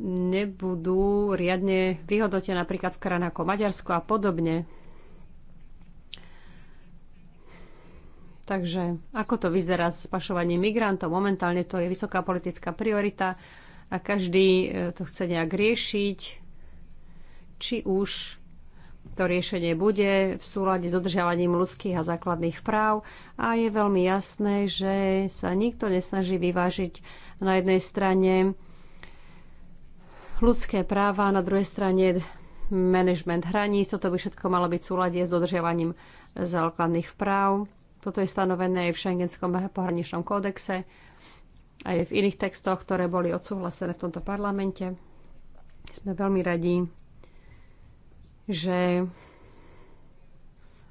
nebudú riadne vyhodnotené napríklad v krajinách ako Maďarsko a podobne. Takže ako to vyzerá s pašovaním migrantov? Momentálne to je vysoká politická priorita a každý e, to chce nejak riešiť, či už to riešenie bude v súlade s dodržiavaním ľudských a základných práv a je veľmi jasné, že sa nikto nesnaží vyvážiť na jednej strane ľudské práva, na druhej strane management hraníc. Toto by všetko malo byť v s dodržiavaním základných práv. Toto je stanovené aj v Schengenskom pohraničnom kódexe, aj v iných textoch, ktoré boli odsúhlasené v tomto parlamente. Sme veľmi radi, že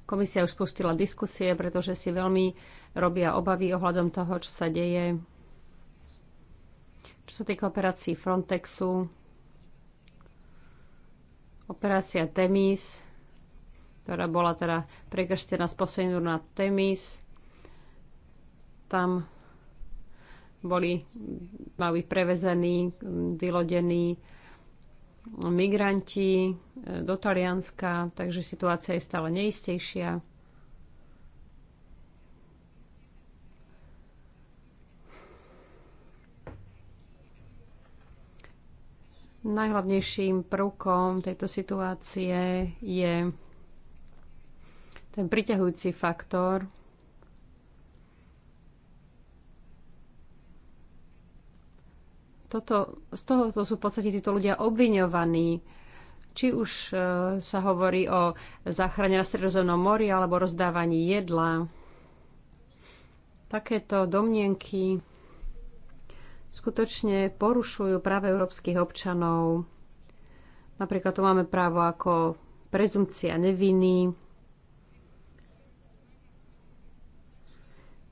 komisia už spustila diskusie, pretože si veľmi robia obavy ohľadom toho, čo sa deje čo sa týka operácií Frontexu, operácia Temis, ktorá bola teda prekrštená z poslednú na Temis, tam boli, mali prevezení, vylodení migranti e, do Talianska, takže situácia je stále neistejšia. Najhlavnejším prvkom tejto situácie je ten priťahujúci faktor, toto, z tohoto sú v podstate títo ľudia obviňovaní. Či už e, sa hovorí o záchrane na Stredozemnom mori alebo rozdávaní jedla. Takéto domnienky skutočne porušujú práve európskych občanov. Napríklad tu máme právo ako prezumcia neviny.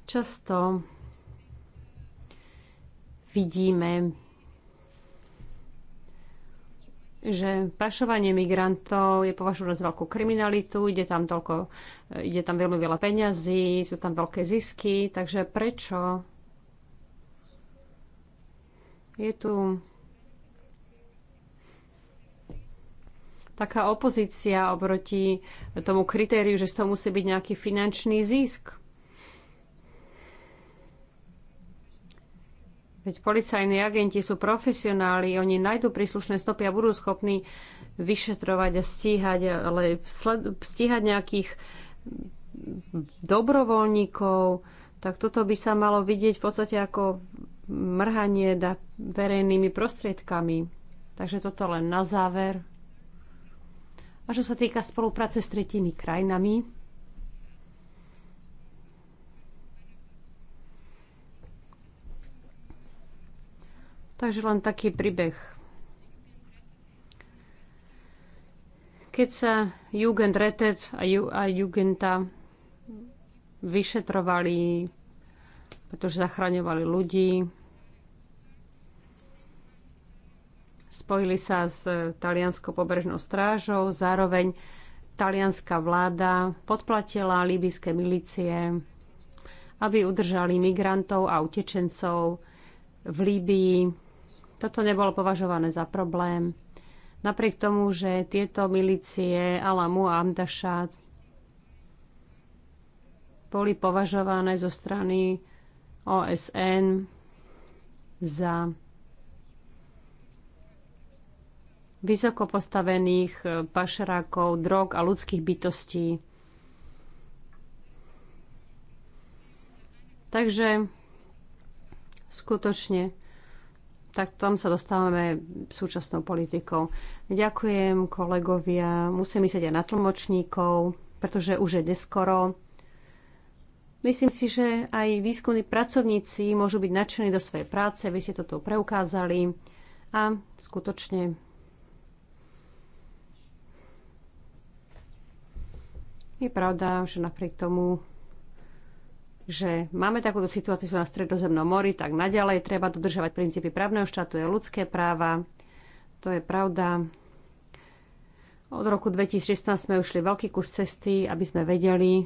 Často vidíme, že pašovanie migrantov je považované za veľkú kriminalitu, ide tam, toľko, ide tam veľmi veľa peňazí, sú tam veľké zisky, takže prečo je tu taká opozícia oproti tomu kritériu, že z toho musí byť nejaký finančný zisk. Veď policajní agenti sú profesionáli, oni nájdú príslušné stopy a budú schopní vyšetrovať a stíhať, ale stíhať nejakých dobrovoľníkov, tak toto by sa malo vidieť v podstate ako mrhanie da verejnými prostriedkami. Takže toto len na záver. A čo sa týka spolupráce s tretími krajinami, Takže len taký príbeh. Keď sa jugend a, Ju- a Jugenda vyšetrovali, pretože zachraňovali ľudí, Spojili sa s e, talianskou pobrežnou strážou, zároveň talianská vláda podplatila líbyské milície, aby udržali migrantov a utečencov v Líbii. Toto nebolo považované za problém. Napriek tomu, že tieto milície Alamu a Amdašat boli považované zo strany OSN za vysoko postavených e, pašerákov, drog a ľudských bytostí. Takže skutočne, tak tam sa dostávame súčasnou politikou. Ďakujem kolegovia, musím ísť aj na tlmočníkov, pretože už je neskoro. Myslím si, že aj výskumní pracovníci môžu byť nadšení do svojej práce, vy ste toto preukázali a skutočne Je pravda, že napriek tomu, že máme takúto situáciu na Stredozemnom mori, tak naďalej treba dodržiavať princípy právneho štátu a ľudské práva. To je pravda. Od roku 2016 sme ušli veľký kus cesty, aby sme vedeli,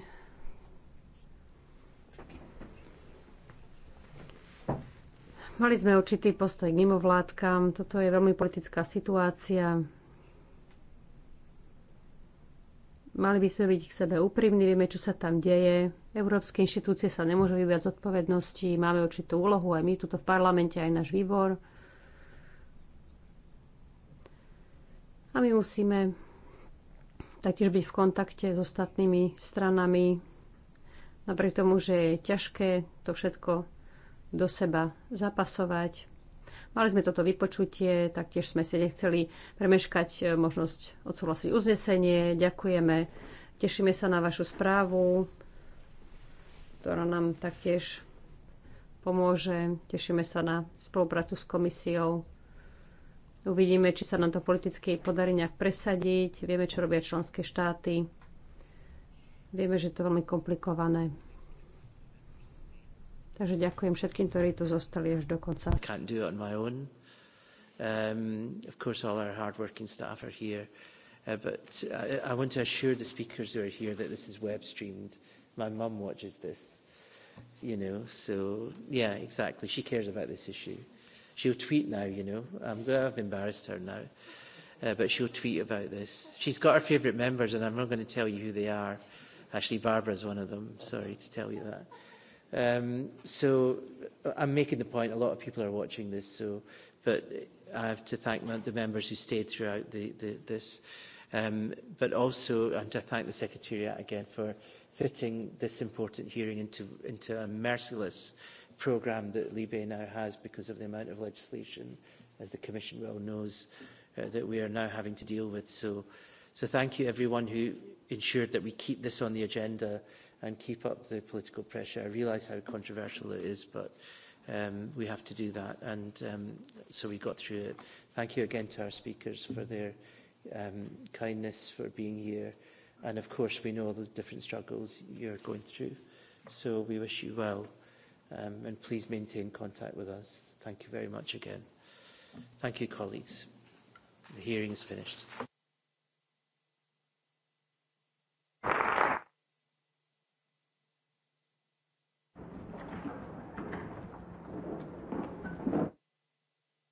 Mali sme určitý postoj k mimovládkam. Toto je veľmi politická situácia. Mali by sme byť k sebe úprimní, vieme, čo sa tam deje. Európske inštitúcie sa nemôžu vyviať z odpovednosti, máme určitú úlohu aj my tuto v parlamente, aj náš výbor. A my musíme taktiež byť v kontakte s ostatnými stranami, napriek tomu, že je ťažké to všetko do seba zapasovať. Mali sme toto vypočutie, taktiež sme si nechceli premeškať e, možnosť odsúhlasiť uznesenie. Ďakujeme, tešíme sa na vašu správu, ktorá nám taktiež pomôže. Tešíme sa na spoluprácu s komisiou. Uvidíme, či sa nám to politicky podarí nejak presadiť. Vieme, čo robia členské štáty. Vieme, že to je veľmi komplikované. Takže ďakujem všetkým, ktorí tu zostali až do konca. Um, of course, all our hard-working staff are here. Uh, but I, I want to assure the speakers who are here that this is web-streamed. My mum watches this, you know. So, yeah, exactly. She cares about this issue. She'll tweet now, you know. I'm, I've embarrassed her now. Uh, but she'll tweet about this. She's got her favourite members, and I'm not going to tell you who they are. Actually, Barbara's one of them. Sorry to tell you that. Um, so uh, I'm making the point, a lot of people are watching this, so, but I have to thank the members who stayed throughout the, the, this, um, but also, and to thank the Secretariat again for fitting this important hearing into, into a merciless programme that Libe now has because of the amount of legislation, as the Commission well knows, uh, that we are now having to deal with. So, so thank you everyone who ensured that we keep this on the agenda and keep up the political pressure. I realise how controversial it is, but um, we have to do that. And um, so we got through it. Thank you again to our speakers for their um, kindness, for being here. And of course, we know all the different struggles you're going through. So we wish you well. Um, and please maintain contact with us. Thank you very much again. Thank you, colleagues. The hearing is finished.